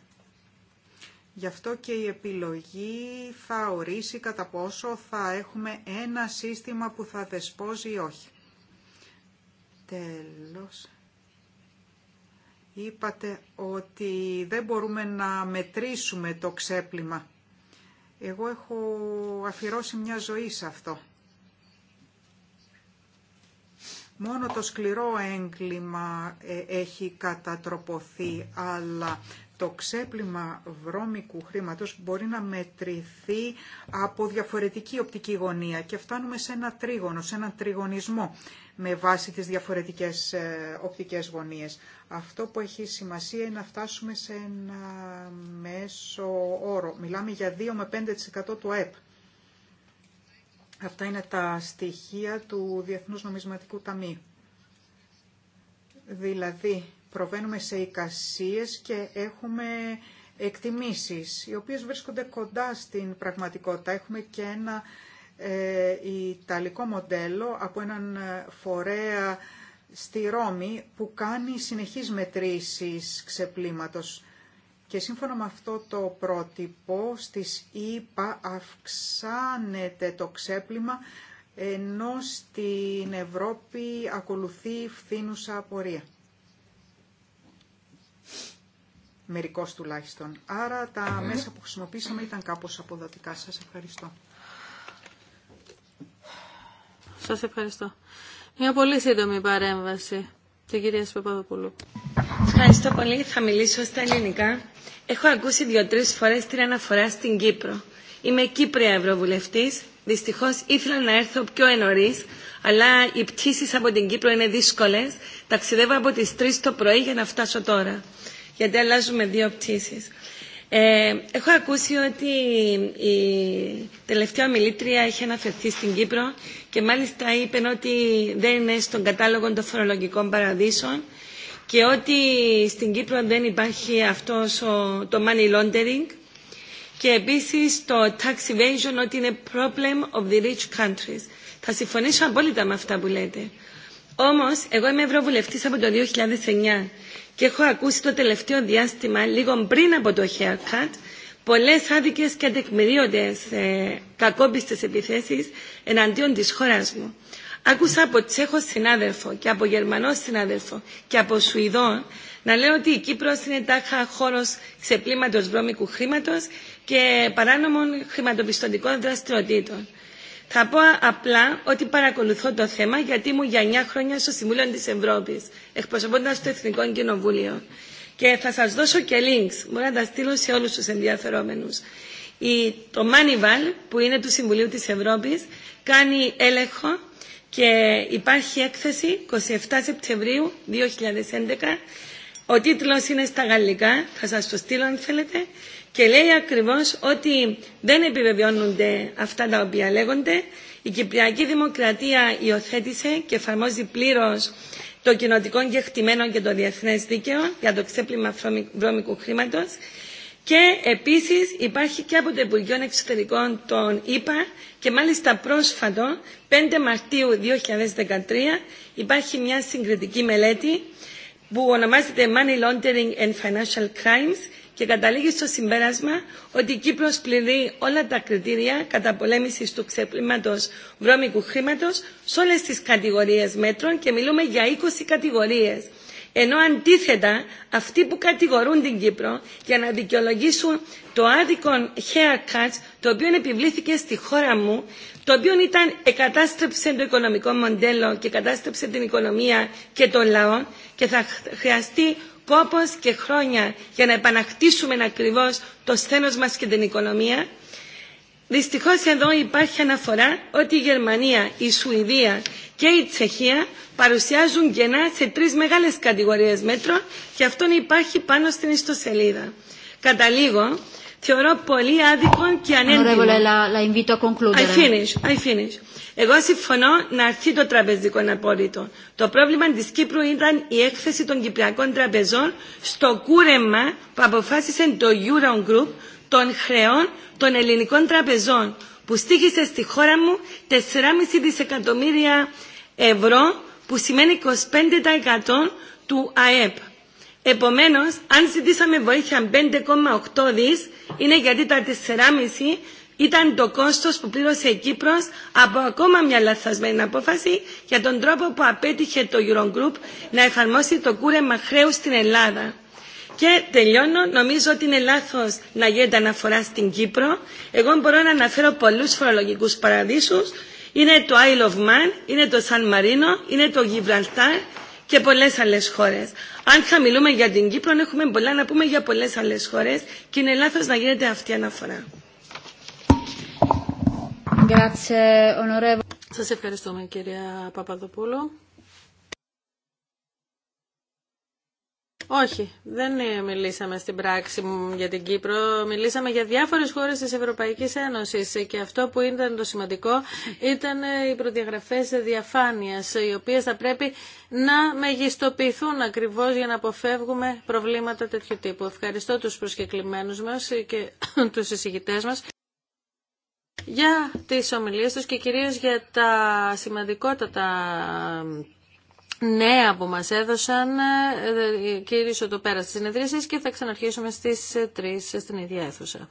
Γι' αυτό και η επιλογή θα ορίσει κατά πόσο θα έχουμε ένα σύστημα που θα δεσπόζει ή όχι. Τέλος. Είπατε ότι δεν μπορούμε να μετρήσουμε το ξέπλυμα. Εγώ έχω αφιερώσει μια ζωή σε αυτό. Μόνο το σκληρό έγκλημα ε, έχει κατατροποθεί, αλλά το ξέπλυμα βρώμικου χρήματος μπορεί να μετρηθεί από διαφορετική οπτική γωνία και φτάνουμε σε ένα τρίγωνο, σε έναν τριγωνισμό με βάση τις διαφορετικές ε, οπτικές γωνίες. Αυτό που έχει σημασία είναι να φτάσουμε σε ένα μέσο όρο. Μιλάμε για 2 με 5% του ΑΕΠ. Αυτά είναι τα στοιχεία του Διεθνούς Νομισματικού Ταμείου. Δηλαδή, προβαίνουμε σε εικασίες και έχουμε εκτιμήσεις, οι οποίες βρίσκονται κοντά στην πραγματικότητα. Έχουμε και ένα ε, ιταλικό μοντέλο από έναν ε, φορέα στη Ρώμη που κάνει συνεχείς μετρήσεις ξεπλήματος. Και σύμφωνα με αυτό το πρότυπο, στις ΙΠΑ αυξάνεται το ξέπλυμα, ενώ στην Ευρώπη ακολουθεί φθήνουσα πορεία. μερικό τουλάχιστον. Άρα τα ναι. μέσα που χρησιμοποίησαμε ήταν κάπως αποδοτικά. Σας ευχαριστώ. Σας ευχαριστώ. Μια πολύ σύντομη παρέμβαση την κυρία Σπαπαδοπούλου. Ευχαριστώ πολύ. Θα μιλήσω στα ελληνικά. Έχω ακούσει δύο-τρεις φορές την αναφορά στην Κύπρο. Είμαι Κύπρια ευρωβουλευτή. Δυστυχώ ήθελα να έρθω πιο ενωρί, αλλά οι πτήσει από την Κύπρο είναι δύσκολε. Ταξιδεύω από τι 3 το πρωί για να φτάσω τώρα γιατί αλλάζουμε δύο πτήσει. Ε, έχω ακούσει ότι η τελευταία μιλήτρια έχει αναφερθεί στην Κύπρο και μάλιστα είπε ότι δεν είναι στον κατάλογο των φορολογικών παραδείσων και ότι στην Κύπρο δεν υπάρχει αυτό το money laundering και επίσης το tax evasion ότι είναι problem of the rich countries. Θα συμφωνήσω απόλυτα με αυτά που λέτε. Όμω, εγώ είμαι Ευρωβουλευτή από το 2009 και έχω ακούσει το τελευταίο διάστημα, λίγο πριν από το haircut, πολλέ άδικε και τεκμηρίωτε ε, κακόπιστε επιθέσει εναντίον τη χώρα μου. Άκουσα από Τσέχο συνάδελφο και από Γερμανό συνάδελφο και από Σουηδό να λέω ότι η Κύπρος είναι τάχα χώρος ξεπλήματο βρώμικου χρήματο και παράνομων χρηματοπιστωτικών δραστηριοτήτων. Θα πω απλά ότι παρακολουθώ το θέμα γιατί ήμουν για 9 χρόνια στο Συμβούλιο της Ευρώπης, εκπροσωπώντας το Εθνικό Κοινοβούλιο. Και θα σας δώσω και links, μπορώ να τα στείλω σε όλους τους ενδιαφερόμενους. το Manival, που είναι του Συμβουλίου της Ευρώπης, κάνει έλεγχο και υπάρχει έκθεση 27 Σεπτεμβρίου 2011. Ο τίτλος είναι στα γαλλικά, θα σας το στείλω αν θέλετε και λέει ακριβώς ότι δεν επιβεβαιώνονται αυτά τα οποία λέγονται. Η Κυπριακή Δημοκρατία υιοθέτησε και εφαρμόζει πλήρως το κοινοτικό κεκτημένο και το διεθνές δίκαιο για το ξέπλυμα βρώμικου χρήματος και επίσης υπάρχει και από το Υπουργείο Εξωτερικών των ΗΠΑ και μάλιστα πρόσφατο, 5 Μαρτίου 2013, υπάρχει μια συγκριτική μελέτη που ονομάζεται Money Laundering and Financial Crimes και καταλήγει στο συμπέρασμα ότι η Κύπρος πληρεί όλα τα κριτήρια καταπολέμησης του ξεπλήματος βρώμικου χρήματος σε όλες τις κατηγορίες μέτρων και μιλούμε για 20 κατηγορίες. Ενώ αντίθετα αυτοί που κατηγορούν την Κύπρο για να δικαιολογήσουν το άδικο haircut το οποίο επιβλήθηκε στη χώρα μου, το οποίο ήταν εκατάστρεψε το οικονομικό μοντέλο και κατάστρεψε την οικονομία και τον λαό και θα χρειαστεί κόπος και χρόνια για να επανακτήσουμε ακριβώς το σθένος μας και την οικονομία. Δυστυχώς εδώ υπάρχει αναφορά ότι η Γερμανία, η Σουηδία και η Τσεχία παρουσιάζουν κενά σε τρεις μεγάλες κατηγορίες μέτρων και αυτό υπάρχει πάνω στην ιστοσελίδα. Καταλήγω θεωρώ πολύ άδικο και ανέντιμο. I finish, I finish. Εγώ συμφωνώ να αρθεί το τραπεζικό απόρριτο. Το πρόβλημα της Κύπρου ήταν η έκθεση των κυπριακών τραπεζών στο κούρεμα που αποφάσισε το Eurogroup των χρεών των ελληνικών τραπεζών που στήχησε στη χώρα μου 4,5 δισεκατομμύρια ευρώ που σημαίνει 25% του ΑΕΠ. Επομένω, αν ζητήσαμε βοήθεια 5,8 δι, είναι γιατί τα 4,5 ήταν το κόστο που πλήρωσε η Κύπρος από ακόμα μια λαθασμένη απόφαση για τον τρόπο που απέτυχε το Eurogroup να εφαρμόσει το κούρεμα χρέου στην Ελλάδα. Και τελειώνω, νομίζω ότι είναι λάθο να γίνεται αναφορά στην Κύπρο. Εγώ μπορώ να αναφέρω πολλού φορολογικού παραδείσου. Είναι το Isle of Man, είναι το Σαν Μαρίνο, είναι το Γιβραλτάρ, και πολλέ άλλε χώρε. Αν χαμηλούμε για την Κύπρο, έχουμε πολλά να πούμε για πολλέ άλλε χώρε και είναι λάθο να γίνεται αυτή η αναφορά. Σα ευχαριστούμε κυρία Παπαδοπούλου. Όχι, δεν μιλήσαμε στην πράξη για την Κύπρο. Μιλήσαμε για διάφορες χώρες της Ευρωπαϊκής Ένωσης και αυτό που ήταν το σημαντικό ήταν οι προδιαγραφές διαφάνειας, οι οποίες θα πρέπει να μεγιστοποιηθούν ακριβώς για να αποφεύγουμε προβλήματα τέτοιου τύπου. Ευχαριστώ τους προσκεκλημένους μας και τους εισηγητές μας για τις ομιλίες τους και κυρίως για τα σημαντικότατα νέα που μας έδωσαν κήρυσω το πέρα της και θα ξαναρχίσουμε στις 3 ε, ε, στην ίδια αίθουσα.